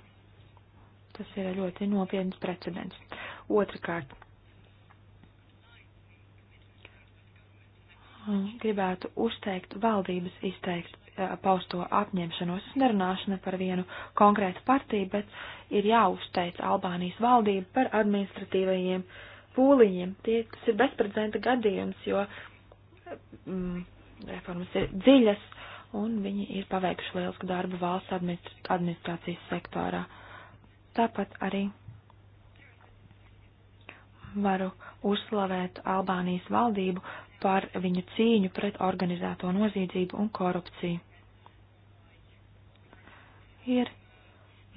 Tas ir ļoti nopietns precedents. Otrakārt, gribētu uzteikt valdības izteikt Eh, pausto apņemšanos. Es nerunāšu par vienu konkrētu partiju, bet ir jāuzteic Albānijas valdība par administratīvajiem pūliņiem. Tie, tas ir bezprecedenta gadījums, jo mm, reformas ir dziļas un viņi ir paveikuši lielisku darbu valsts administrācijas sektorā. Tāpat arī varu uzslavēt Albānijas valdību par viņu cīņu pret organizēto noziedzību un korupciju. Ir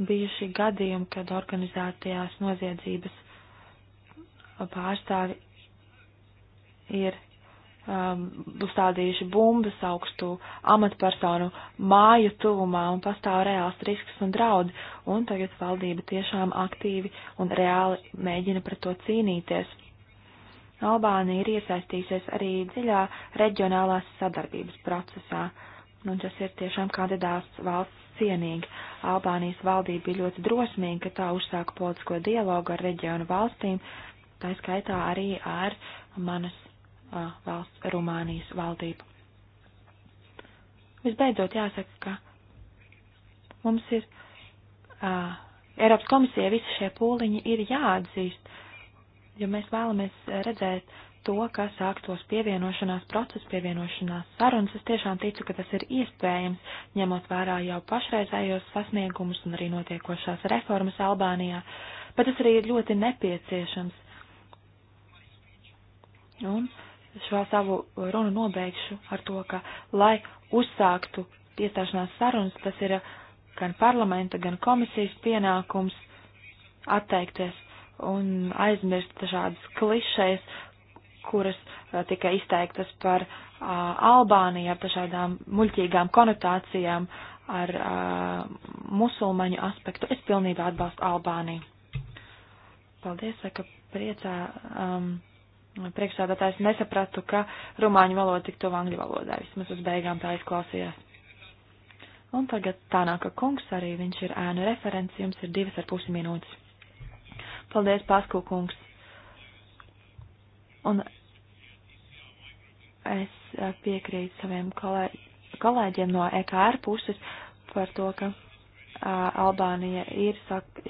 bijuši gadījumi, kad organizētajās noziedzības pārstāvi ir um, uzstādījuši bumbas augstu amatpersonu māju tuvumā un pastāv reāls risks un draudi, un tagad valdība tiešām aktīvi un reāli mēģina pret to cīnīties. Albānija ir iesaistījusies arī dziļā reģionālās sadarbības procesā, nu, un tas ir tiešām kandidāts valsts cienīga. Albānijas valdība bija ļoti drosmīga, ka tā uzsāka politisko dialogu ar reģionu valstīm, tā skaitā arī ar manas uh, valsts Rumānijas valdību. Visbeidzot jāsaka, ka mums ir uh, Eiropas komisija visi šie pūliņi ir jāatzīst, jo mēs vēlamies redzēt to, ka sāktos pievienošanās process, pievienošanās sarunas. Es tiešām ticu, ka tas ir iespējams, ņemot vērā jau pašreizējos sasniegumus un arī notiekošās reformas Albānijā, bet tas arī ir ļoti nepieciešams. Un šo savu runu nobeigšu ar to, ka, lai uzsāktu iestāšanās sarunas, tas ir gan parlamenta, gan komisijas pienākums atteikties un aizmirst dažādas klišejas kuras tika izteiktas par Albāniju ar dažādām muļķīgām konotācijām, ar musulmaņu aspektu. Es pilnībā atbalstu Albāniju. Paldies, ka priecā. Um, Priekšsādātājs nesapratu, ka rumāņu valoda tik tuvu angļu valodai. Vismaz uz beigām tā izklausījās. Un tagad tā nāka kungs, arī viņš ir ēnu referents, jums ir divas ar pusi minūtes. Paldies, Pasku kungs! Un es eh, piekrītu saviem kolē, kolēģiem no EKR puses par to, ka uh, Albānija ir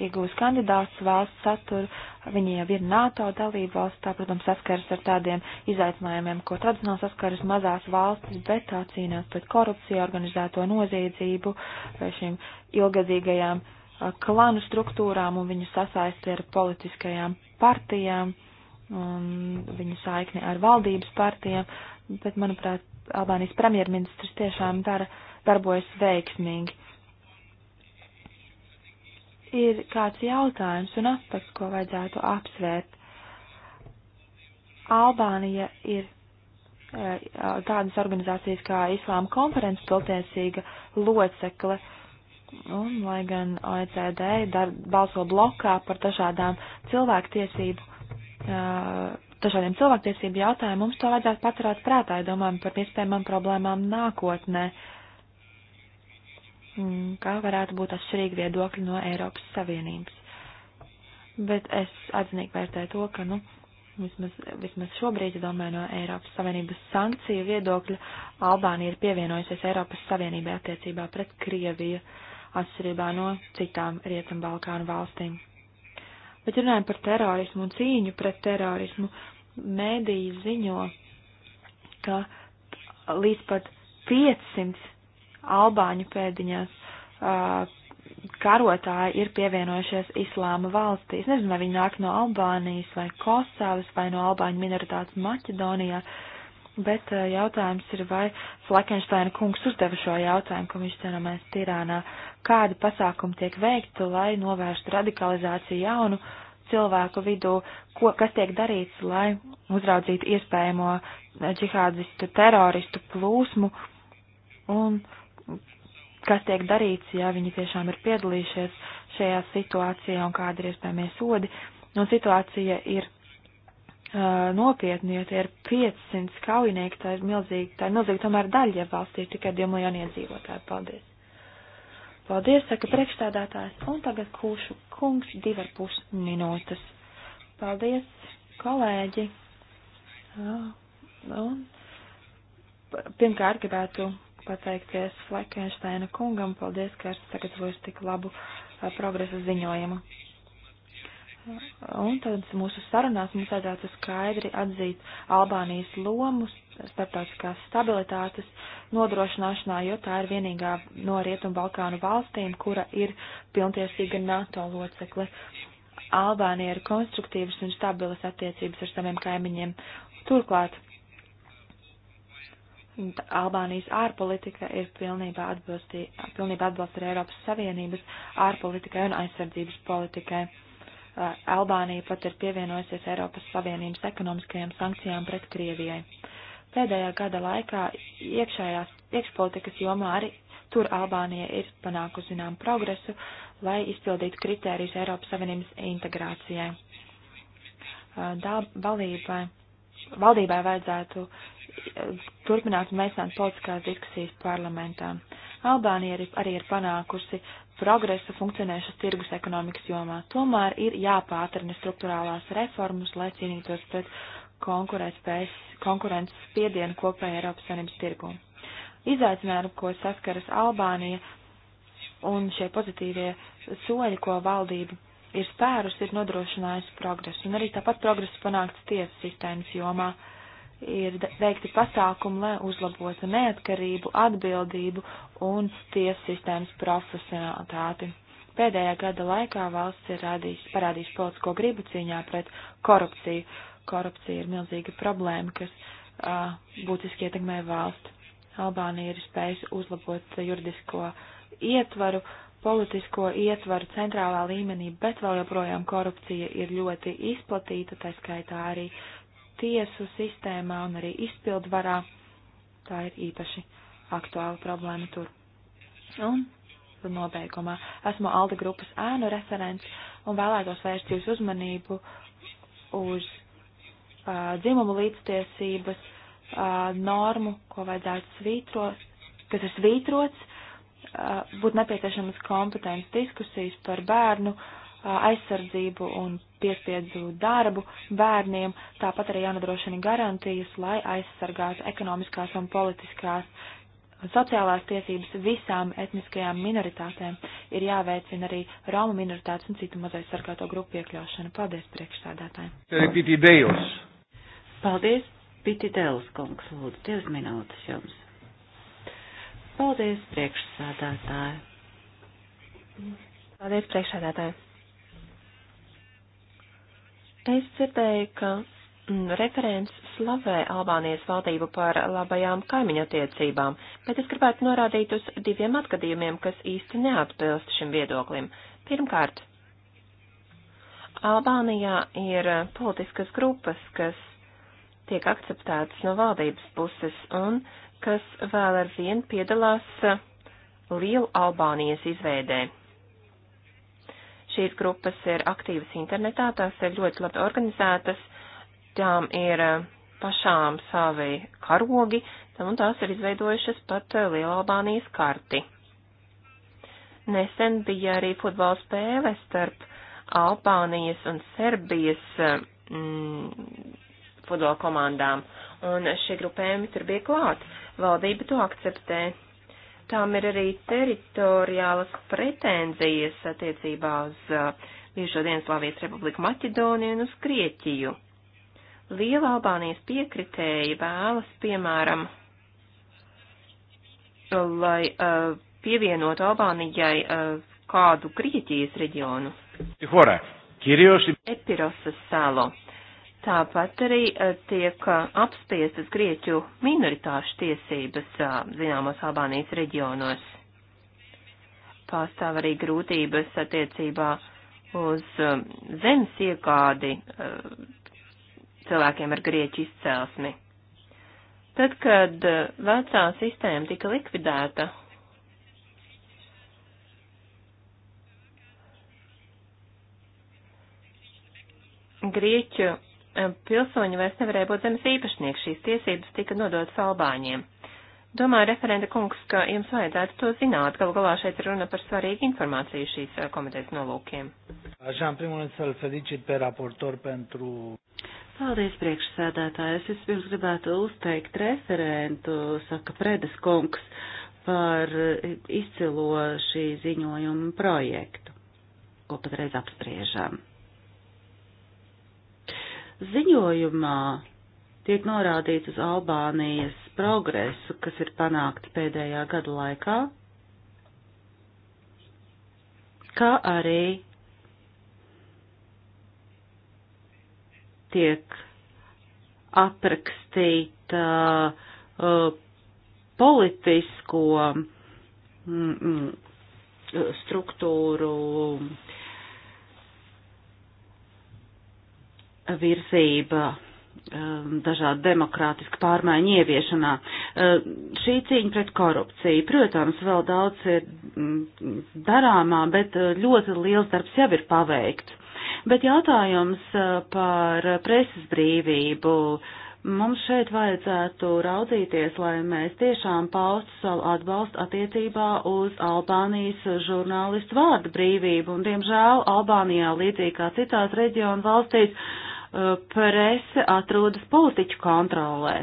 iegūst kandidāts valsts saturu, viņi jau ir NATO dalība valsts, tā, protams, saskaras ar tādiem izaicinājumiem, ko tradicionāli saskaras mazās valstis, bet tā cīnās pret korupciju, organizēto noziedzību, eh, šīm ilgadīgajām uh, klanu struktūrām un viņu sasaisti ar politiskajām partijām. Uh, un viņu saikni ar valdības partijām, bet, manuprāt, Albānijas premjerministrs tiešām dara, darbojas veiksmīgi. Ir kāds jautājums un aspekts, ko vajadzētu apsvērt. Albānija ir e, tādas organizācijas kā Islāma konferences piltiesīga locekle, un lai gan OECD dar, balso blokā par dažādām cilvēktiesību dažādiem cilvēktiesību jautājumiem, mums to vajadzētu paturēt prātā, ja domājam par iespējamām problēmām nākotnē, kā varētu būt atšķirīgi viedokļi no Eiropas Savienības. Bet es atzinīgi vērtēju to, ka, nu, vismaz, vismaz šobrīd, ja domāju no Eiropas Savienības sankciju viedokļa, Albānija ir pievienojusies Eiropas Savienībai attiecībā pret Krieviju, atšķirībā no citām Rietumbalkānu valstīm. Bet runājot par terorismu un cīņu pret terorismu, mēdīji ziņo, ka līdz pat 500 albāņu pēdiņās uh, karotāji ir pievienojušies islāma valstī. Es nezinu, vai viņi nāk no Albānijas vai Kosovas vai no albāņu minoritātes Maķedonijā. Uh, Bet eh, jautājums ir, vai Flakensteina kungs uzdeva šo jautājumu komisionamēs Tirānā, kādi pasākumi tiek veikti, lai novērstu radikalizāciju jaunu cilvēku vidū, ko, kas tiek darīts, lai uzraudzītu iespējamo eh, džihādistu teroristu plūsmu un kas tiek darīts, ja viņi tiešām ir piedalījušies šajā situācijā un kādi ir iespējamie sodi. Un situācija ir nopietni, jo tie ir 500 kaujinieki, tā ir milzīga, tā ir milzīga tomēr daļa, ja valstī ir tikai 2 miljoni iedzīvotāji. Paldies! Paldies, saka priekšstādātājs, un tagad kūšu kungs 2,5 minūtes. Paldies, kolēģi! Jā, un pirmkārt gribētu pateikties Flekensteina kungam, paldies, ka esat sagatavojis tik labu progresa ziņojumu. Un tad mūsu sarunās mums vajadzētu skaidri atzīt Albānijas lomu starptautiskās stabilitātes nodrošināšanā, jo tā ir vienīgā no Rietumu Balkānu valstīm, kura ir pilntiesīga NATO locekle. Albānija ir konstruktīvas un stabilas attiecības ar saviem kaimiņiem. Turklāt Albānijas ārpolitika ir pilnībā, pilnībā atbilst arī Eiropas Savienības ārpolitikai un aizsardzības politikai. Albānija pat ir pievienojusies Eiropas Savienības ekonomiskajām sankcijām pret Krievijai. Pēdējā gada laikā iekšējās iekšpolitikas jomā arī tur Albānija ir panākusi zinām progresu, lai izpildītu kritērijus Eiropas Savienības integrācijai. Valībai, valdībai vajadzētu turpināt un veicināt politiskās diskusijas parlamentā. Albānija arī, arī ir panākusi progresu funkcionēšas tirgus ekonomikas jomā. Tomēr ir jāpātrina struktūrālās reformas, lai cīnītos pret konkurences spiedienu kopējā Eiropas Savienības tirgū. Izaicinājumi, ko saskaras Albānija un šie pozitīvie soļi, ko valdība ir spērus, ir nodrošinājusi progresu. Un arī tāpat progresu panākts tiesas sistēmas jomā. Uh, ir veikti pasākumi, lai uzlabotu neatkarību, atbildību un tiesu sistēmas profesionalitāti. Pēdējā gada laikā valsts ir rādījis, parādījis politisko gribu cīņā pret korupciju. Korupcija ir milzīga problēma, kas uh, būtiski ietekmē valsti. Albānija ir spējusi uzlabot juridisko ietvaru, politisko ietvaru centrālā līmenī, bet vēl joprojām korupcija ir ļoti izplatīta, tā skaitā arī uh, tiesu sistēmā un arī izpildvarā. Tā ir īpaši aktuāla problēma tur. Un nobeigumā esmu Alda grupas ēnu referents un vēlētos vērst jūsu uzmanību uz uh, dzimumu līdztiesības uh, normu, ko vajadzētu svītrot, kas ir svītrots, uh, būtu nepieciešamas kompetences diskusijas par bērnu uh, aizsardzību un piespiedzu darbu bērniem, tāpat arī jānodrošina garantijas, lai aizsargātu ekonomiskās un politiskās sociālās tiesības visām etniskajām minoritātēm. Ir jāveicina arī Roma minoritātes un citu mazai sargāto grupu iekļaušana. Paldies priekšstādātājiem. Paldies, Piti Dēls kungs, lūdzu, divas minūtes jums. Paldies priekšsādātāji. Paldies priekšsādātāji. Es dzirdēju, ka mm, referents slavē Albānijas valdību par labajām kaimiņa attiecībām, bet es gribētu norādīt uz diviem atgadījumiem, kas īsti neatbilst šim viedoklim. Pirmkārt, Albānijā ir politiskas grupas, kas tiek akceptētas no valdības puses un kas vēl ar vienu piedalās lielu Albānijas izveidē. Šīs grupas ir aktīvas internetā, tās ir ļoti labi organizētas, tām ir eh, pašām savi karogi, un tās ir izveidojušas pat eh, Lielābānijas karti. Nesen bija arī futbola spēle starp Albānijas un Serbijas eh, mm, futbola komandām, un šie grupējumi tur bija klāt. Valdība to akceptē tām ir arī teritoriālas pretenzijas attiecībā uz uh, bijušo Dienaslāvijas republiku Maķedoniju un uz Krieķiju. Liela Albānijas piekritēja vēlas, piemēram, lai uh, pievienotu Albānijai uh, kādu Krieķijas reģionu. Epirosas salu. Tāpat arī eh, tiek eh, apspiestas grieķu minoritāšu tiesības eh, zināmos Albānijas reģionos. Pastāv arī grūtības attiecībā uz zemes iekādi cilvēkiem ar grieķu izcelsmi. Tad, kad vecā sistēma tika likvidēta, grieķu Ehm, pilsoņi vairs nevarēja būt zemes īpašnieki, šīs tiesības tika nodotas albāņiem. Domāju, referenta kungs, ka jums vajadzētu to zināt, galu galā šeit ir runa par svarīgu informāciju šīs ehm, komitejas nolūkiem. Paldies, priekšsēdētāji. Es vispirms gribētu uzteikt referentu, saka Predes kungs, par eh, izcilo šī ziņojuma projektu, ko patreiz apspriežam. Ziņojumā tiek norādīts uz Albānijas progresu, kas ir panākts pēdējā gada laikā, kā arī tiek aprakstīta uh, politisko mm, mm struktūru virzība um, dažādu demokrātisku pārmaiņu ieviešanā. Uh, šī cīņa pret korupciju, protams, vēl daudz ir mm, darāmā, bet uh, ļoti liels darbs jau ir paveikts. Bet jautājums uh, par preses brīvību. Mums šeit vajadzētu raudzīties, lai mēs tiešām paustu savu atbalstu attiecībā uz Albānijas žurnālistu vārdu brīvību. Un, diemžēl, Albānijā, līdzīgi kā citās reģionu valstīs, uh, prese atrodas politiķu kontrolē.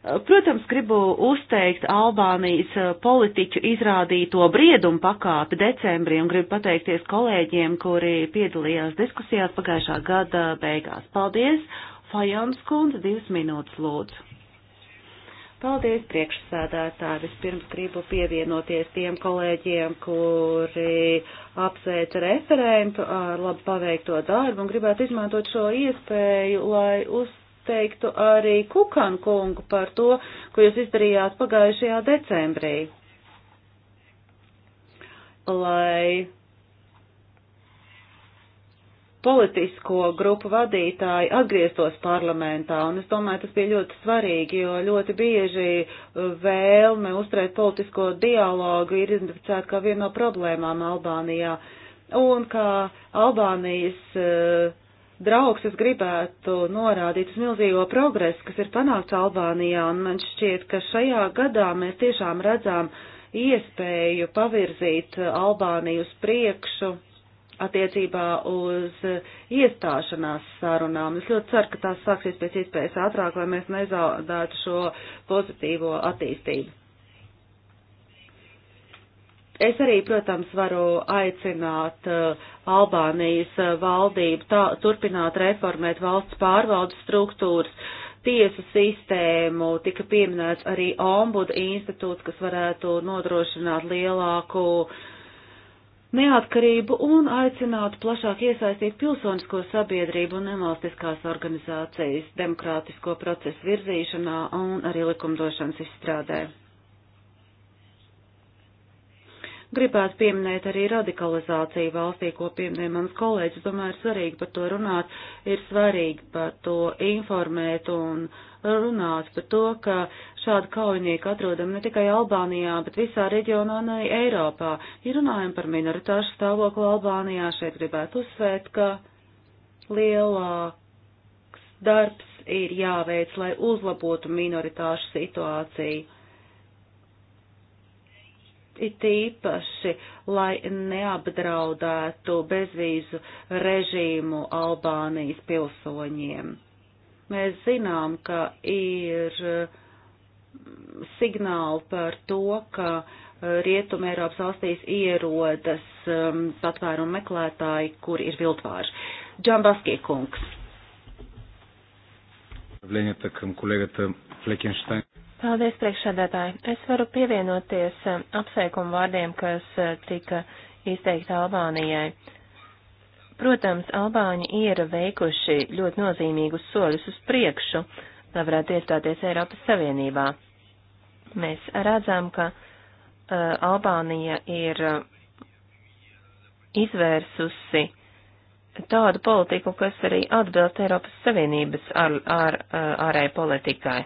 Protams, gribu uzteikt Albānijas eh, politiķu izrādīto briedumu pakāpi decembrī un gribu pateikties kolēģiem, kuri piedalījās diskusijās pagājušā gada beigās. Paldies! Fajons kundze, divas minūtes lūdzu. Paldies priekšsēdētāji. Vispirms gribu pievienoties tiem kolēģiem, kuri apsveic referentu ar labi paveikto darbu un gribētu izmantot šo iespēju, lai uzteiktu arī Kukan kungu par to, ko jūs izdarījāt pagājušajā decembrī. Lai politisko grupu vadītāji atgrieztos parlamentā, un es domāju, tas bija ļoti svarīgi, jo ļoti bieži uh, vēlme uzturēt politisko dialogu ir identificēta kā viena no problēmām Albānijā. Un kā Albānijas uh, draugs es gribētu norādīt uz milzīgo progresu, kas ir panākts Albānijā, un man šķiet, ka šajā gadā mēs tiešām redzām iespēju pavirzīt Albāniju uz priekšu attiecībā uz iestāšanās sarunām. Es ļoti ceru, ka tās sāksies pēc iespējas ātrāk, lai mēs nezaudētu šo pozitīvo attīstību. Es arī, protams, varu aicināt uh, Albānijas uh, valdību tā, turpināt reformēt valsts pārvaldes struktūras, tiesu sistēmu, tika pieminēts arī ombudu institūts, kas varētu nodrošināt lielāku uh, neatkarību un aicinātu plašāk iesaistīt pilsonisko sabiedrību un nevalstiskās organizācijas demokrātisko procesu virzīšanā un arī likumdošanas izstrādē. Gribētu pieminēt arī radikalizāciju valstī, ko pieminēja mans kolēģis. Domāju, ir svarīgi par to runāt, ir svarīgi par to informēt un runāt par to, ka uh, šādu kaujinieku atrodam ne tikai Albānijā, bet visā reģionā un arī Eiropā. Ja runājam par minoritāšu stāvokli Albānijā, šeit gribētu uzsvērt, ka lielāks darbs ir jāveic, lai uzlabotu minoritāšu situāciju. It īpaši, lai neapdraudētu bezvīzu režīmu Albānijas pilsoņiem. Mēs zinām, ka ir uh, signāli par to, ka uh, Rietuma Eiropas valstīs ierodas um, patvērumu meklētāji, kur ir viltvāži. Džambaskī kungs. Um, Paldies, priekšsēdētāji. Es varu pievienoties um, apsveikumu vārdiem, kas uh, tika izteikti Albānijai. Protams, Albāņi ir veikuši ļoti nozīmīgus soļus uz priekšu, uh, lai varētu iestāties Eiropas Savienībā. Mēs redzam, ka uh, Albānija ir uh, izvērsusi tādu politiku, kas arī atbilst Eiropas Savienības ar, ar, ar, uh, ārēj politikai.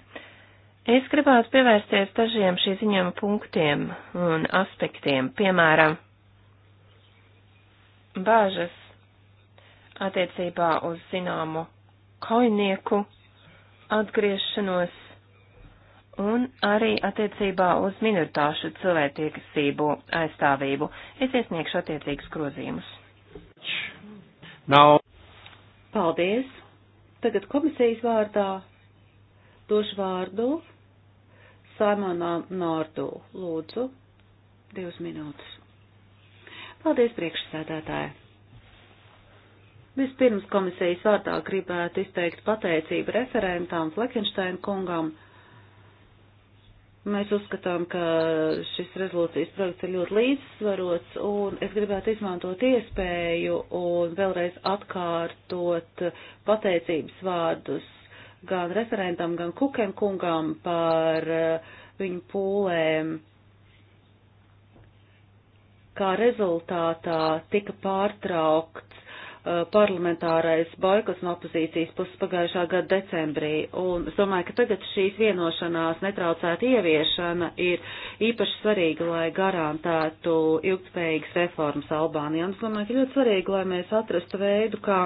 Es gribētu pievērsties dažiem šī ziņojuma punktiem un aspektiem, piemēram, bāžas attiecībā uz zināmu kaujinieku atgriešanos un arī attiecībā uz minoritāšu cilvēktiesību aizstāvību. Es iesniegšu attiecīgus grozījumus. Nav. Paldies. Tagad komisijas vārdā došu vārdu Saimonam Nārdu. Lūdzu, divas minūtes. Paldies, priekšsēdētāji. Vispirms komisijas vārdā gribētu izteikt pateicību referentām Fleckensteina kungam. Mēs uzskatām, ka šis rezolūcijas projekts ir ļoti līdzsvarots, un es gribētu izmantot iespēju un vēlreiz atkārtot pateicības vārdus gan referentam, gan Kukem kungam par eh, viņu pūlēm kā rezultātā tika pārtraukts Uh, parlamentārais boikots no opozīcijas puses pagājušā gada decembrī. Un es domāju, ka tagad šīs vienošanās netraucēta ieviešana ir īpaši svarīga, lai garantētu ilgspējīgas reformas Albānijā. Un es domāju, ka ļoti svarīgi, lai mēs atrastu veidu, kā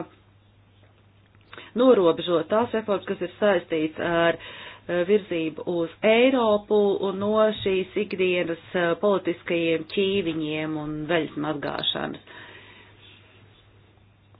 norobežot tās reformas, kas ir saistīts ar uh, virzību uz Eiropu un no šīs ikdienas uh, politiskajiem ķīviņiem un veļas mazgāšanas.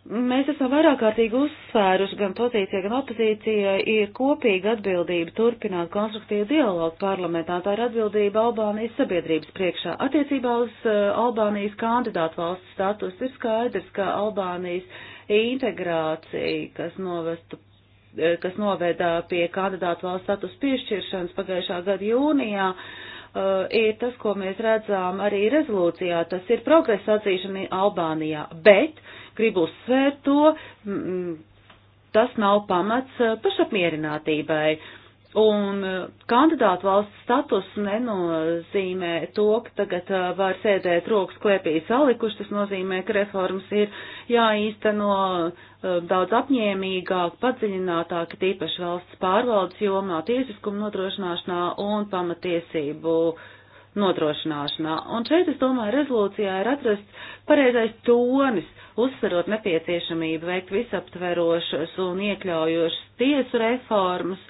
Mēs esam vairāk kārtīgi uzsvēruši, gan pozīcija, gan opozīcija ir kopīga atbildība turpināt konstruktīvu dialogu parlamentā. Tā ir atbildība Albānijas sabiedrības priekšā. Attiecībā uz eh, Albānijas kandidātu valsts status ir skaidrs, ka Albānijas integrācija, kas novestu eh, kas noveda pie kandidātu valsts status piešķiršanas pagājušā gada jūnijā, eh, ir tas, ko mēs redzām arī rezolūcijā. Tas ir progresa atzīšana Albānijā, bet uh, Gribu uzsvērt to, tas nav pamats eh, pašapmierinātībai. Un eh, kandidātu valsts status nenozīmē to, ka tagad eh, var sēdēt rokas klēpī salikuši, tas nozīmē, ka reformas ir jāīsteno daudz apņēmīgāk, padziļinātāk, tīpaši valsts pārvaldes jomā, tiesiskuma nodrošināšanā un pamatiesību nodrošināšanā. Un šeit, es domāju, rezolūcijā ir atrasts pareizais tonis, uzsverot nepieciešamību veikt visaptverošas un iekļaujošas tiesu reformas,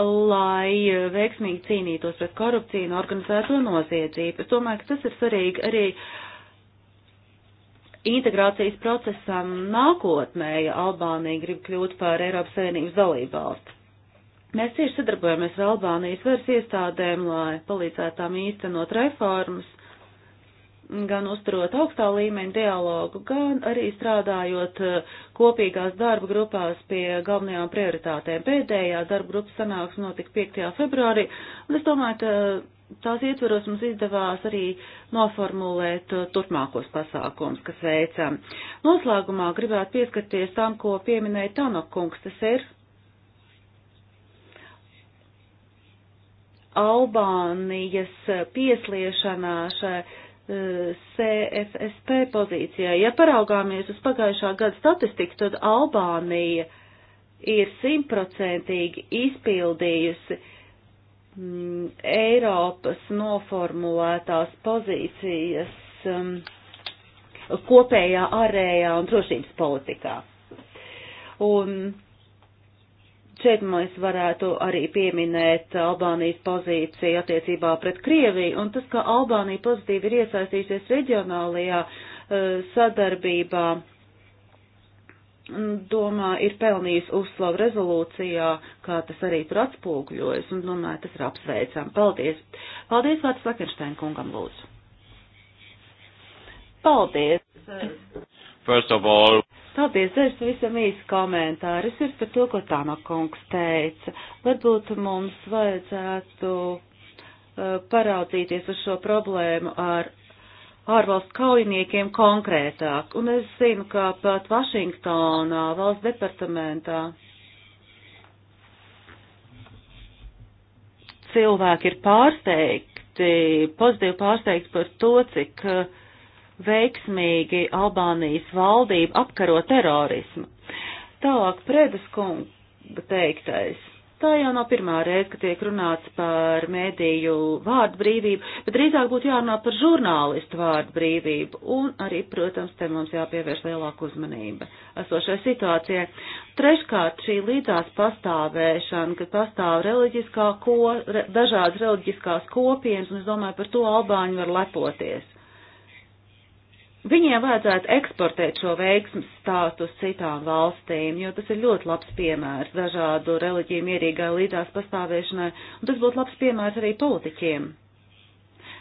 lai veiksmīgi cīnītos pret korupciju un organizēto noziedzību. Es domāju, ka tas ir svarīgi arī integrācijas procesam nākotnē, ja Albānija grib kļūt par Eiropas Savienības dalību valsti. Mēs cieši sadarbojamies ar Albānijas varas iestādēm, lai palīdzētu tām īstenot reformas gan uzturot augstā līmeņa dialogu, gan arī strādājot eh, kopīgās darba grupās pie galvenajām prioritātēm. Pēdējā darba grupas sanāksme notika 5. februārī, un es domāju, ka tās ietveros mums izdevās arī noformulēt eh, turpmākos pasākums, kas veicam. Noslēgumā gribētu pieskarties tam, ko pieminēja Tanokungs, tas ir Albānijas eh, piesliešanā šai Eh, CFSP pozīcijai. Ja paraugāmies uz pagājušā gada statistiku, tad Albānija ir simtprocentīgi izpildījusi mm, Eiropas noformulētās pozīcijas um, kopējā ārējā un drošības politikā. Un Šeit mēs varētu arī pieminēt Albānijas pozīciju attiecībā pret Krieviju, un tas, ka Albānija pozitīvi ir iesaistījusies reģionālajā eh, sadarbībā, domā, ir pelnījis uzslavu rezolūcijā, kā tas arī tur atspūgļojas, un domāju, tas ir apsveicam. Paldies! Paldies vārds Lakenšteina kungam lūdzu! Paldies! First of all. Paldies, dažs visam īsts komentārs ir par to, ko Tamakungs teica. Varbūt mums vajadzētu uh, paraudzīties uz šo problēmu ar ārvalstu kaujiniekiem konkrētāk. Un es zinu, ka pat Vašingtonā, valsts departamentā, cilvēki ir pārsteigti, pozitīvi pārsteigti par to, cik uh, veiksmīgi Albānijas valdība apkaro terorismu. Tālāk Predes kunga teiktais. Tā jau nav pirmā reize, kad tiek runāts par mēdīju vārdu brīvību, bet drīzāk būtu jārunā par žurnālistu vārdu brīvību. Un arī, protams, te mums jāpievērš lielāka uzmanība esošai situācijai. Treškārt, šī līdzās pastāvēšana, kad pastāv reliģiskā ko, re, dažādas reliģiskās kopienas, un es domāju, par to Albāņi var lepoties. Viņiem vajadzētu eksportēt šo veiksmu stāstu uz citām valstīm, jo tas ir ļoti labs piemērs dažādu reliģiju mierīgai līdzās pastāvēšanai, un tas būtu labs piemērs arī politiķiem.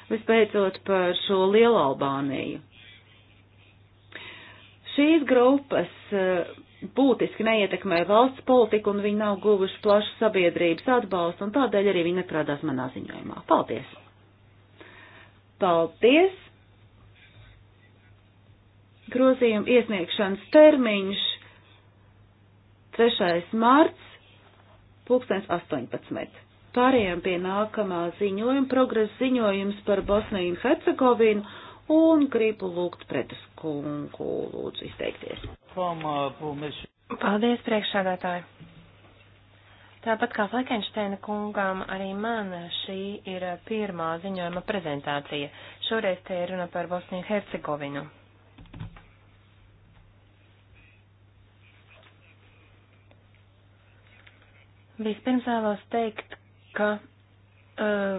Vispēcot par šo lielu Albāniju. Šīs grupas eh, būtiski neietekmē valsts politiku, un viņi nav guvuši plašu sabiedrības atbalstu, un tādēļ arī viņi neprādās manā ziņojumā. Paldies! Paldies! Grozījuma iesniegšanas termiņš 3. marts 2018. Pārējām pie nākamā ziņojuma, progresa ziņojums par Bosniju un Hercegovinu un gribu lūgt pretas kungu lūdzu izteikties. Uh, Paldies, priekšsādātāji! Tāpat kā Flekenšteina kungām, arī man šī ir uh, pirmā ziņojuma prezentācija. Šoreiz te ir runa par Bosniju Hercegovinu. Vispirms vēlos teikt, ka uh,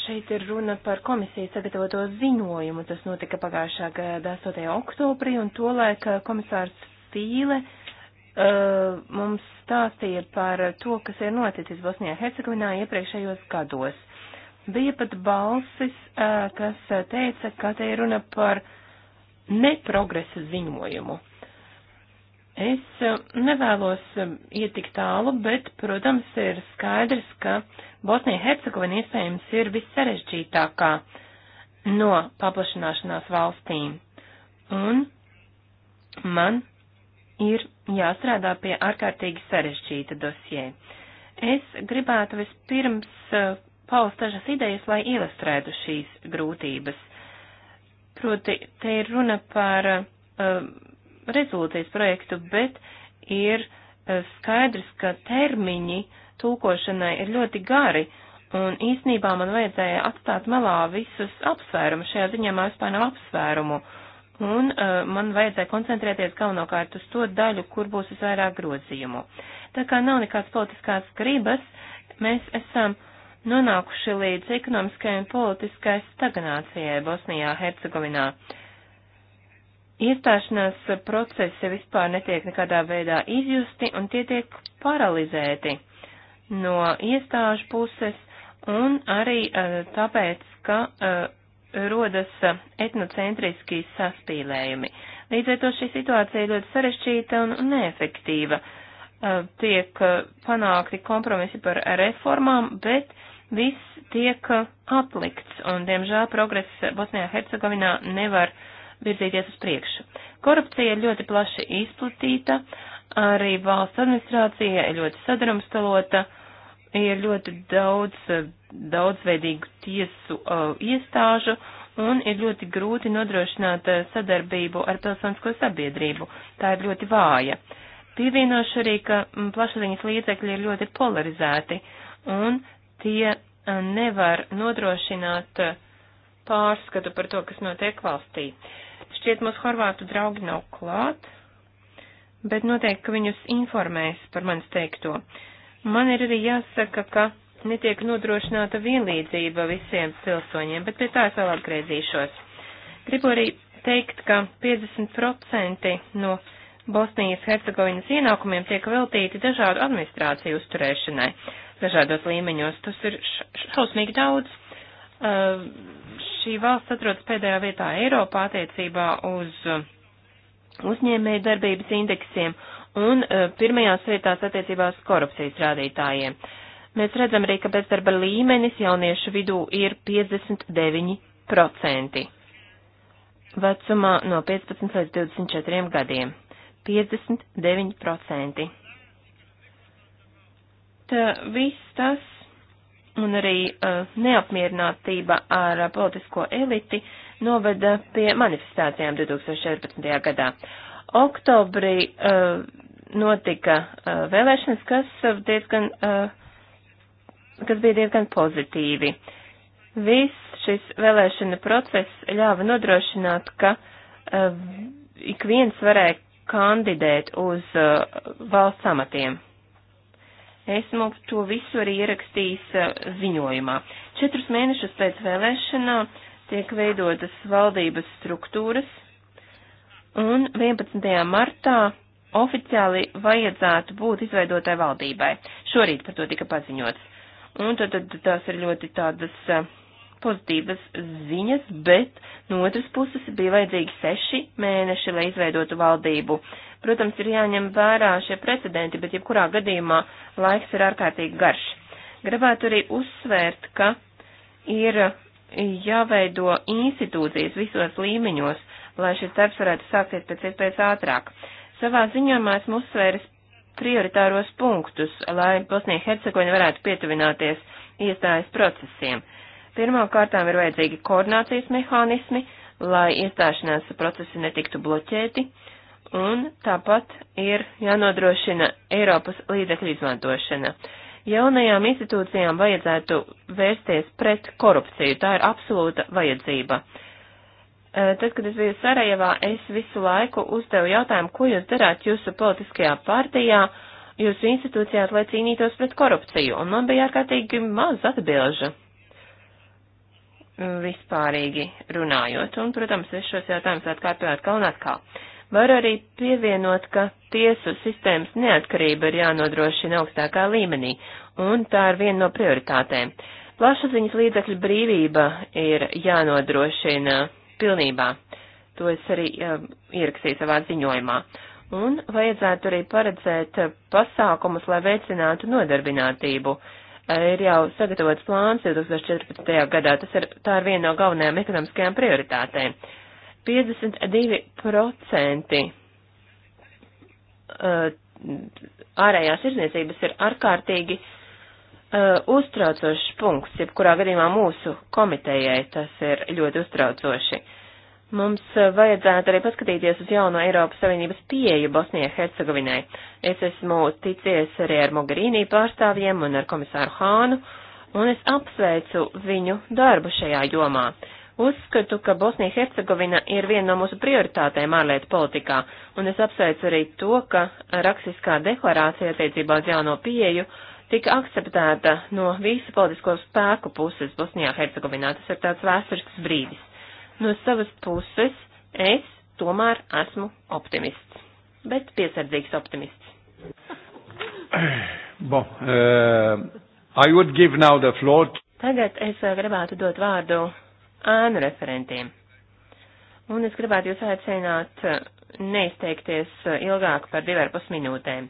šeit ir runa par komisijas sagatavoto ziņojumu. Tas notika pagājušā gada 8. oktobrī, un tolaik eh, komisārs Fīle uh, mums stāstīja par to, kas ir noticis Bosnijā Hercegovinā iepriekšējos gados. Bija pat balsis, uh, kas teica, ka te ir runa par neprogresa ziņojumu. Es eh, nevēlos eh, iet tik tālu, bet, protams, ir skaidrs, ka Bosnija Hercegovina iespējams ir vissarežģītākā no paplašanāšanās valstīm. Un man ir jāstrādā pie ārkārtīgi sarežģīta dosie. Es gribētu vispirms eh, paust dažas idejas, lai ilustrētu šīs grūtības. Proti, te ir runa par uh, rezolūcijas projektu, bet ir e, skaidrs, ka termiņi tūkošanai ir ļoti gari, un īsnībā man vajadzēja atstāt malā visus apsvērumus, šajā ziņā man vispār nav apsvērumu, un uh, man vajadzēja koncentrēties galvenokārt uz to daļu, kur būs visvairāk grozījumu. Tā kā nav nekāds politiskās gribas, mēs esam nonākuši līdz ekonomiskai un politiskai stagnācijai Bosnijā, Hercegovinā. Uh, Iestāšanās procesi vispār netiek nekādā veidā izjusti un tie tiek paralizēti no iestāžu puses un arī eh, tāpēc, ka eh, rodas eh, etnocentriski saspīlējumi. Līdz ar to šī situācija ļoti sarešķīta un neefektīva. Tiek panākti kompromisi par reformām, bet viss tiek atlikts, un, diemžēl, progress Bosnijā-Hercegovinā nevar uh, virzīties uz priekšu. Korupcija ir ļoti plaši izplatīta, arī valsts administrācija ir ļoti sadrumstalota, ir ļoti daudz daudzveidīgu tiesu uh, iestāžu un ir ļoti grūti nodrošināt sadarbību ar pilsonisko sabiedrību. Tā ir ļoti vāja. Pievienošu arī, ka plašsaziņas līdzekļi ir ļoti polarizēti un tie nevar nodrošināt pārskatu par to, kas notiek valstī. Uh, Šķiet, mūsu horvātu draugi nav klāt, bet noteikti, ka viņus informēs par manis teikto. Man ir arī jāsaka, ka netiek nodrošināta vienlīdzība visiem pilsoņiem, bet pie tā es vēl atgriezīšos. Gribu arī teikt, ka 50% no Bosnijas Hercegovinas ienākumiem tiek veltīti dažādu administrāciju uzturēšanai, dažādos līmeņos. Tas ir šausmīgi daudz. Uh, Šī valsts atrodas pēdējā vietā Eiropā attiecībā uz uh, uzņēmēju darbības indeksiem un uh, pirmajās vietās attiecībā uz korupcijas rādītājiem. Mēs redzam arī, ka bezdarba līmenis jauniešu vidū ir 59% vecumā no 15 līdz 24 gadiem. 59%. Tā viss tas un arī uh, neapmierinātība ar uh, politisko eliti noveda pie manifestācijām 2014. gadā. Oktobrī uh, notika uh, vēlēšanas, kas, diezgan, uh, kas bija diezgan pozitīvi. Viss šis vēlēšana process ļāva nodrošināt, ka uh, ik viens varēja kandidēt uz uh, valsts amatiem. Esmu to visu arī ierakstījis eh, ziņojumā. Četrus mēnešus pēc vēlēšanām tiek veidotas valdības struktūras, un 11. martā oficiāli vajadzētu būt izveidotai valdībai. Šorīt par to tika paziņots. Un tad, tad tās ir ļoti tādas eh, pozitīvas ziņas, bet no otras puses bija vajadzīgi seši mēneši, lai izveidotu valdību. Uh, Protams, ir jāņem vērā šie precedenti, bet jebkurā gadījumā laiks ir ārkārtīgi garš. Gribētu arī uzsvērt, ka ir jāveido institūcijas visos līmeņos, lai šis darbs varētu sākties pēc iespējas ātrāk. Savā ziņojumā esmu uzsvēris prioritāros punktus, lai Bosnija Hercegoina varētu pietuvināties iestājas procesiem. Pirmām kārtām ir vajadzīgi koordinācijas mehānismi, lai iestāšanās procesi netiktu bloķēti un tāpat ir jānodrošina Eiropas līdzekļu izmantošana. Jaunajām institūcijām vajadzētu vērsties pret korupciju, tā ir absolūta vajadzība. E, Tad, kad es biju Sarajevā, es visu laiku uzdevu jautājumu, ko jūs darāt jūsu politiskajā partijā, jūsu institūcijās, lai cīnītos pret korupciju, un man bija ārkārtīgi maz atbilžu vispārīgi runājot, un, protams, es šos jautājumus atkārtoju atkal un atkal. Var arī pievienot, ka tiesu sistēmas neatkarība ir jānodrošina augstākā līmenī, un tā ir viena no prioritātēm. Plašsaziņas līdzekļu brīvība ir jānodrošina pilnībā. To es arī uh, ierakstīju savā ziņojumā. Un vajadzētu arī paredzēt pasākumus, lai veicinātu nodarbinātību. Ir jau sagatavots plāns 2014. gadā, tas ir, tā ir viena no galvenajām ekonomiskajām prioritātēm. Uh, 52% ārējās izniecības ir ārkārtīgi uh, uztraucošs punkts, jebkurā gadījumā mūsu komitejai tas ir ļoti uztraucoši. Mums vajadzētu arī paskatīties uz jauno Eiropas Savienības pieeju Bosnijai Hercegovinai. Es esmu ticies arī ar Mogherīnī pārstāvjiem un ar komisāru Hānu, un es apsveicu viņu darbu šajā jomā. Uh, Uzskatu, ka Bosnija Hercegovina ir viena no mūsu prioritātēm ārlietu politikā, un es apsveicu arī to, ka rakstiskā deklarācija attiecībā uz jauno pieeju tika akceptēta no visu politisko spēku puses Bosnijā Hercegovinā. Tas ir tāds vēsturisks brīdis. No savas puses es tomēr esmu optimists, bet piesardzīgs optimists. [CLEARS THROAT] Bon, uh, I would give now the floor. Tagad es uh, gribētu dot vārdu ēnu referentiem. Un es gribētu jūs aicināt eh, neizteikties eh, ilgāk par divarpus minūtēm.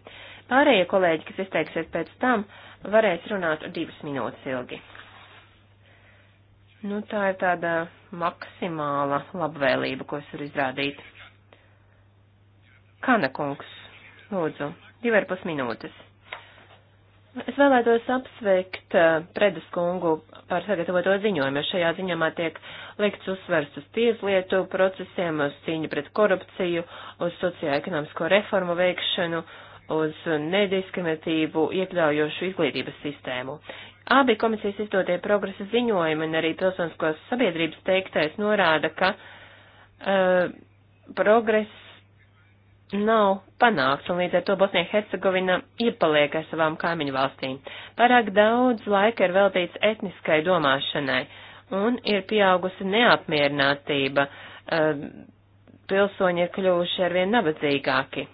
Pārējie kolēģi, kas izteiksies pēc tam, varēs runāt divas minūtes ilgi. Nu, tā ir tāda maksimāla labvēlība, ko es varu izrādīt. Kana kungs, lūdzu, divarpus minūtes. Es vēlētos apsveikt eh, Predes kungu par sagatavoto ziņojumu, jo šajā ziņojumā tiek likts uzsvers uz tieslietu procesiem, uz cīņu pret korupciju, uz sociāekonomisko reformu veikšanu, uz nediskriminatīvu iekļaujošu izglītības sistēmu. Abi komisijas izdotie progresa ziņojumi un arī pilsoniskos sabiedrības teiktais norāda, ka uh, progress nav panākts, un līdz ar to Bosnija Hercegovina iepaliek ar savām kaimiņu valstīm. Pārāk daudz laika ir veltīts etniskai domāšanai, un ir pieaugusi neapmierinātība, eh, pilsoņi ir kļuvuši arvien nabadzīgāki.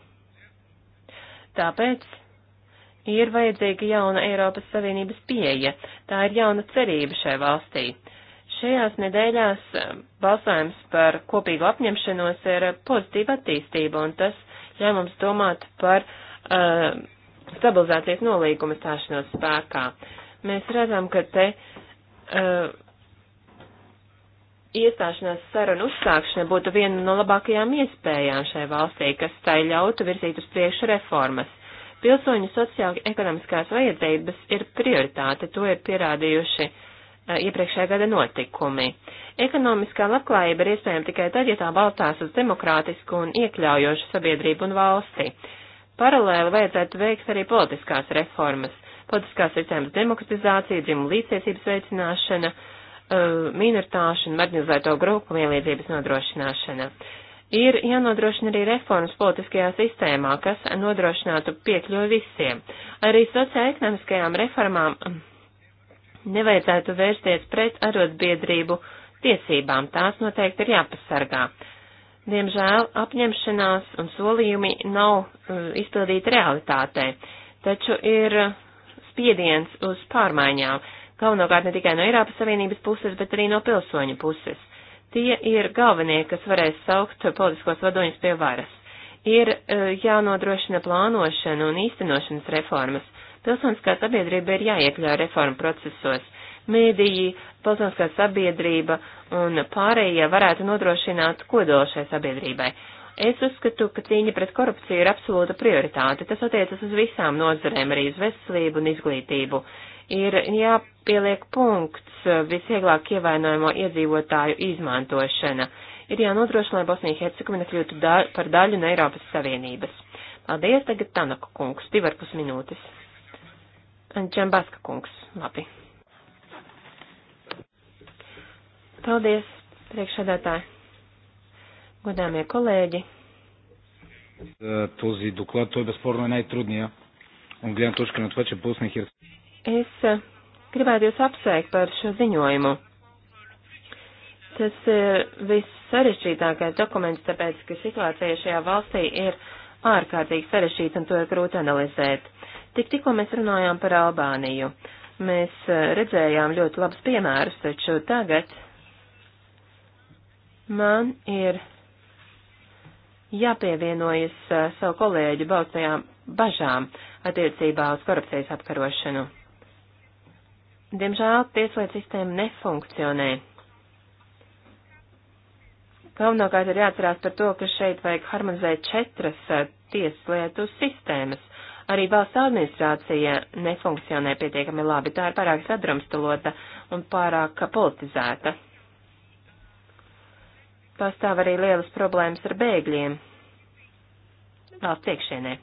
Tāpēc ir vajadzīga jauna Eiropas Savienības pieeja, tā ir jauna cerība šai valstī. Šajās nedēļās eh, balsojums par kopīgu apņemšanos ir pozitīva attīstība, un tas ļauj mums domāt par uh, stabilizācijas nolīguma stāšanos spēkā. Mēs redzam, ka te uh, iestāšanās sarunu uzsākšana būtu viena no labākajām iespējām šai valstī, kas tai ļautu virzīt uz priekšu reformas. Pilsoņu sociāla ekonomiskās vajadzības ir prioritāte, to ir pierādījuši uh, Eh, iepriekšējā gada notikumi. Ekonomiskā labklājība ir iespējama tikai tad, ja tā balstās uz demokrātisku un iekļaujošu sabiedrību un valsti. Paralēli vajadzētu veikt arī politiskās reformas, politiskās sistēmas demokratizācija, dzimumu līdztiesības veicināšana, eh, minoritāšu un marginalizēto grupu vienlīdzības nodrošināšana. Ir jānodrošina arī reformas politiskajā sistēmā, kas nodrošinātu piekļuvi visiem. Arī sociāekonomiskajām reformām nevajadzētu vērsties pret arotbiedrību tiesībām, tās noteikti ir jāpasargā. Diemžēl apņemšanās un solījumi nav uh, izpildīti realitātē, taču ir spiediens uz pārmaiņām, galvenokārt ne tikai no Eiropas Savienības puses, bet arī no pilsoņu puses. Tie ir galvenie, kas varēs saukt politiskos vadoņus pie varas. Ir uh, jānodrošina plānošana un īstenošanas reformas, Pilsoniskā sabiedrība ir jāiekļauj reformu procesos. Mēdīji, pilsoniskā sabiedrība un pārējie varētu nodrošināt kodolu šai sabiedrībai. Es uzskatu, ka cīņa pret korupciju ir absolūta prioritāte. Tas attiecas uz visām nozarēm, arī uz veselību un izglītību. Ir jāpieliek punkts visvieglāk ievainojamo iedzīvotāju izmantošana. Ir jānodrošina, lai Bosnija Hercegovina kļūtu daļ, par daļu no Eiropas Savienības. Paldies, tagad Tanaka kungs, divarpus minūtes. Džambaska kungs. Labi. Paldies, priekšsēdētāji. Godāmie kolēģi. Този доклад, той безспорно е най-трудния. От гледна точка на това, че Босна и Херцеговина. Es gribētu jūs apsveikt par šo ziņojumu. Tas ir viss sarežģītākais dokuments, tāpēc, ka situācija šajā valstī ir ārkārtīgi sarežģīta un to ir grūti analizēt. Tik tikko mēs runājām par Albāniju. Mēs eh, redzējām ļoti labus piemērus, taču tagad man ir jāpievienojas eh, savu kolēģu baustajām bažām attiecībā uz korupcijas apkarošanu. Diemžēl tieslietu sistēma nefunkcionē. Galvenokārt ir jāatcerās par to, ka šeit vajag harmonizēt četras eh, tieslietu sistēmas Arī valsts administrācija nefunkcionē pietiekami labi, tā ir pārāk sadrumstalota un pārāk politizēta. Pastāv arī lielas problēmas ar bēgļiem valsts iekšienē.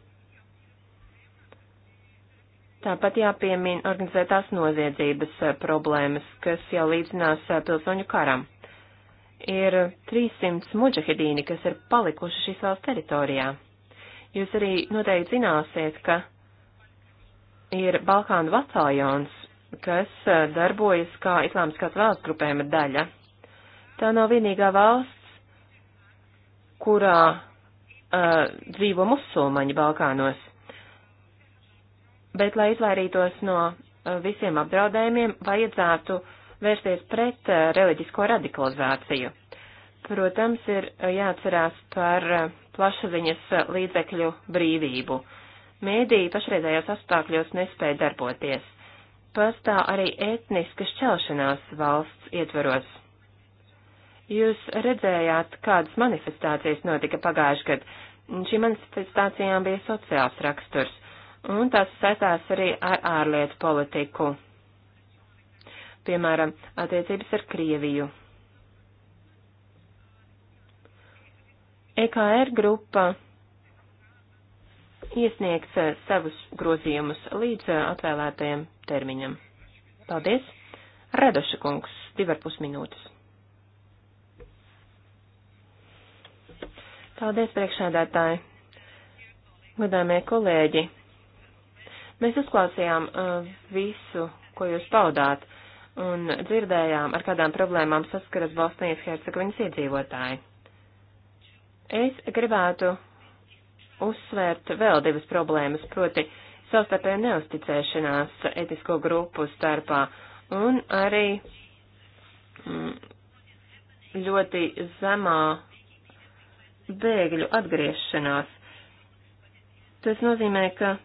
Tāpat jāpiemina organizētās noziedzības problēmas, kas jau līdzinās pilsoņu karam. Ir 300 muģahedīni, kas ir palikuši šīs valsts teritorijā. Jūs arī noteikti zināsiet, ka ir Balkānu bataljons, kas eh, darbojas kā islāmskās valsts grupējuma daļa. Tā nav vienīgā valsts, kurā uh, dzīvo musulmaņi Balkānos. Bet, lai izvairītos no uh, visiem apdraudējumiem, vajadzētu vērsties pret uh, reliģisko radikalizāciju. Protams, ir uh, jāatcerās par uh, plašsaziņas eh, līdzekļu brīvību. Mēdīji pašreizējos apstākļos nespēja darboties. Pastāv arī etniska šķelšanās valsts ietveros. Jūs redzējāt, kādas manifestācijas notika pagājuši gadu. Šī manifestācijām bija sociāls raksturs, un tās saistās arī ar ārlietu politiku. Piemēram, attiecības ar Krieviju, EKR grupa iesniegs eh, savus grozījumus līdz eh, atvēlētajam termiņam. Paldies! Radoša kungs, divar pus minūtes. Paldies, priekšādātāji! Godāmie kolēģi! Mēs uzklausījām uh, visu, ko jūs paudāt, un dzirdējām, ar kādām problēmām saskaras Bosnijas Hercegovinas iedzīvotāji. Es gribētu uzsvērt vēl divas problēmas, proti savstarpēju neusticēšanās etisko grupu starpā un arī mm, ļoti zemā bēgļu atgriešanās. Tas nozīmē, ka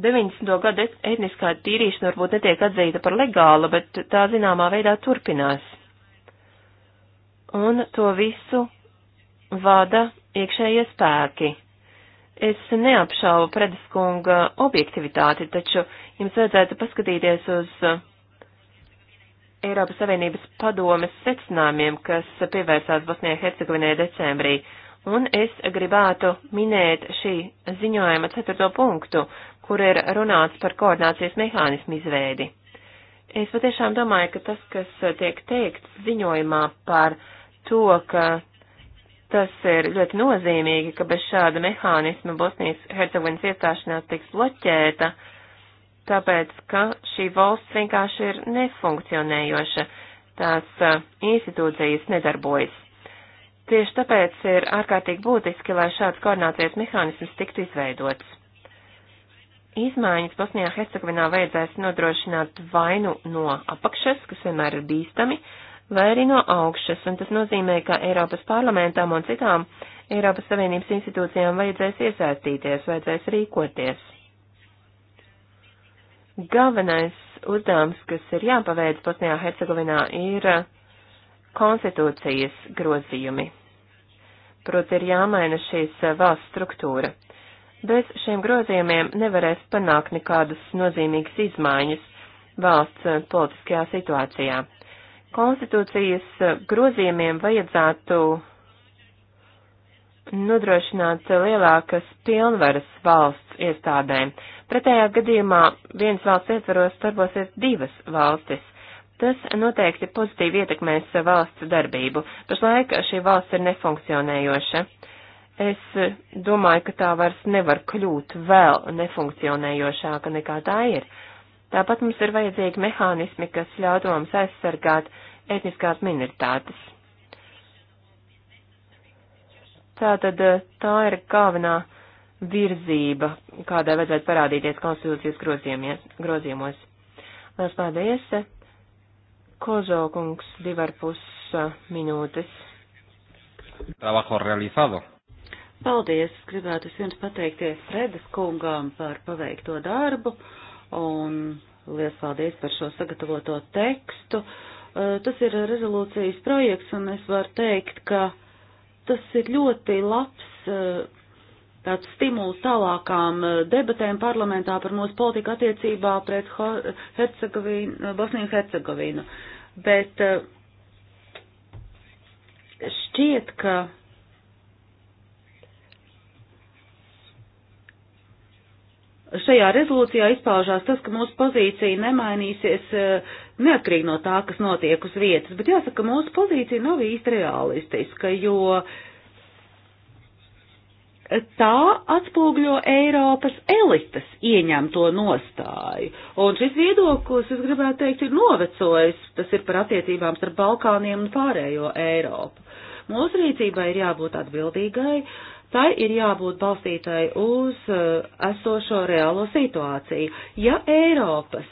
90. gada etniskā tīrīšana varbūt netiek atzīta par legālu, bet tā zināmā veidā turpinās. Un to visu vada iekšējie spēki. Es neapšaubu prediskunga objektivitāti, taču jums vajadzētu paskatīties uz uh, Eiropas Savienības padomes secinājumiem, kas pievērsās Bosnijai Hercegovinai decembrī. Un es gribētu minēt šī ziņojuma ceturto punktu, kur ir runāts par koordinācijas mehānismu izveidi. Es patiešām domāju, ka tas, kas tiek teikts ziņojumā par to, ka Tas ir ļoti nozīmīgi, ka bez šāda mehānisma Bosnijas Hercegovinas iestāšanās tiks bloķēta, tāpēc, ka šī valsts vienkārši ir nefunkcionējoša, tās institūcijas nedarbojas. Tieši tāpēc ir ārkārtīgi būtiski, lai šāds koordinācijas mehānisms tiktu izveidots. Izmaiņas Bosnijā Hercegovinā vajadzēs nodrošināt vainu no apakšas, kas vienmēr ir bīstami, uh, vai arī no augšas, un tas nozīmē, ka Eiropas parlamentām un citām Eiropas Savienības institūcijām vajadzēs iesaistīties, vajadzēs rīkoties. Galvenais uzdevums, kas ir jāpaveic Bosnijā Hercegovinā, ir konstitūcijas grozījumi. Proti ir jāmaina šīs valsts struktūra. Bez šiem grozījumiem nevarēs panākt nekādas nozīmīgas izmaiņas valsts politiskajā situācijā konstitūcijas eh, grozījumiem vajadzētu nodrošināt eh, lielākas pilnvaras valsts iestādēm. Pretējā gadījumā viens valsts ietvaros darbosies divas valstis. Tas noteikti pozitīvi ietekmēs eh, valsts darbību. Pašlaik šī valsts ir nefunkcionējoša. Es domāju, ka tā vairs nevar kļūt vēl nefunkcionējošāka nekā tā ir. Tāpat mums ir vajadzīgi mehānismi, kas ļautu mums aizsargāt etniskās minoritātes. Tātad eh, tā ir galvenā virzība, kādā vajadzētu parādīties konstitūcijas grozījumos. Lielas paldies! Kozo kungs divar pus eh, minūtes. Trabajo realizado. Paldies! Gribētu es viens pateikties Fredas kungām par paveikto darbu un liels paldies par šo sagatavoto tekstu. Uh, Eh, tas ir rezolūcijas projekts, un es varu teikt, ka tas ir ļoti labs eh, tāds stimuls tālākām eh, debatēm parlamentā par mūsu politiku attiecībā pret Hercegovinu, Bosniju Hercegovinu. Bet šķiet, ka šajā rezolūcijā izpaužās tas, ka mūsu pozīcija nemainīsies neatkarīgi no tā, kas notiek uz vietas, bet jāsaka, mūsu pozīcija nav īsti realistiska, jo tā atspūgļo Eiropas elites ieņemto nostāju. Un šis viedoklis, es gribētu teikt, ir novecojis, tas ir par attiecībām starp Balkāniem un pārējo Eiropu. Mūsu rīcībai ir jābūt atbildīgai, tai ir jābūt balstītai uz uh, esošo reālo situāciju. Ja Eiropas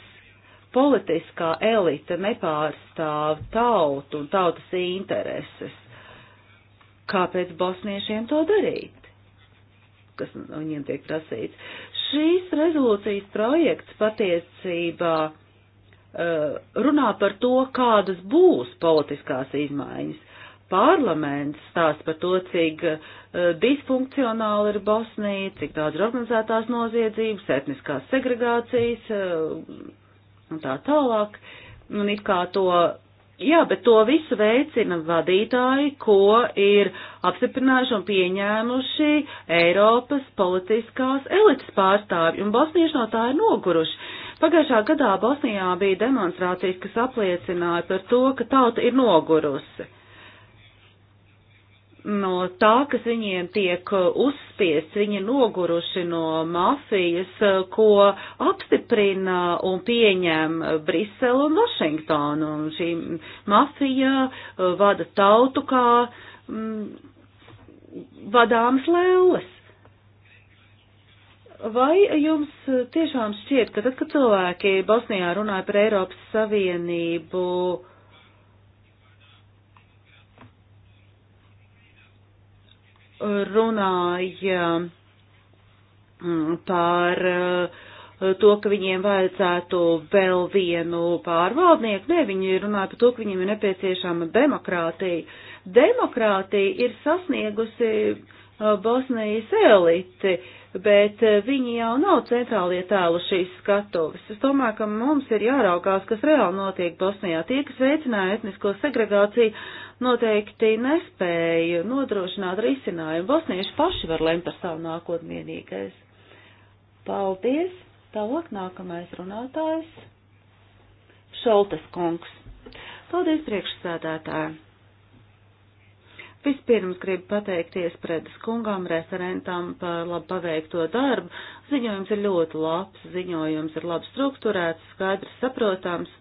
politiskā elita nepārstāv tautu un tautas intereses, kāpēc bosniešiem to darīt? kas no viņiem tiek prasīts. Šīs rezolūcijas projekts patiesībā uh, runā par to, kādas būs politiskās izmaiņas. Parlaments stāsta par to, cik uh, disfunkcionāli ir Bosnija, cik daudz ir organizētās noziedzības, etniskās segregācijas, uh, un tā tālāk. Un it kā to, jā, bet to visu veicina vadītāji, ko ir apstiprinājuši un pieņēmuši Eiropas politiskās elites pārstāvji, un bosnieši no tā ir noguruši. Pagājušā gadā Bosnijā bija demonstrācijas, kas apliecināja par to, ka tauta ir nogurusi no tā, kas viņiem tiek uzspiests, viņi noguruši no mafijas, ko apstiprina un pieņem Brisele un Vašingtonu. Un šī mafija uh, vada tautu kā mm, vadāmas lēles. Vai jums tiešām šķiet, ka tad, kad cilvēki Bosnijā runāja par Eiropas Savienību, uh, runāja mm, par eh, to, ka viņiem vajadzētu vēl vienu pārvaldnieku. Nē, viņi runāja par to, ka viņiem ir nepieciešama demokrātija. Demokrātija ir sasniegusi eh, Bosnijas eliti, bet eh, viņi jau nav centrālie tēlu šīs skatuves. Es domāju, ka mums ir jāraugās, kas reāli notiek Bosnijā. Tie, kas veicināja etnisko segregāciju, noteikti nespēja nodrošināt risinājumu. Bosnieši paši var lemt par savu nākotnienīgais. Paldies! Tālāk nākamais runātājs - Šoltes kungs. Paldies priekšsēdētājiem! Vispirms gribu pateikties predes kungām, referentam par labu paveikto darbu. Ziņojums ir ļoti labs, ziņojums ir labi strukturēts, skaidrs, saprotams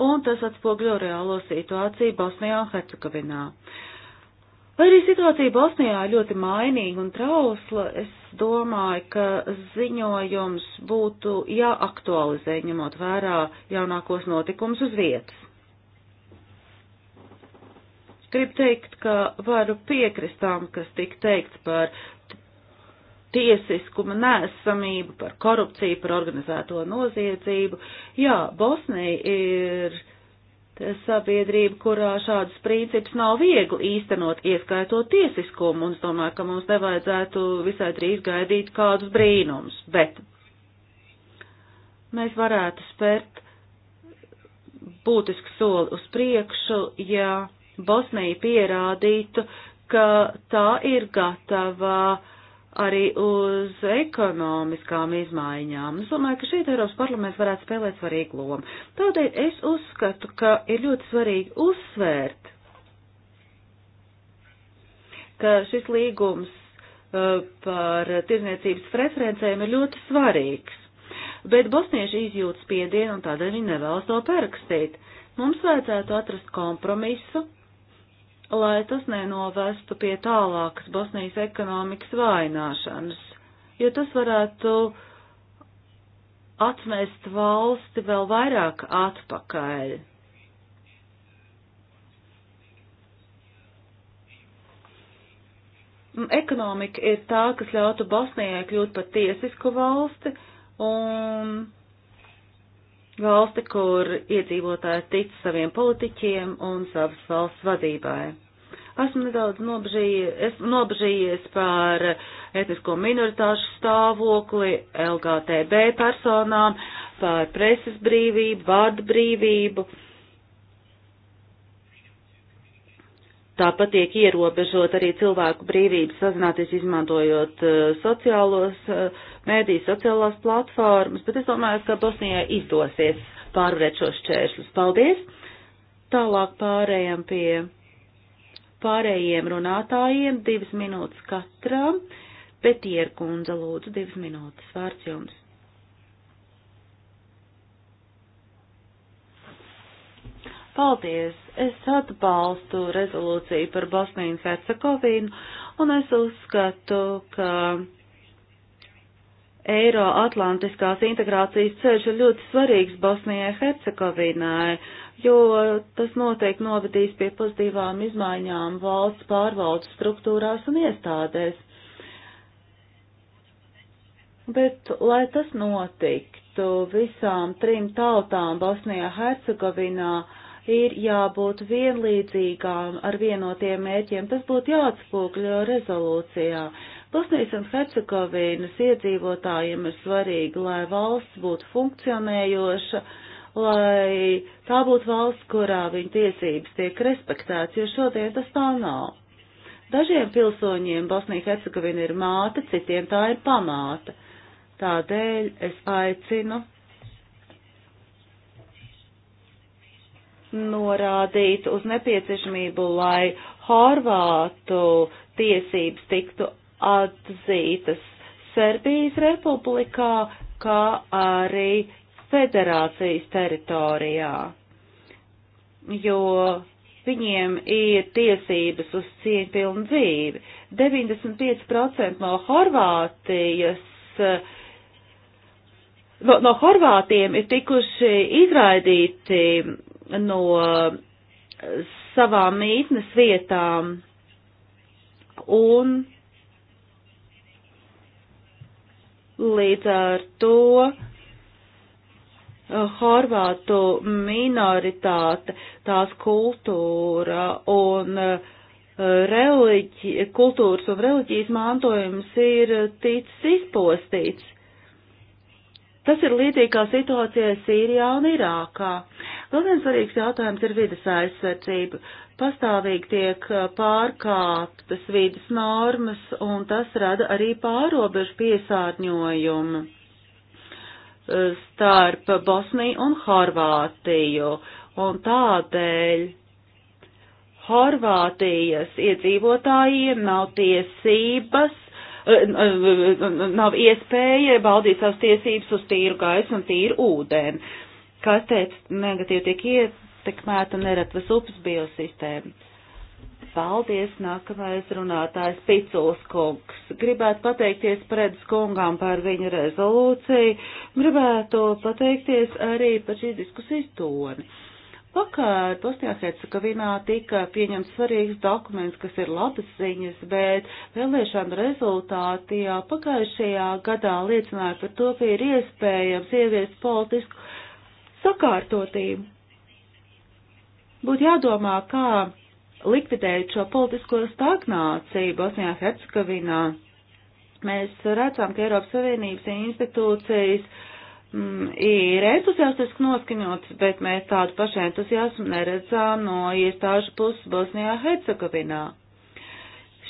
un tas atspogļo reālo situāciju Bosnijā un Hercegovinā. Lai arī situācija Bosnijā ir ļoti mainīga un trausla, es domāju, ka ziņojums būtu jāaktualizē, ņemot vērā jaunākos notikumus uz vietas. Gribu teikt, ka varu piekrist tam, kas tika teikts par tiesiskuma nesamību, par korupciju, par organizēto noziedzību. Jā, Bosnija ir sabiedrība, kurā šādas principus nav viegli īstenot, ieskaitot tiesiskumu, un es domāju, ka mums nevajadzētu visai drīz gaidīt kādus brīnums, bet mēs varētu spērt būtisku soli uz priekšu, ja Bosnija pierādītu, ka tā ir gatava uh, arī uz ekonomiskām izmaiņām. Es domāju, ka šeit Eiropas parlaments varētu spēlēt svarīgu lomu. Tādēļ es uzskatu, ka ir ļoti svarīgi uzsvērt, ka šis līgums uh, par tirzniecības preferencēm ir ļoti svarīgs. Bet bosnieši izjūt spiedienu un tādēļ viņi nevēlas to parakstīt. Mums vajadzētu atrast kompromisu, lai tas nenovestu pie tālākas Bosnijas ekonomikas vājināšanas, jo tas varētu atmest valsti vēl vairāk atpakaļ. Ekonomika ir tā, kas ļautu Bosnijai kļūt par tiesisku valsti, un valsti, kur iedzīvotāji tic saviem politiķiem un savas valsts vadībai. Esmu nedaudz nobežījies, esmu nobežījies par etnisko minoritāšu stāvokli, LGTB personām, par preses brīvību, vārdu brīvību. Tāpat tiek ierobežot arī cilvēku brīvības sazināties, izmantojot uh, sociālos uh, mēdīs, sociālās platformas, bet es domāju, ka Bosnijai izdosies pārvarēt šos šķēršļus. Paldies! Tālāk pārējām pie pārējiem runātājiem, divas minūtes katram, bet ierkundze lūdzu divas minūtes vārds jums. Paldies! Es atbalstu rezolūciju par Bosniju un Hercegovinu, un es uzskatu, ka Eiroatlantiskās integrācijas ceļš ir ļoti svarīgs Bosnijai Hercegovinai, jo tas noteikti novedīs pie pozitīvām izmaiņām valsts pārvaldes struktūrās un iestādēs. Bet, lai tas notiktu, visām trim tautām Bosnijā Hercegovinā ir jābūt vienlīdzīgām ar vienotiem mērķiem. Tas būtu jāatspūgļo rezolūcijā. Uh, Bosnijas un Hercegovīnas iedzīvotājiem ir svarīgi, lai valsts būtu funkcionējoša, lai tā būtu valsts, kurā viņa tiesības tiek respektēts, jo šodien tas tā nav. Dažiem pilsoņiem Bosnija Hercegovina ir māte, citiem tā ir pamāta. Tādēļ es aicinu norādīt uz nepieciešamību, lai Horvātu tiesības tiktu atzītas Serbijas republikā, kā arī federācijas teritorijā, jo viņiem ir tiesības uz cieņpilnu dzīvi. 95% no Horvātijas, no, no Horvātiem ir tikuši izraidīti no savām mītnes vietām un Līdz ar to eh, horvātu minoritāte, tās kultūra un eh, reliģi, kultūras un reliģijas mantojums ir ticis izpostīts. Tas ir līdzīgi kā situācijai Sīrijā un Irākā. Vēl viens svarīgs jautājums ir vidas aizsardzība pastāvīgi tiek pārkāptas vidas normas, un tas rada arī pārobežu piesārņojumu starp Bosniju un Horvātiju. Un tādēļ Horvātijas iedzīvotājiem nav tiesības, nav iespēja baudīt savas tiesības uz tīru gaisu un tīru ūdeni. Kas teica, negatīvi tiek iet ietekmētu Neretvas upes biosistēmu. Paldies, nākamais runātājs Piculs kungs. Gribētu pateikties predz kungām par viņa rezolūciju, gribētu pateikties arī par šīs diskusijas toni. Vakar Bosnijā-Hercegovinā tika pieņemts svarīgs dokuments, kas ir labas ziņas, bet vēlēšana rezultāti jau pagājušajā gadā liecināja par to, ka ir iespējams ieviest politisku sakārtotību Būtu jādomā, kā likvidēt šo politisko stagnāciju Bosnijā Hercegovinā. Mēs redzam, ka Eiropas Savienības institūcijas mm, ir entuziastiski noskaņotas, bet mēs tādu pašu entuziasmu neredzām no iestāžu puses Bosnijā Hercegovinā.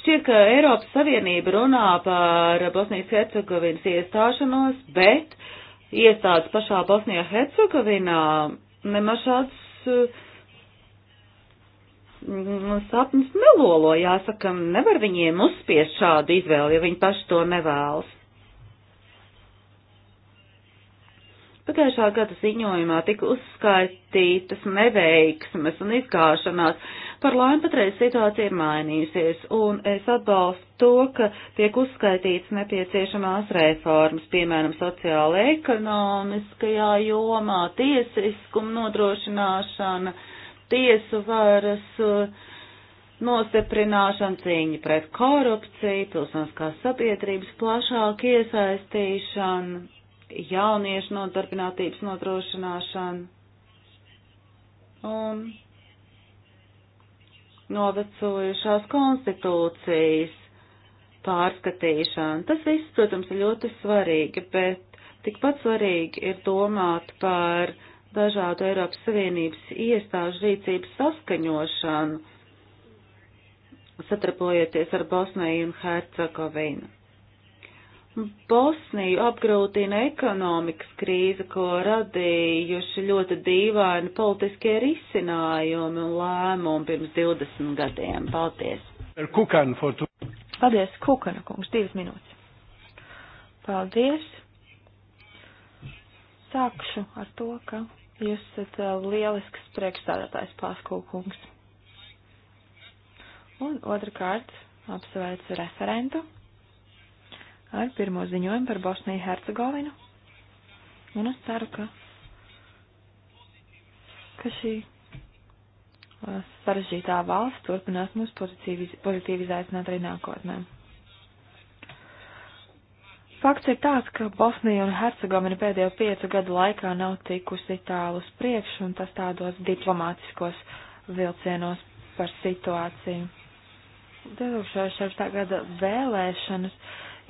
Šķiet, ka Eiropas Savienība runā par Bosnijas Hercegovinas iestāšanos, bet iestādes pašā Bosnijā Hercegovinā nemaz šāds uh, Nu, sapnus melolo, jāsaka, nevar viņiem uzspiest šādu izvēli, ja viņi paši to nevēlas. Pagājušā gada ziņojumā tika uzskaitītas neveiksmes un izgāšanās. Par laimi patreiz situācija ir mainījusies, un es atbalstu to, ka tiek uzskaitīts nepieciešamās reformas, piemēram, sociāla ekonomiskajā jomā, tiesiskuma nodrošināšana, uh, tiesu varas uh, nostiprināšana, cīņa pret korupciju, pilsoniskās sabiedrības plašāka iesaistīšana, jauniešu nodarbinātības nodrošināšana un novecojušās konstitūcijas pārskatīšana. Tas viss, protams, ir ļoti svarīgi, bet tikpat svarīgi ir domāt par dažādu Eiropas Savienības iestāžu rīcības saskaņošanu, satrapojoties ar Bosniju un Hercegovinu. Bosniju apgrūtina ekonomikas krīze, ko radījuši ļoti dīvaini politiskie risinājumi un lēmumi pirms 20 gadiem. Paldies! Paldies, Kukana kungs, divas minūtes. Paldies! Sākšu ar to, ka Jūs esat uh, lielisks priekšstādātājs pārskūkungs. Un otrkārt apsveicu referentu ar pirmo ziņojumu par Bosniju Hercegovinu. Un es ceru, ka, ka šī uh, sarežģītā valsts turpinās mūs pozitīvi, pozitīvi izaicināt arī nākotnē. Fakts ir tāds, ka Bosnija un Hercegovina pēdējo piecu gadu laikā nav tikusi tālu uz priekšu, un tas tādos diplomātiskos vilcienos par situāciju. 2016. gada vēlēšanas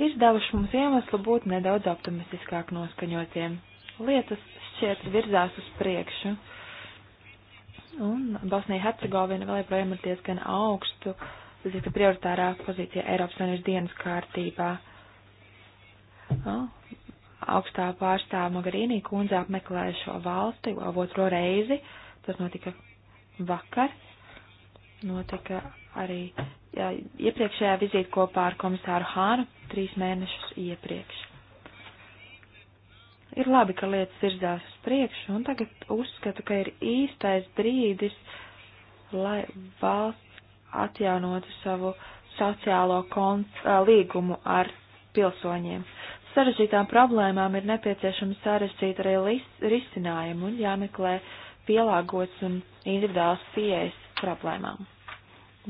ir devuši mums iemeslu būt nedaudz optimistiskāk noskaņotiem. Lietas šķiet virzās uz priekšu, un Bosnija Hercegovina vēl joprojām ir diezgan augstu, diezgan prioritārā pozīcija Eiropas Savienības dienas kārtībā Nu, augstā pārstāva Magarīnī kundze apmeklēja šo valsti jau otro reizi. Tas notika vakar. Notika arī jā, iepriekšējā vizīte kopā ar komisāru Hānu trīs mēnešus iepriekš. Ir labi, ka lietas virzās uz priekšu, un tagad uzskatu, ka ir īstais brīdis, lai valsts atjaunotu savu sociālo kont, līgumu ar pilsoņiem sarežģītām problēmām ir nepieciešama sarežģīta arī risinājuma un jāmeklē pielāgots un individuāls pieejas problēmām.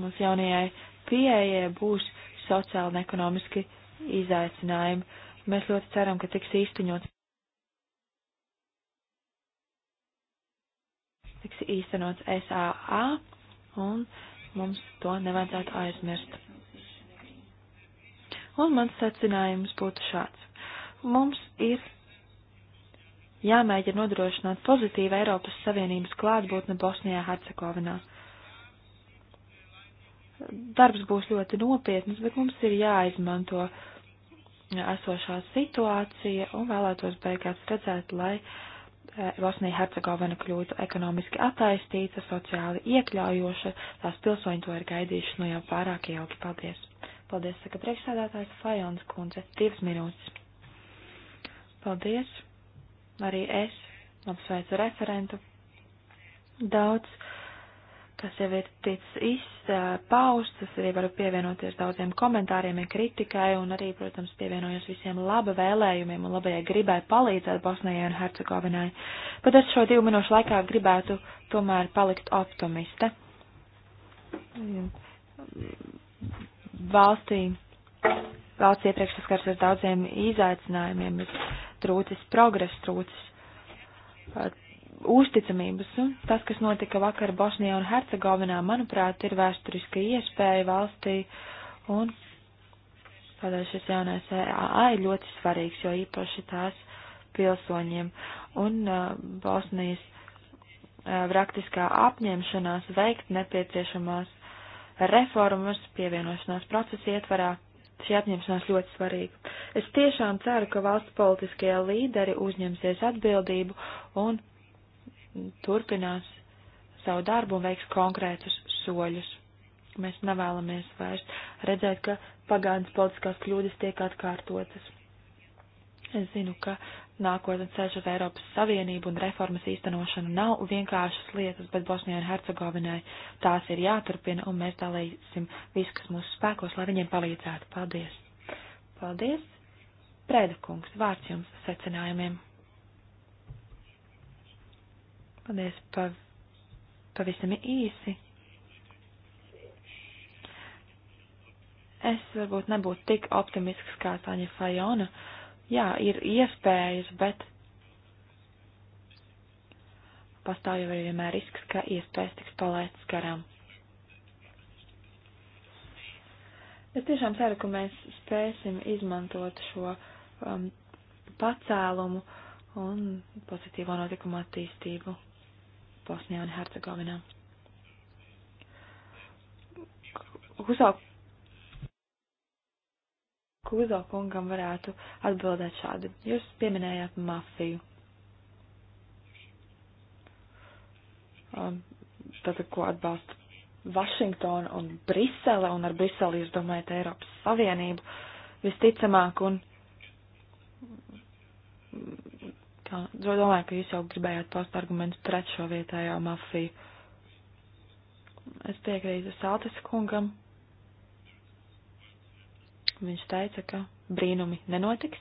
Mums jaunajai pieejai būs sociāli un ekonomiski izaicinājumi. Mēs ļoti ceram, ka tiks īstenots. Tiks īstenots SAA un mums to nevajadzētu aizmirst. Un mans secinājums būtu šāds. Mums ir jāmēģina nodrošināt pozitīvu Eiropas Savienības klātbūtni Bosnijā Hercegovinā. Darbs būs ļoti nopietns, bet mums ir jāizmanto esošā situācija un vēlētos beigās redzēt, lai eh, Bosnija Hercegovina kļūtu ekonomiski attaistīta, sociāli iekļaujoša, tās pilsoņi to ir gaidījuši no nu jau pārāk ilgi. Paldies! Paldies, saka priekšsēdētājs Fajons kundze, divas minūtes. Paldies! Arī es apsveicu referentu. Daudz, kas jau ir ticis izpausts, es arī varu pievienoties daudziem komentāriem un kritikai, un arī, protams, pievienojos visiem laba vēlējumiem un labajai gribai palīdzēt Bosnijai un Hercegovinai. Bet es šo divu minūšu laikā gribētu tomēr palikt optimiste. Valstī valsts iepriekš saskars ar daudziem izaicinājumiem, bet trūcis, progress trūcis, uzticamības. Un tas, kas notika vakar Bosnijā un Hercegovinā, manuprāt, ir vēsturiska iespēja valstī, un tādēļ šis jaunais EAA ir ļoti svarīgs, jo īpaši tās pilsoņiem. Un uh, Bosnijas uh, praktiskā apņemšanās veikt nepieciešamās reformas pievienošanās procesa ietvarā šī apņemšanās ļoti svarīga. Es tiešām ceru, ka valsts politiskie līderi uzņemsies atbildību un turpinās savu darbu un veiks konkrētus soļus. Mēs nevēlamies vairs redzēt, ka pagātnes politiskās kļūdas tiek atkārtotas. Es zinu, ka nākotnes ceļš uz Eiropas Savienību un reformas īstenošanu nav vienkāršas lietas, bet Bosnijai un Hercegovinai tās ir jāturpina, un mēs dalīsim visu, kas mūsu spēkos, lai viņiem palīdzētu. Paldies! Paldies! Prēda kungs, vārds jums secinājumiem. Paldies pav, pavisam īsi. Es varbūt nebūtu tik optimisks kā Tāņa Fajona. Uh, Jā, ir iespējas, bet pastāv jau arī vienmēr risks, ka iespējas tiks palaistas garām. Es tiešām ceru, ka mēs spēsim izmantot šo um, pacēlumu un pozitīvo notikumu attīstību Bosnijā un Hercegovinā. Husau Kūzo kungam varētu atbildēt šādi. Jūs pieminējāt mafiju. Um, tātad, ko atbalsta Vašingtona un Brisele, un ar Briseli jūs domājat Eiropas Savienību visticamāk, un kā, domāju, ka jūs jau gribējāt paust argumentu pret šo vietējo mafiju. Es piekrītu Saltes kungam Viņš teica, ka brīnumi nenotiks.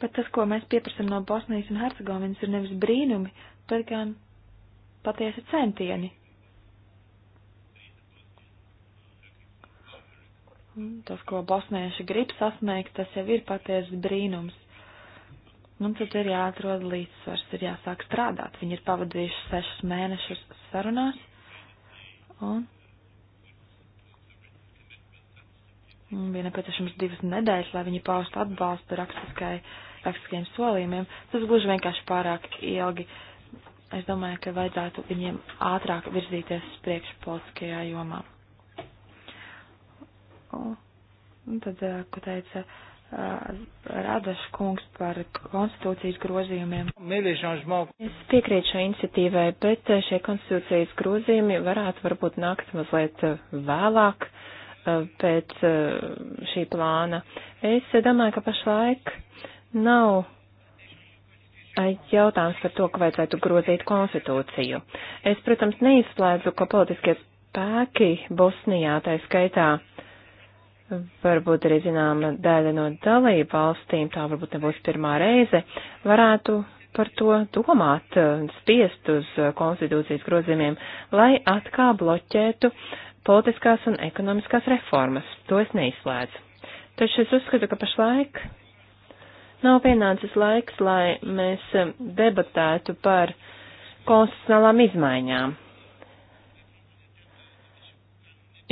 Bet tas, ko mēs pieprasam no Bosnijas un Hercegovinas, ir nevis brīnumi, bet gan patiesi centieni. Tas, ko bosnieši grib sasniegt, tas jau ir patiesi brīnums. Nu, tad ir jāatrod līdzsvars, ir jāsāk strādāt. Viņi ir pavadījuši sešus mēnešus sarunās. Un mm, bija nepieciešams divas nedēļas, lai viņi paustu atbalstu rakstiskajiem solījumiem. Tas gluži vienkārši pārāk ilgi. Es domāju, ka vajadzētu viņiem ātrāk virzīties uz priekšu politiskajā jomā. Un tad, eh, ko teica Radaš kungs par konstitūcijas grozījumiem. Es piekrītu šai iniciatīvai, bet eh, šie konstitūcijas grozījumi varētu varbūt nākt mazliet eh, vēlāk eh, pēc šī plāna. Es domāju, ka pašlaik nav jautājums par to, ka vajadzētu grozīt konstitūciju. Es, protams, neizslēdzu, ka politiskie spēki Bosnijā, tā skaitā, uh, varbūt arī zināma daļa no dalību valstīm, tā varbūt nebūs pirmā reize, varētu par to domāt, spiest uz konstitūcijas grozījumiem, lai atkā bloķētu politiskās un ekonomiskās reformas. To es neizslēdzu. Taču es uzskatu, ka pašlaik nav pienācis laiks, lai mēs debatētu par konstitucionālām izmaiņām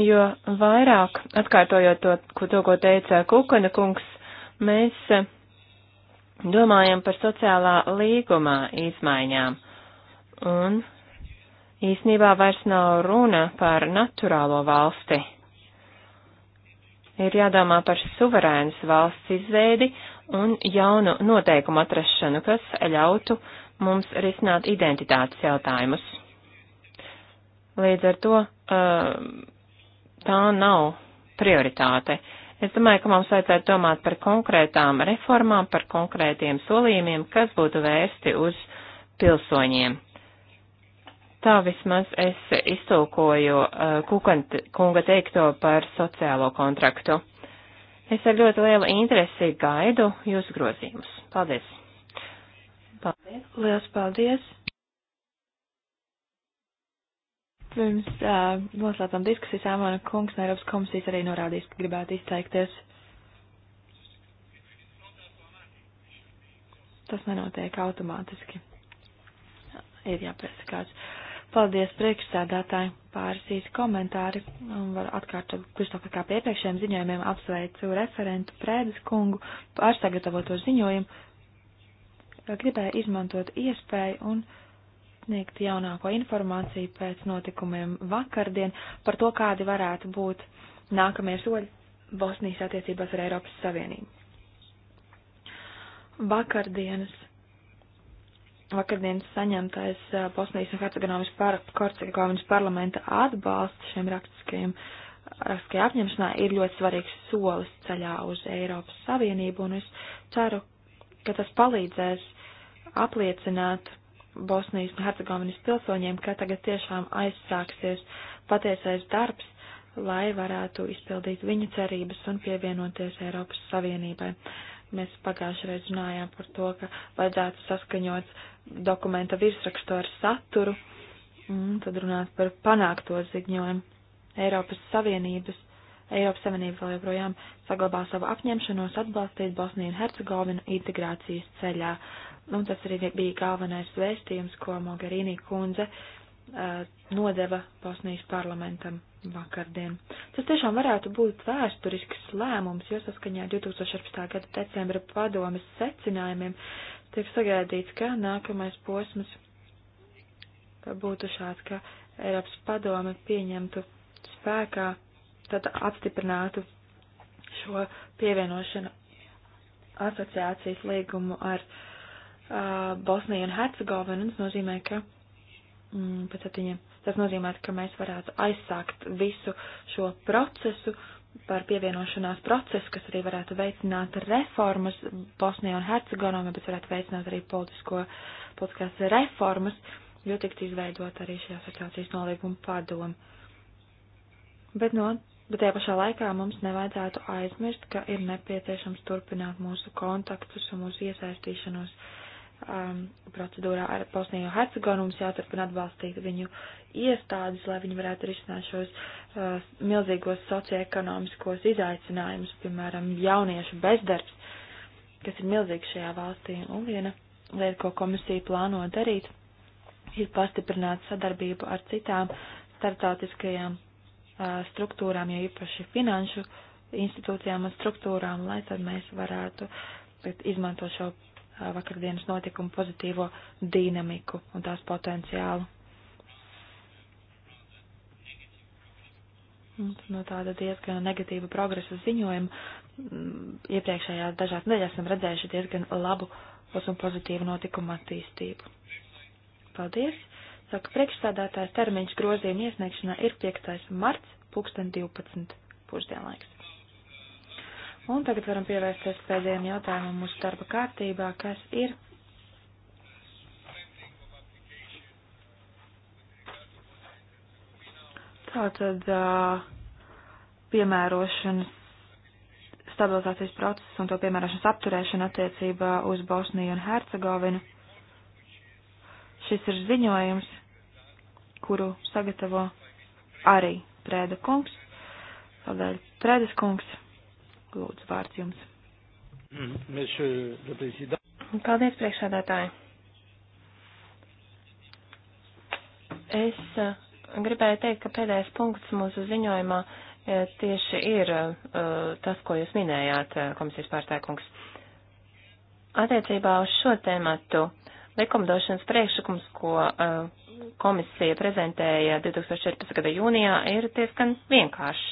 jo vairāk, atkārtojot to, ko, to, ko teica Kukana kungs, mēs eh, domājam par sociālā līgumā izmaiņām. Un īsnībā vairs nav runa par naturālo valsti. Ir jādomā par suverēnas valsts izveidi un jaunu noteikumu atrašanu, kas ļautu mums risināt identitātes jautājumus. Līdz ar to uh, tā nav prioritāte. Es domāju, ka mums vajadzētu domāt par konkrētām reformām, par konkrētiem solījumiem, kas būtu vērsti uz pilsoņiem. Tā vismaz es iztulkoju uh, kukant, kunga teikto par sociālo kontraktu. Es ar ļoti lielu interesi gaidu jūsu grozījumus. Paldies! Paldies! Lielas paldies! Pirms uh, noslēdzam diskusijas, Āmona kungs no Eiropas komisijas arī norādījis, ka gribētu izteikties. Tas nenotiek automātiski. Ir jāpēsta kāds. Paldies priekšsēdētāji, pāris īsi komentāri. Un varu atkārtot, kurš tā kā pie iepriekšējiem ziņojumiem apsveicu referentu Prēdes kungu par sagatavoto ziņojumu. Gribēju izmantot iespēju un. Uh, sniegt jaunāko informāciju pēc notikumiem vakardien par to, kādi varētu būt nākamie soļi Bosnijas attiecībās ar Eiropas Savienību. Vakardienas, vakardienas saņemtais eh, Bosnijas un Hercegovinas par, parlamenta atbalsts šiem rakstiskajiem rakstiskajā apņemšanā ir ļoti svarīgs solis ceļā uz Eiropas Savienību, un es ceru, ka tas palīdzēs apliecināt Bosnijas un Hercegovinas pilsoņiem, ka tagad tiešām aizsāksies patiesais darbs, lai varētu izpildīt viņu cerības un pievienoties Eiropas Savienībai. Mēs pagājušajā reizē runājām par to, ka vajadzētu saskaņot dokumenta virsrakstu ar saturu, un tad runāt par panākto ziņojumu Eiropas Savienības Eiropas Savienība vēl joprojām saglabā savu apņemšanos atbalstīt Bosniju un Hercegovinu integrācijas ceļā. Un tas arī bija galvenais vēstījums, ko Mogherini kundze uh, nodeva Bosnijas parlamentam vakardien. Tas tiešām varētu būt vēsturisks lēmums, jo saskaņā 2014. gada decembra padomes secinājumiem tiek sagaidīts, ka nākamais posms būtu šāds, ka Eiropas padome pieņemtu spēkā, tad apstiprinātu šo pievienošanu asociācijas līgumu ar uh, Uh, Bosniju un Hercegovinu, tas nozīmē, ka mm, pēc septiņiem. Tas nozīmē, ka mēs varētu aizsākt visu šo procesu par pievienošanās procesu, kas arī varētu veicināt reformas Bosnijā un Hercegovinā, bet varētu veicināt arī politisko, politiskās reformas, jo tikt izveidot arī šī asociācijas nolīguma padomu. Bet, no, bet tajā pašā laikā mums nevajadzētu aizmirst, ka ir nepieciešams turpināt mūsu kontaktus un mūsu iesaistīšanos uh, um, procedūrā ar Bosniju Hercegonu mums jāturpina atbalstīt viņu iestādes, lai viņi varētu risināt šos uh, milzīgos socioekonomiskos izaicinājumus, piemēram, jauniešu bezdarbs, kas ir milzīgs šajā valstī. Un viena lieta, ko komisija plāno darīt, ir pastiprināt sadarbību ar citām starptautiskajām uh, struktūrām, jo īpaši finanšu institūcijām un struktūrām, lai tad mēs varētu uh, izmanto šo vakardienas notikumu pozitīvo dinamiku un tās potenciālu. No tāda diezgan negatīva progresa ziņojuma mm, iepriekšējās dažās nedēļās esam redzējuši diezgan labu un pozitīvu notikumu attīstību. Paldies! Saka priekšstādātājs termiņš grozījuma iesniegšanā ir 5. marts 2012. pusdienlaiks. Un tagad varam pievērsties pēdējiem jautājumam mūsu darba kārtībā, kas ir. Tātad piemērošanas stabilizācijas process un to piemērošanas apturēšana attiecībā uz Bosniju un Hercegovinu. Šis ir ziņojums, kuru sagatavo arī Prēda kungs, tādēļ Prēdas kungs Lūdzu, vārds jums. Mm, Paldies, priekšādātāji. Es uh, gribēju teikt, ka pēdējais punkts mūsu ziņojumā uh, tieši ir uh, tas, ko jūs minējāt, komisijas pārstākungs. Attiecībā uz šo tēmatu likumdošanas priekšlikums, ko komisija prezentēja 2014. gada jūnijā, ir diezgan vienkāršs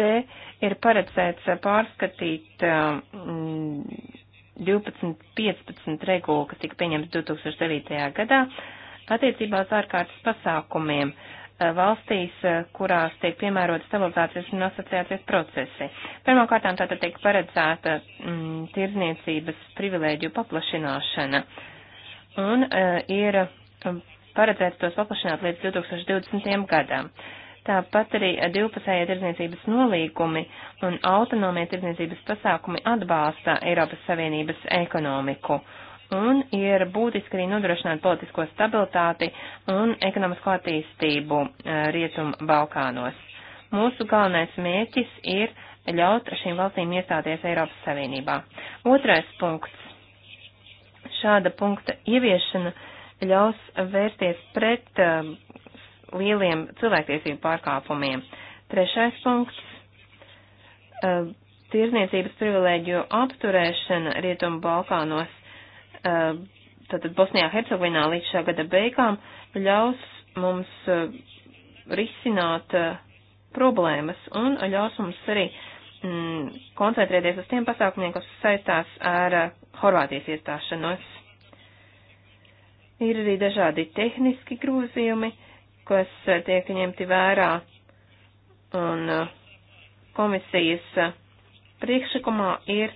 te ir paredzēts pārskatīt 12.15 um, regulu, kas tika pieņemts 2009. gadā, attiecībā uz ārkārtas pasākumiem uh, valstīs, uh, kurās tiek piemērot stabilizācijas un asociācijas procesi. Pirmkārtām tātad tiek paredzēta mm, tirzniecības privilēģiju paplašināšana un uh, ir um, paredzēts tos paplašināt līdz 2020. gadam. Uh, Tāpat arī divpusējie tirdzniecības nolīgumi un autonomie tirdzniecības pasākumi atbalsta Eiropas Savienības ekonomiku un ir būtiski arī nodrošināt politisko stabilitāti un ekonomisko attīstību eh, Rietumu Balkānos. Mūsu galvenais mērķis ir ļaut šīm valstīm iestāties Eiropas Savienībā. Otrais punkts. Šāda punkta ieviešana ļaus vērsties pret eh, lieliem cilvēktiesību pārkāpumiem. Trešais punkts eh, - tirzniecības privilēģiju apturēšana Rietumu Balkānos, eh, tātad Bosnijā Hercegovinā līdz šā gada beigām ļaus mums eh, risināt problēmas un ļaus mums arī mm, koncentrēties uz tiem pasākumiem, kas saistās ar Horvātijas iestāšanos. Ir arī dažādi tehniski grozījumi, uh, kas eh, tiek ņemti vērā un eh, komisijas eh, priekšlikumā ir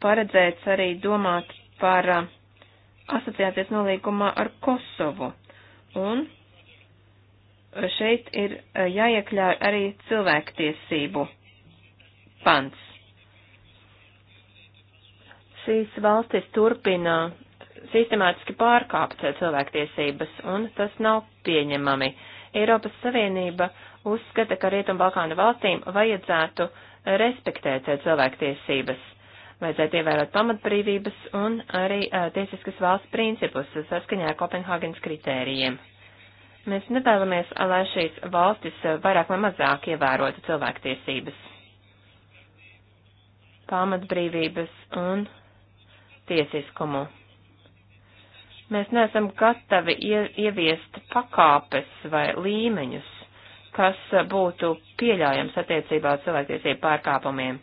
paredzēts arī domāt par asociācijas nolīgumā ar Kosovu. Un šeit ir jāiekļauj arī cilvēktiesību pants. Šīs valstis turpina sistemātiski pārkāpt cilvēktiesības, un tas nav pieņemami. Eiropas Savienība uzskata, ka Rietumbalkānu valstīm vajadzētu respektēt cilvēktiesības, vajadzētu ievērot pamatbrīvības un arī uh, tiesiskas valsts principus saskaņā ar Kopenhāgenes kritērijiem. Mēs nevēlamies, lai šīs valstis vairāk vai mazāk ievērotu cilvēktiesības, pamatbrīvības un tiesiskumu. Mēs neesam gatavi ieviest pakāpes vai līmeņus, kas būtu pieļaujams attiecībā uz cilvēktiesību pārkāpumiem.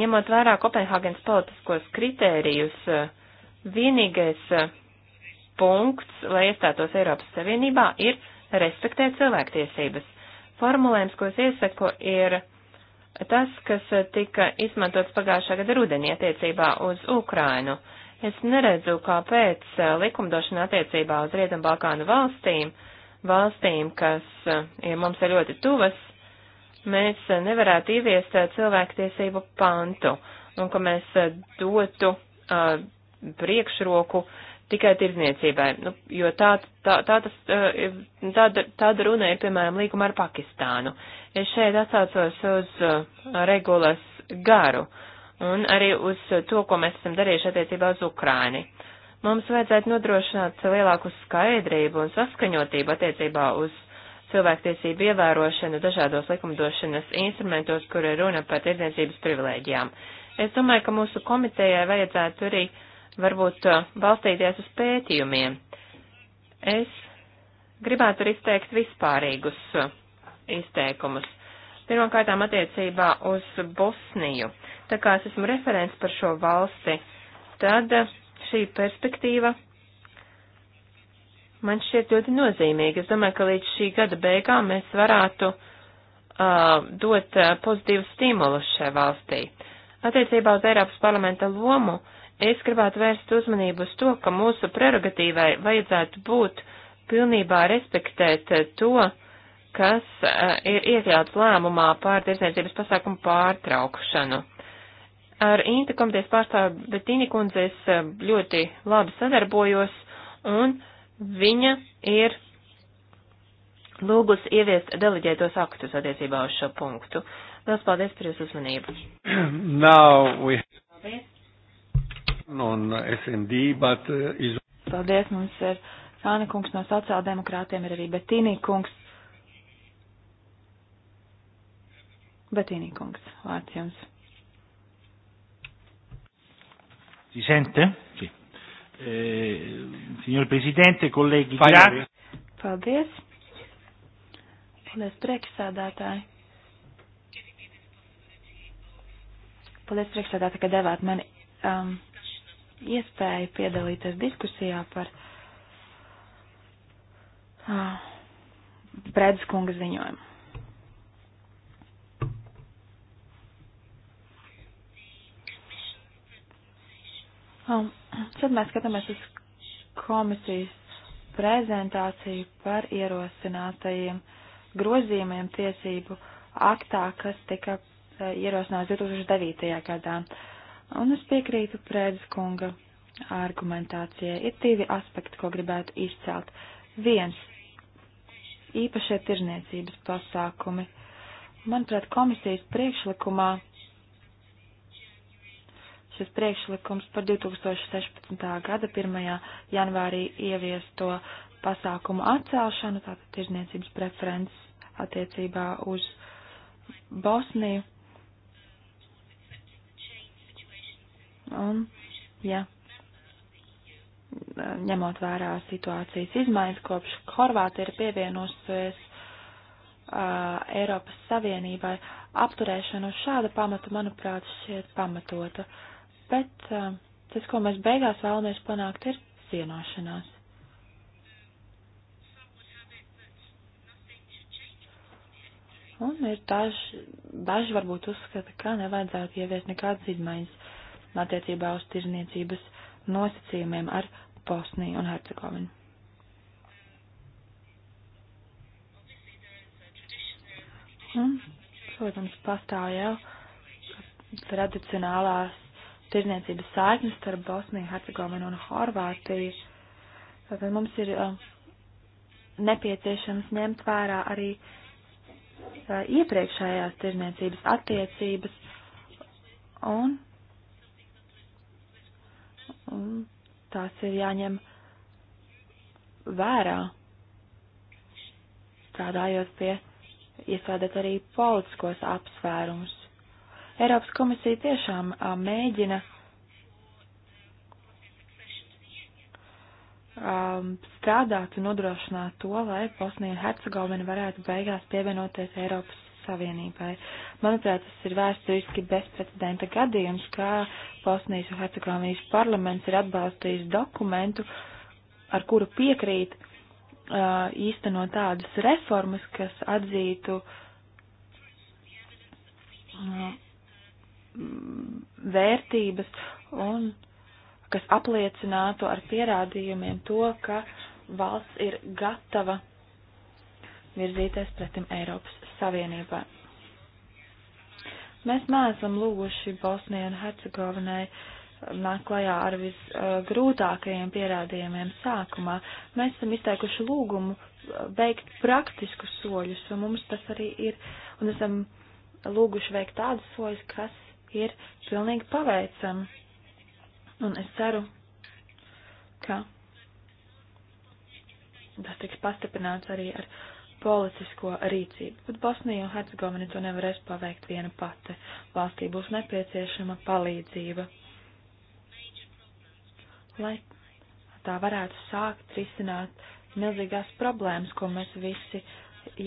Ņemot vērā Kopenhāgens politiskos kritērijus, vienīgais punkts, lai iestātos Eiropas Savienībā, ir respektēt cilvēktiesības. Formulējums, ko es iesaku, ir tas, kas tika izmantots pagājušā gada rudenī attiecībā uz Ukrainu. Uh, Es neredzu, kāpēc eh, likumdošana attiecībā uz Rietumbalkānu valstīm, valstīm, kas ir eh, mums ir ļoti tuvas, mēs eh, nevarētu ieviest cilvēktiesību pantu un ka mēs dotu uh, priekšroku tikai tirdzniecībai, nu, jo tā, tā, tā tas, uh, tāda, tāda runa ir, piemēram, līguma ar Pakistānu. Es šeit atsaucos uz uh, regulas garu. Uh, un arī uz to, ko mēs esam darījuši attiecībā uz Ukraini. Mums vajadzētu nodrošināt lielāku skaidrību un saskaņotību attiecībā uz cilvēktiesību ievērošanu dažādos likumdošanas instrumentos, kur ir runa par tirdzniecības privilēģijām. Es domāju, ka mūsu komitejai vajadzētu arī varbūt uh, balstīties uz pētījumiem. Es gribētu arī izteikt vispārīgus uh, izteikumus. Pirmkārtām attiecībā uz Bosniju tā kā es esmu referents par šo valsti, tad eh, šī perspektīva man šķiet ļoti nozīmīga. Es domāju, ka līdz šī gada beigām mēs varētu uh, dot uh, pozitīvu stimulu šai valstī. Attiecībā uz Eiropas parlamenta lomu es gribētu vērst uzmanību uz to, ka mūsu prerogatīvai vajadzētu būt pilnībā respektēt to, kas uh, ir iekļauts lēmumā pār tirsniecības pasākumu pārtraukšanu. Uh, Ar Inta komitejas pārstāvu Betīni kundze es eh, ļoti labi sadarbojos, un viņa ir lūgus ieviest deleģētos aktus attiecībā uz šo punktu. Lielas paldies par jūsu uzmanību. [CLEARS THROAT] Now we... Paldies. Non SND, but, uh, is... Paldies, mums ir Sāna kungs no sociāldemokrātiem, ir arī Betīni kungs. Betīni kungs, vārds jums. Si sente? Sì. Eh, signor Presidente, kolēģi, grazie. Paldies. Paldies, priekšsādātāji. Paldies, priekšsādātāji, ka devāt mani um, iespēju piedalīties diskusijā par uh, Brēdas kunga ziņojumu. Um, tad mēs skatāmies uz komisijas prezentāciju par ierosinātajiem grozījumiem tiesību aktā, kas tika e, ierosināts 2009. gadā. Un es piekrītu Prēdis kunga argumentācijai. Ir divi aspekti, ko gribētu izcelt. Viens - īpašie tirzniecības pasākumi. Manuprāt, komisijas priekšlikumā šis priekšlikums par 2016. gada 1. janvārī ieviesto pasākumu atcelšanu, tātad tirzniecības preferences attiecībā uz Bosniju. Un, ja, ņemot vērā situācijas izmaiņas, kopš Horvātija ir pievienojusies uh, Eiropas Savienībai, apturēšana uz šāda pamata, manuprāt, šķiet pamatota. Uh, bet uh, tas, ko mēs beigās vēlamies panākt, ir vienošanās. Un ir daži, daži varbūt uzskata, ka nevajadzētu ieviest nekādas izmaiņas attiecībā uz tirzniecības nosacījumiem ar Bosniju un Hercegovinu. Un, protams, pastāv jau tradicionālās tirniecības saiknes starp Bosniju, Hercegovinu un Horvātiju. Tātad mums ir uh, nepieciešams ņemt vērā arī uh, iepriekšējās tirniecības attiecības un, un tās ir jāņem vērā, strādājot pie iesādēt arī politiskos apsvērumus. Eiropas komisija tiešām mēģina um, strādāt un nodrošināt to, lai Bosnija un Hercegovina varētu beigās pievienoties Eiropas Savienībai. Manuprāt, tas ir vēsturiski bezprecedenta gadījums, kā Bosnijas un Hercegovinas parlaments ir atbalstījis dokumentu, ar kuru piekrīt uh, īstenot tādas reformas, kas atzītu uh, Mm, vērtības un kas apliecinātu ar pierādījumiem to, ka valsts ir gatava virzīties pretim Eiropas Savienībai. Mēs neesam lūguši Bosnijai un Hercegovinai nāk klajā ar visgrūtākajiem uh, pierādījumiem sākumā. Mēs esam izteikuši lūgumu uh, veikt praktiskus soļus, un mums tas arī ir, un esam lūguši veikt tādus soļus, kas ir pilnīgi paveicama. Un es ceru, ka tas tiks pastiprināts arī ar policisko rīcību, bet Bosnija un Hercegovina to nevarēs paveikt viena pati. Valstī būs nepieciešama palīdzība, lai tā varētu sākt risināt milzīgās problēmas, ko mēs visi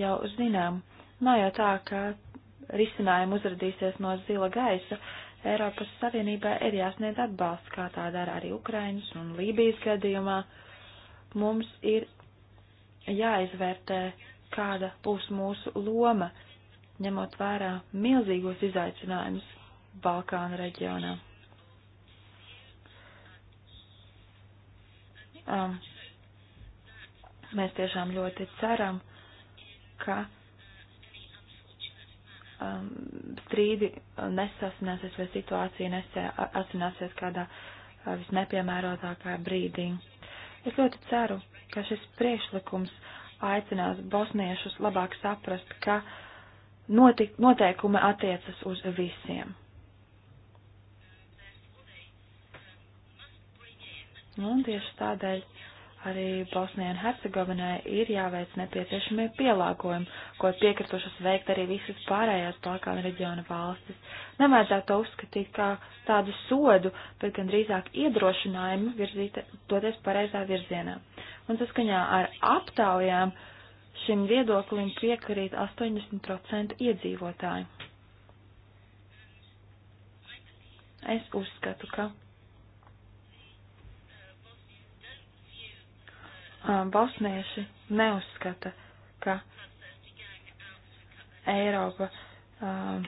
jau zinām. Nav jau tā, ka risinājumu uzradīsies no zila gaisa, Eiropas Savienībai ir jāsniedz atbalsts, kā tā dara arī Ukrainas un Lībijas gadījumā. Mums ir jāizvērtē, kāda būs mūsu loma, ņemot vērā milzīgos izaicinājumus Balkānu reģionā. Um, mēs tiešām ļoti ceram, ka um, strīdi nesasināsies vai situācija nesasināsies kādā uh, visnepiemērotākā brīdī. Es ļoti ceru, ka šis priešlikums aicinās bosniešus labāk saprast, ka notik, noteikumi attiecas uz visiem. Nu, un tieši tādēļ Arī Bosnijai un Hercegovinai ir jāveic nepieciešamie pielāgojumi, ko ir piekritušas veikt arī visas pārējās Balkānu reģiona valstis. Nevajadzētu to uzskatīt kā tādu sodu, bet gan drīzāk iedrošinājumu virzīt, doties pareizā virzienā. Un saskaņā ar aptaujām šim viedoklim piekrīt 80% iedzīvotāji. Es uzskatu, ka Um, bosnieši neuzskata, ka Eiropa um,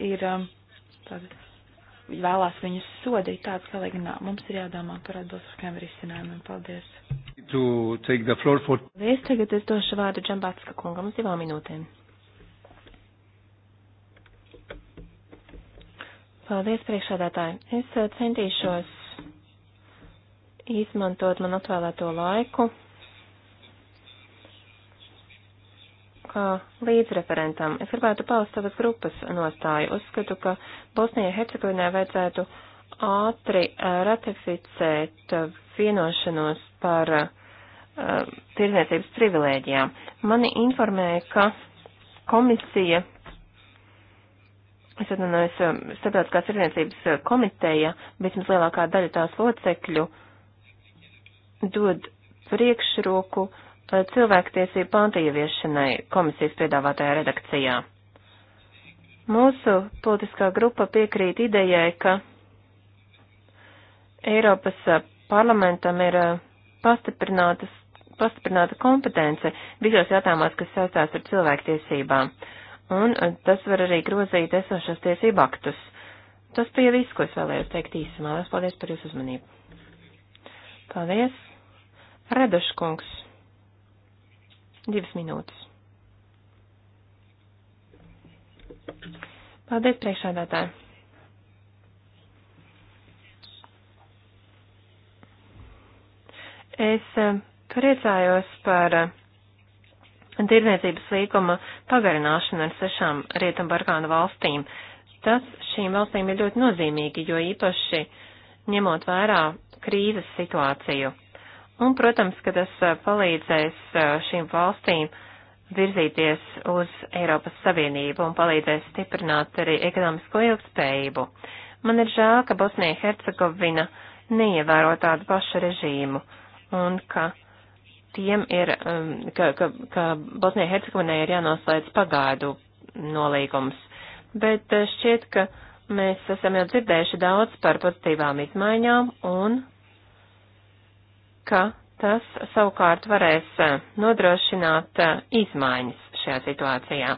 ir um, tāda, vēlās viņus sodīt tāds, ka, lai gan nā, mums ir jādomā par atbilstošiem risinājumiem. Paldies! For... Es tagad es došu vārdu Džambatska kungam uz divām minūtēm. Paldies, priekšādātāji. Es uh, centīšos izmantot man atvēlēto laiku kā līdzreferentam. Es gribētu paust savas grupas nostāju. Uzskatu, ka Bosnijai Hercegovinai vajadzētu ātri eh, ratificēt eh, vienošanos par uh, eh, tirdzniecības privilēģijām. Mani informēja, ka komisija, es atvainojos, starptautiskās tirdzniecības komiteja, vismaz lielākā daļa tās locekļu, uh, dod priekšroku eh, cilvēktiesību panta ieviešanai komisijas piedāvātajā redakcijā. Mūsu politiskā grupa piekrīt idejai, ka Eiropas eh, parlamentam ir eh, pastiprinātas pastiprināta kompetence visos jautājumos, kas saistās ar cilvēktiesībām, un tas var arī grozīt esošos tiesību aktus. Tas bija viss, ko es vēlējos teikt īsumā. Lielas paldies par jūsu uzmanību. Paldies! Redaškungs. Divas minūtes. Paldies, priekšādātāji. Es eh, priecājos par eh, tirdzniecības līguma pagarināšanu ar sešām Rietumbarkānu valstīm. Tas šīm valstīm ir ļoti nozīmīgi, jo īpaši ņemot vērā krīzes situāciju. Un, protams, ka tas palīdzēs šīm valstīm virzīties uz Eiropas Savienību un palīdzēs stiprināt arī ekonomisko ilgspējību. Man ir žēl, ka Bosnija Hercegovina neievēro tādu pašu režīmu un ka tiem ir, ka, ka, ka Bosnija Hercegovinai ir jānoslēdz pagaidu nolīgums. Bet šķiet, ka mēs esam jau dzirdējuši daudz par pozitīvām izmaiņām un ka tas savukārt varēs eh, nodrošināt eh, izmaiņas šajā situācijā.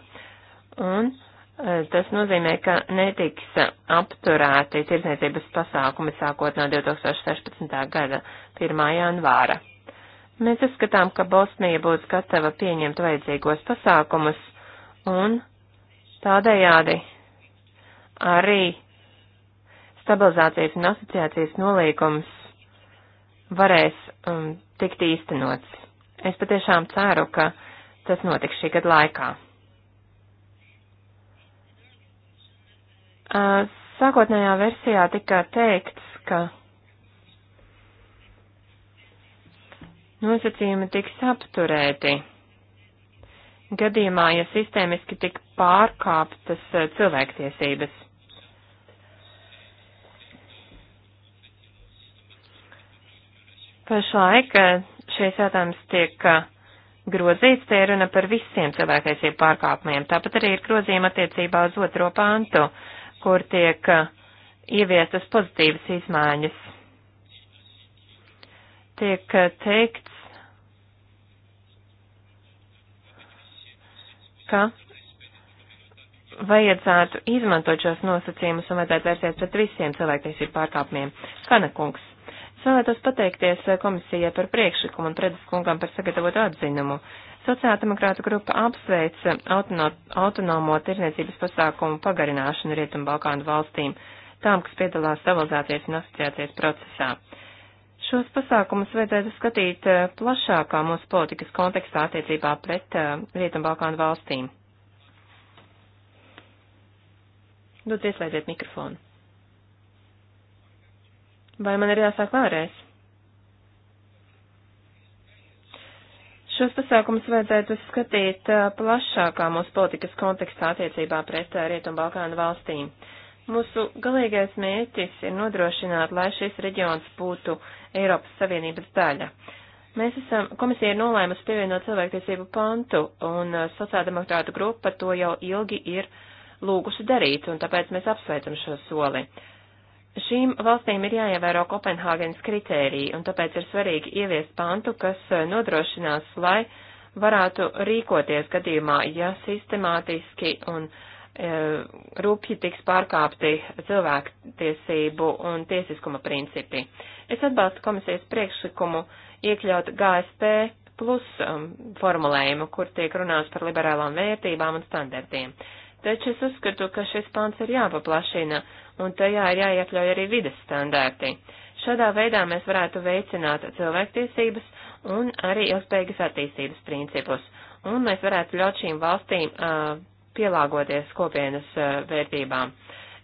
Un eh, tas nozīmē, ka netiks apturēti tirdzniecības pasākumi sākot no 2016. gada 1. janvāra. Mēs uzskatām, ka Bosnija būs gatava pieņemt vajadzīgos pasākumus un tādējādi arī stabilizācijas un asociācijas nolīgums varēs um, tikt īstenots. Es patiešām ceru, ka tas notiks šī gada laikā. Uh, sākotnējā versijā tika teikts, ka nosacījumi tiks apturēti gadījumā, ja sistēmiski tik pārkāptas cilvēktiesības. Pašlaik šīs jautājums tiek grozīts, te ir runa par visiem cilvēktiesību pārkāpumiem. Tāpat arī ir grozījuma attiecībā uz otro pantu, kur tiek ieviestas pozitīvas izmaiņas. Tiek teikts, ka vajadzētu izmantot šos nosacījumus un vajadzētu vērsties pret visiem cilvēktiesību pārkāpumiem. Kanakungs. Es vēlētos pateikties eh, komisijai par priekšlikumu un prediskungam par sagatavotu atzinumu. Sociāldemokrāta grupa apsveic eh, autono, autonomo tirniecības pasākumu pagarināšanu Rietumbalkānu valstīm, tām, kas piedalās stabilizācijas un asociācijas procesā. Šos pasākumus vajadzētu skatīt eh, plašākā mūsu politikas kontekstā attiecībā pret Rietumbalkānu valstīm. Lūdzu, ieslēdziet mikrofonu. Vai man ir jāsāk vēlreiz? Šos pasākumus vajadzētu skatīt uh, plašākā mūsu politikas kontekstā attiecībā pret uh, Rietumbalkānu valstīm. Mūsu galīgais mērķis ir nodrošināt, lai šis reģions būtu Eiropas Savienības daļa. Mēs esam, komisija ir nolēmusi pievienot cilvēktiesību pantu, un uh, sociāldemokrātu grupa to jau ilgi ir lūgusi darīt, un tāpēc mēs apsveicam šo soli. Uh, Šīm valstīm ir jāievēro Kopenhāgenes kritēriji, un tāpēc ir svarīgi ieviest pantu, kas e, nodrošinās, lai varētu rīkoties gadījumā, ja sistemātiski un e, rūpji tiks pārkāpti cilvēktiesību un tiesiskuma principi. Es atbalstu komisijas priekšlikumu iekļaut GSP plus um, formulējumu, kur tiek runāts par liberālām vērtībām un standartiem. Taču es uzskatu, ka šis pants ir jāpaplašina un tajā ir jāiekļauj arī vides standārti. Šādā veidā mēs varētu veicināt cilvēktiesības un arī ilgspējīgas attīstības principus, un mēs varētu ļaut šīm valstīm uh, pielāgoties kopienas uh, vērtībām.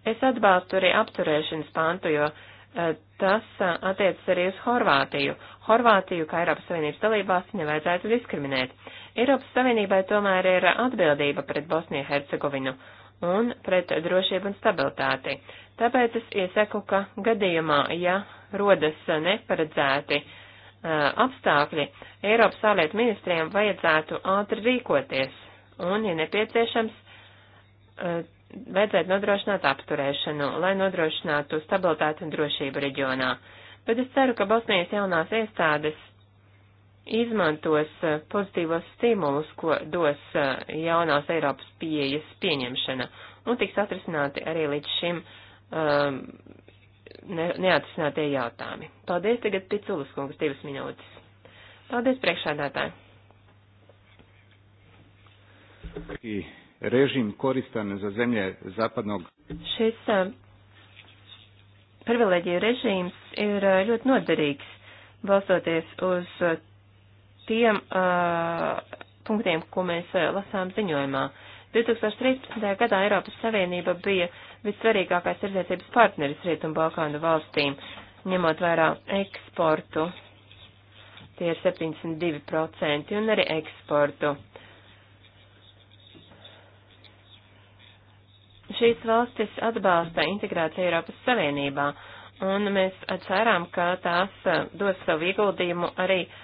Es atbalstu arī apturēšanas pantu, jo uh, tas uh, attiecas arī uz Horvātiju. Horvātiju, kā Eiropas Savienības dalībās, nevajadzētu diskriminēt. Eiropas Savienībai tomēr ir atbildība pret Bosniju Hercegovinu. Uh, un pret drošību un stabilitāti. Tāpēc es iesaku, ka gadījumā, ja rodas neparedzēti apstākļi, Eiropas ārlietu ministriem vajadzētu ātri rīkoties un, ja nepieciešams, vajadzētu nodrošināt apturēšanu, lai nodrošinātu stabilitāti un drošību reģionā. Bet es ceru, ka Bosnijas jaunās iestādes izmantos eh, pozitīvos stimulus, ko dos eh, jaunās Eiropas pieejas pieņemšana, un tiks atrisināti arī līdz šim um, ne, neatrisinātie jautājumi. Paldies tagad Piculis kungs, divas minūtes. Paldies priekšādātāji. Režim koristan za zemlje zapadnog. Šis uh, eh, privileģija režīms ir uh, ļoti noderīgs balstoties uz tiem uh, punktiem, ko mēs uh, lasām ziņojumā. 2013. gadā Eiropas Savienība bija vissvarīgākais tirdzniecības partneris Rietumu Balkānu valstīm, ņemot vērā eksportu. Tie ir 72% un arī eksportu. Šīs valstis atbalsta integrāciju Eiropas Savienībā, un mēs atcerām, ka tās dos savu ieguldījumu arī uh,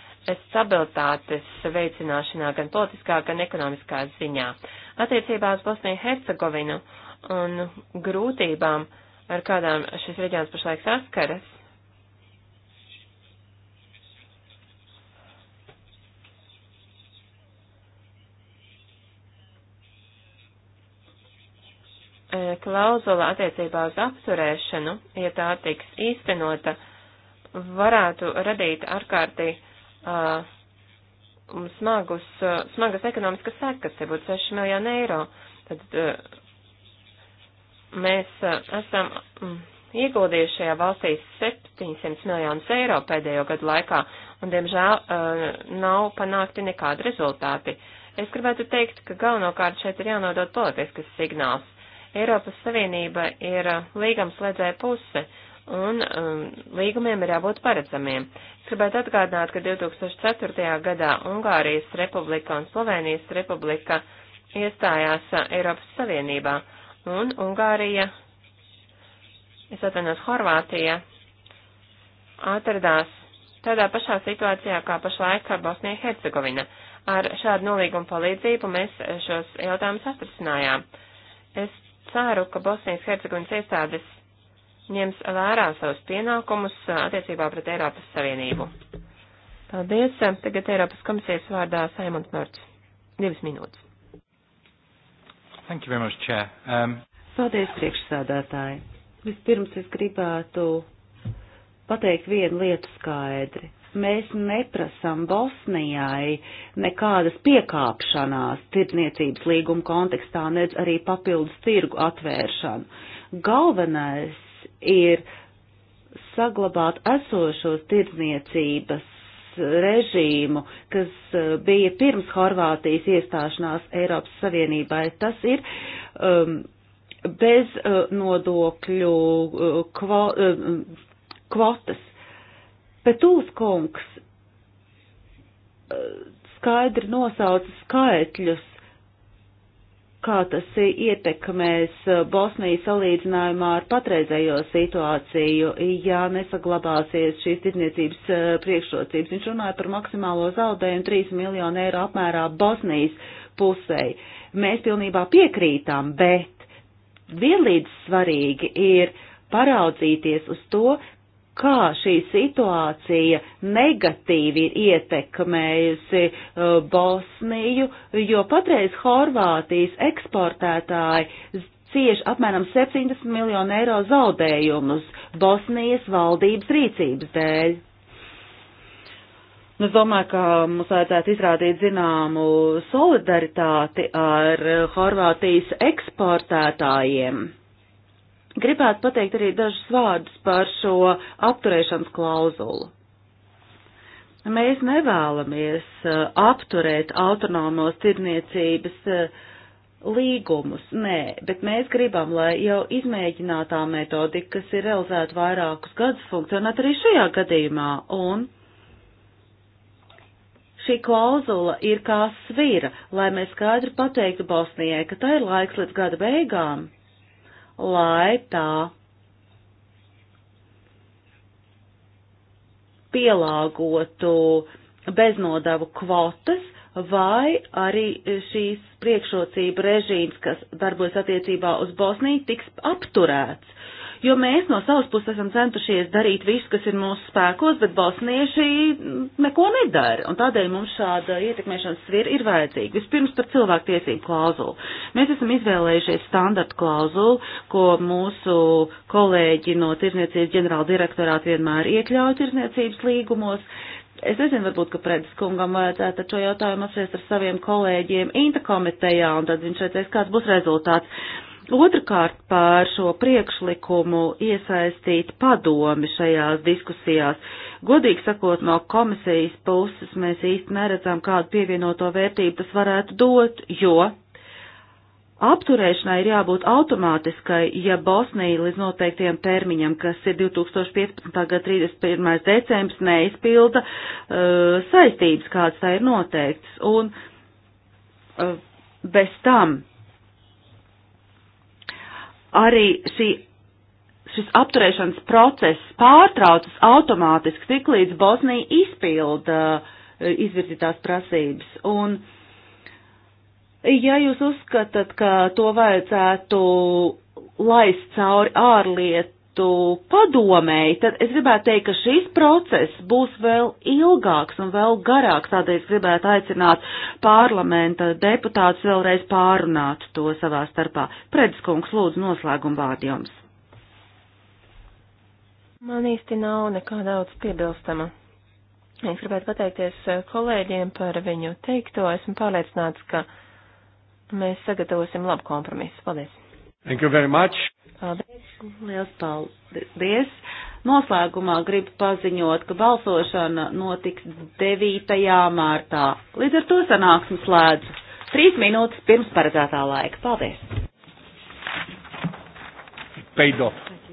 stabilitātes veicināšanā gan politiskā, gan ekonomiskā ziņā. Attiecībā uz Bosniju Hercegovinu un grūtībām, ar kādām šis reģions pašlaik saskaras, e, klauzula attiecībā uz apturēšanu, ja tā tiks īstenota, varētu radīt ārkārtīgi uh, smagus, uh, smagas ekonomiskas sekas, ja būtu 6 miljoni eiro, tad uh, mēs uh, esam mm, ieguldījuši šajā valstī 700 miljonus eiro pēdējo gadu laikā, un, diemžēl, uh, nav panākti nekādi rezultāti. Es gribētu teikt, ka galvenokārt šeit ir jānodot politiskas signāls. Eiropas Savienība ir uh, līgums slēdzēja puse, uh, un um, līgumiem ir jābūt paredzamiem. Es gribētu atgādināt, ka 2004. gadā Ungārijas republika un Slovenijas republika iestājās uh, Eiropas Savienībā, un Ungārija, es atvainojos, Horvātija atradās tādā pašā situācijā kā pašlaik Bosnija Hercegovina. Ar šādu nolīgumu palīdzību mēs uh, šos jautājumus atrisinājām. Es ceru, ka Bosnijas Hercegovinas iestādes ņems vērā savus pienākumus uh, attiecībā pret Eiropas Savienību. Paldies. Uh, tagad Eiropas komisijas vārdā Saimons Mārts. Divas minūtes. Thank you very much, Chair. Um... Paldies, priekšsādātāji. Vispirms es gribētu pateikt vienu lietu skaidri. Mēs neprasam Bosnijai nekādas piekāpšanās tirdzniecības līguma kontekstā, nedz arī papildus tirgu atvēršanu. Galvenais ir saglabāt esošos tirdzniecības režīmu, kas eh, bija pirms Horvātijas iestāšanās Eiropas Savienībai. Tas ir um, bez uh, nodokļu uh, kvo, uh, kvotas. Petūs kungs uh, skaidri nosauca skaitļus kā tas ietekmēs uh, Bosniju salīdzinājumā ar patreizējo situāciju, ja nesaglabāsies šīs tirdzniecības uh, priekšrocības. Viņš runāja par maksimālo zaudējumu 3 miljonu eiro apmērā Bosnijas pusē. Mēs pilnībā piekrītām, bet vienlīdz svarīgi ir paraudzīties uz to, kā šī situācija negatīvi ir ietekmējusi uh, Bosniju, jo patreiz Horvātijas eksportētāji cieši apmēram 70 miljonu eiro zaudējumus Bosnijas valdības rīcības dēļ. Nu, es domāju, ka mums vajadzētu izrādīt zināmu solidaritāti ar Horvātijas eksportētājiem. Gribētu pateikt arī dažus vārdus par šo apturēšanas klauzulu. Mēs nevēlamies uh, apturēt autonomos tirniecības uh, līgumus, nē, bet mēs gribam, lai jau izmēģinātā metodika, kas ir realizēta vairākus gadus, funkcionētu arī šajā gadījumā. Un šī klauzula ir kā svira, lai mēs skaidri pateiktu Bosnijai, ka tā ir laiks līdz gada beigām lai tā pielāgotu beznodavu kvotas vai arī šīs priekšrocība režīms, kas darbojas attiecībā uz Bosniju, tiks apturēts jo mēs no savas puses esam centušies darīt visu, kas ir mūsu spēkos, bet bosnieši neko nedara, un tādēļ mums šāda ietekmēšanas svira ir vajadzīga. Vispirms par cilvēktiesību klauzulu. Mēs esam izvēlējušies standartu klauzulu, ko mūsu kolēģi no Tirzniecības ģenerāla direktorāta vienmēr iekļauj tirzniecības līgumos. Es nezinu, varbūt, ka Predis kungam vajadzētu šo jautājumu apspriest ar saviem kolēģiem Inta komitejā, un tad viņš redzēs, kāds būs rezultāts. Otrakārt par šo priekšlikumu iesaistīt padomi šajās diskusijās. Godīgi sakot, no komisijas puses mēs īsti neredzam, kādu pievienoto vērtību tas varētu dot, jo apturēšanai ir jābūt automātiskai, ja Bosnija līdz noteiktiem termiņam, kas ir 2015. gada 31. decembris, neizpilda uh, saistības, kādas tā ir noteikts. Un, uh, bez tam arī šī, šis apturēšanas process pārtraucas automātiski tik līdz Bosnija izpilda eh, izvirzītās prasības. Un, ja jūs uzskatāt, ka to vajadzētu laist cauri ārlietu, būtu padomēji, tad es gribētu teikt, ka šīs process būs vēl ilgāks un vēl garāks, tādēļ es gribētu aicināt parlamenta deputātus vēlreiz pārunāt to savā starpā. Predskungs, lūdzu, noslēgumu vārdu jums. Man īsti nav nekā daudz piebilstama. Es gribētu pateikties eh, kolēģiem par viņu teikto. Esmu pārliecināts, ka mēs sagatavosim labu kompromisu. Paldies! Thank you very much. Paldies. Liels paldies. Noslēgumā gribu paziņot, ka balsošana notiks 9. mārtā. Līdz ar to sanāksim slēdzu. Trīs minūtes pirms paredzētā laika. Paldies. Paid off.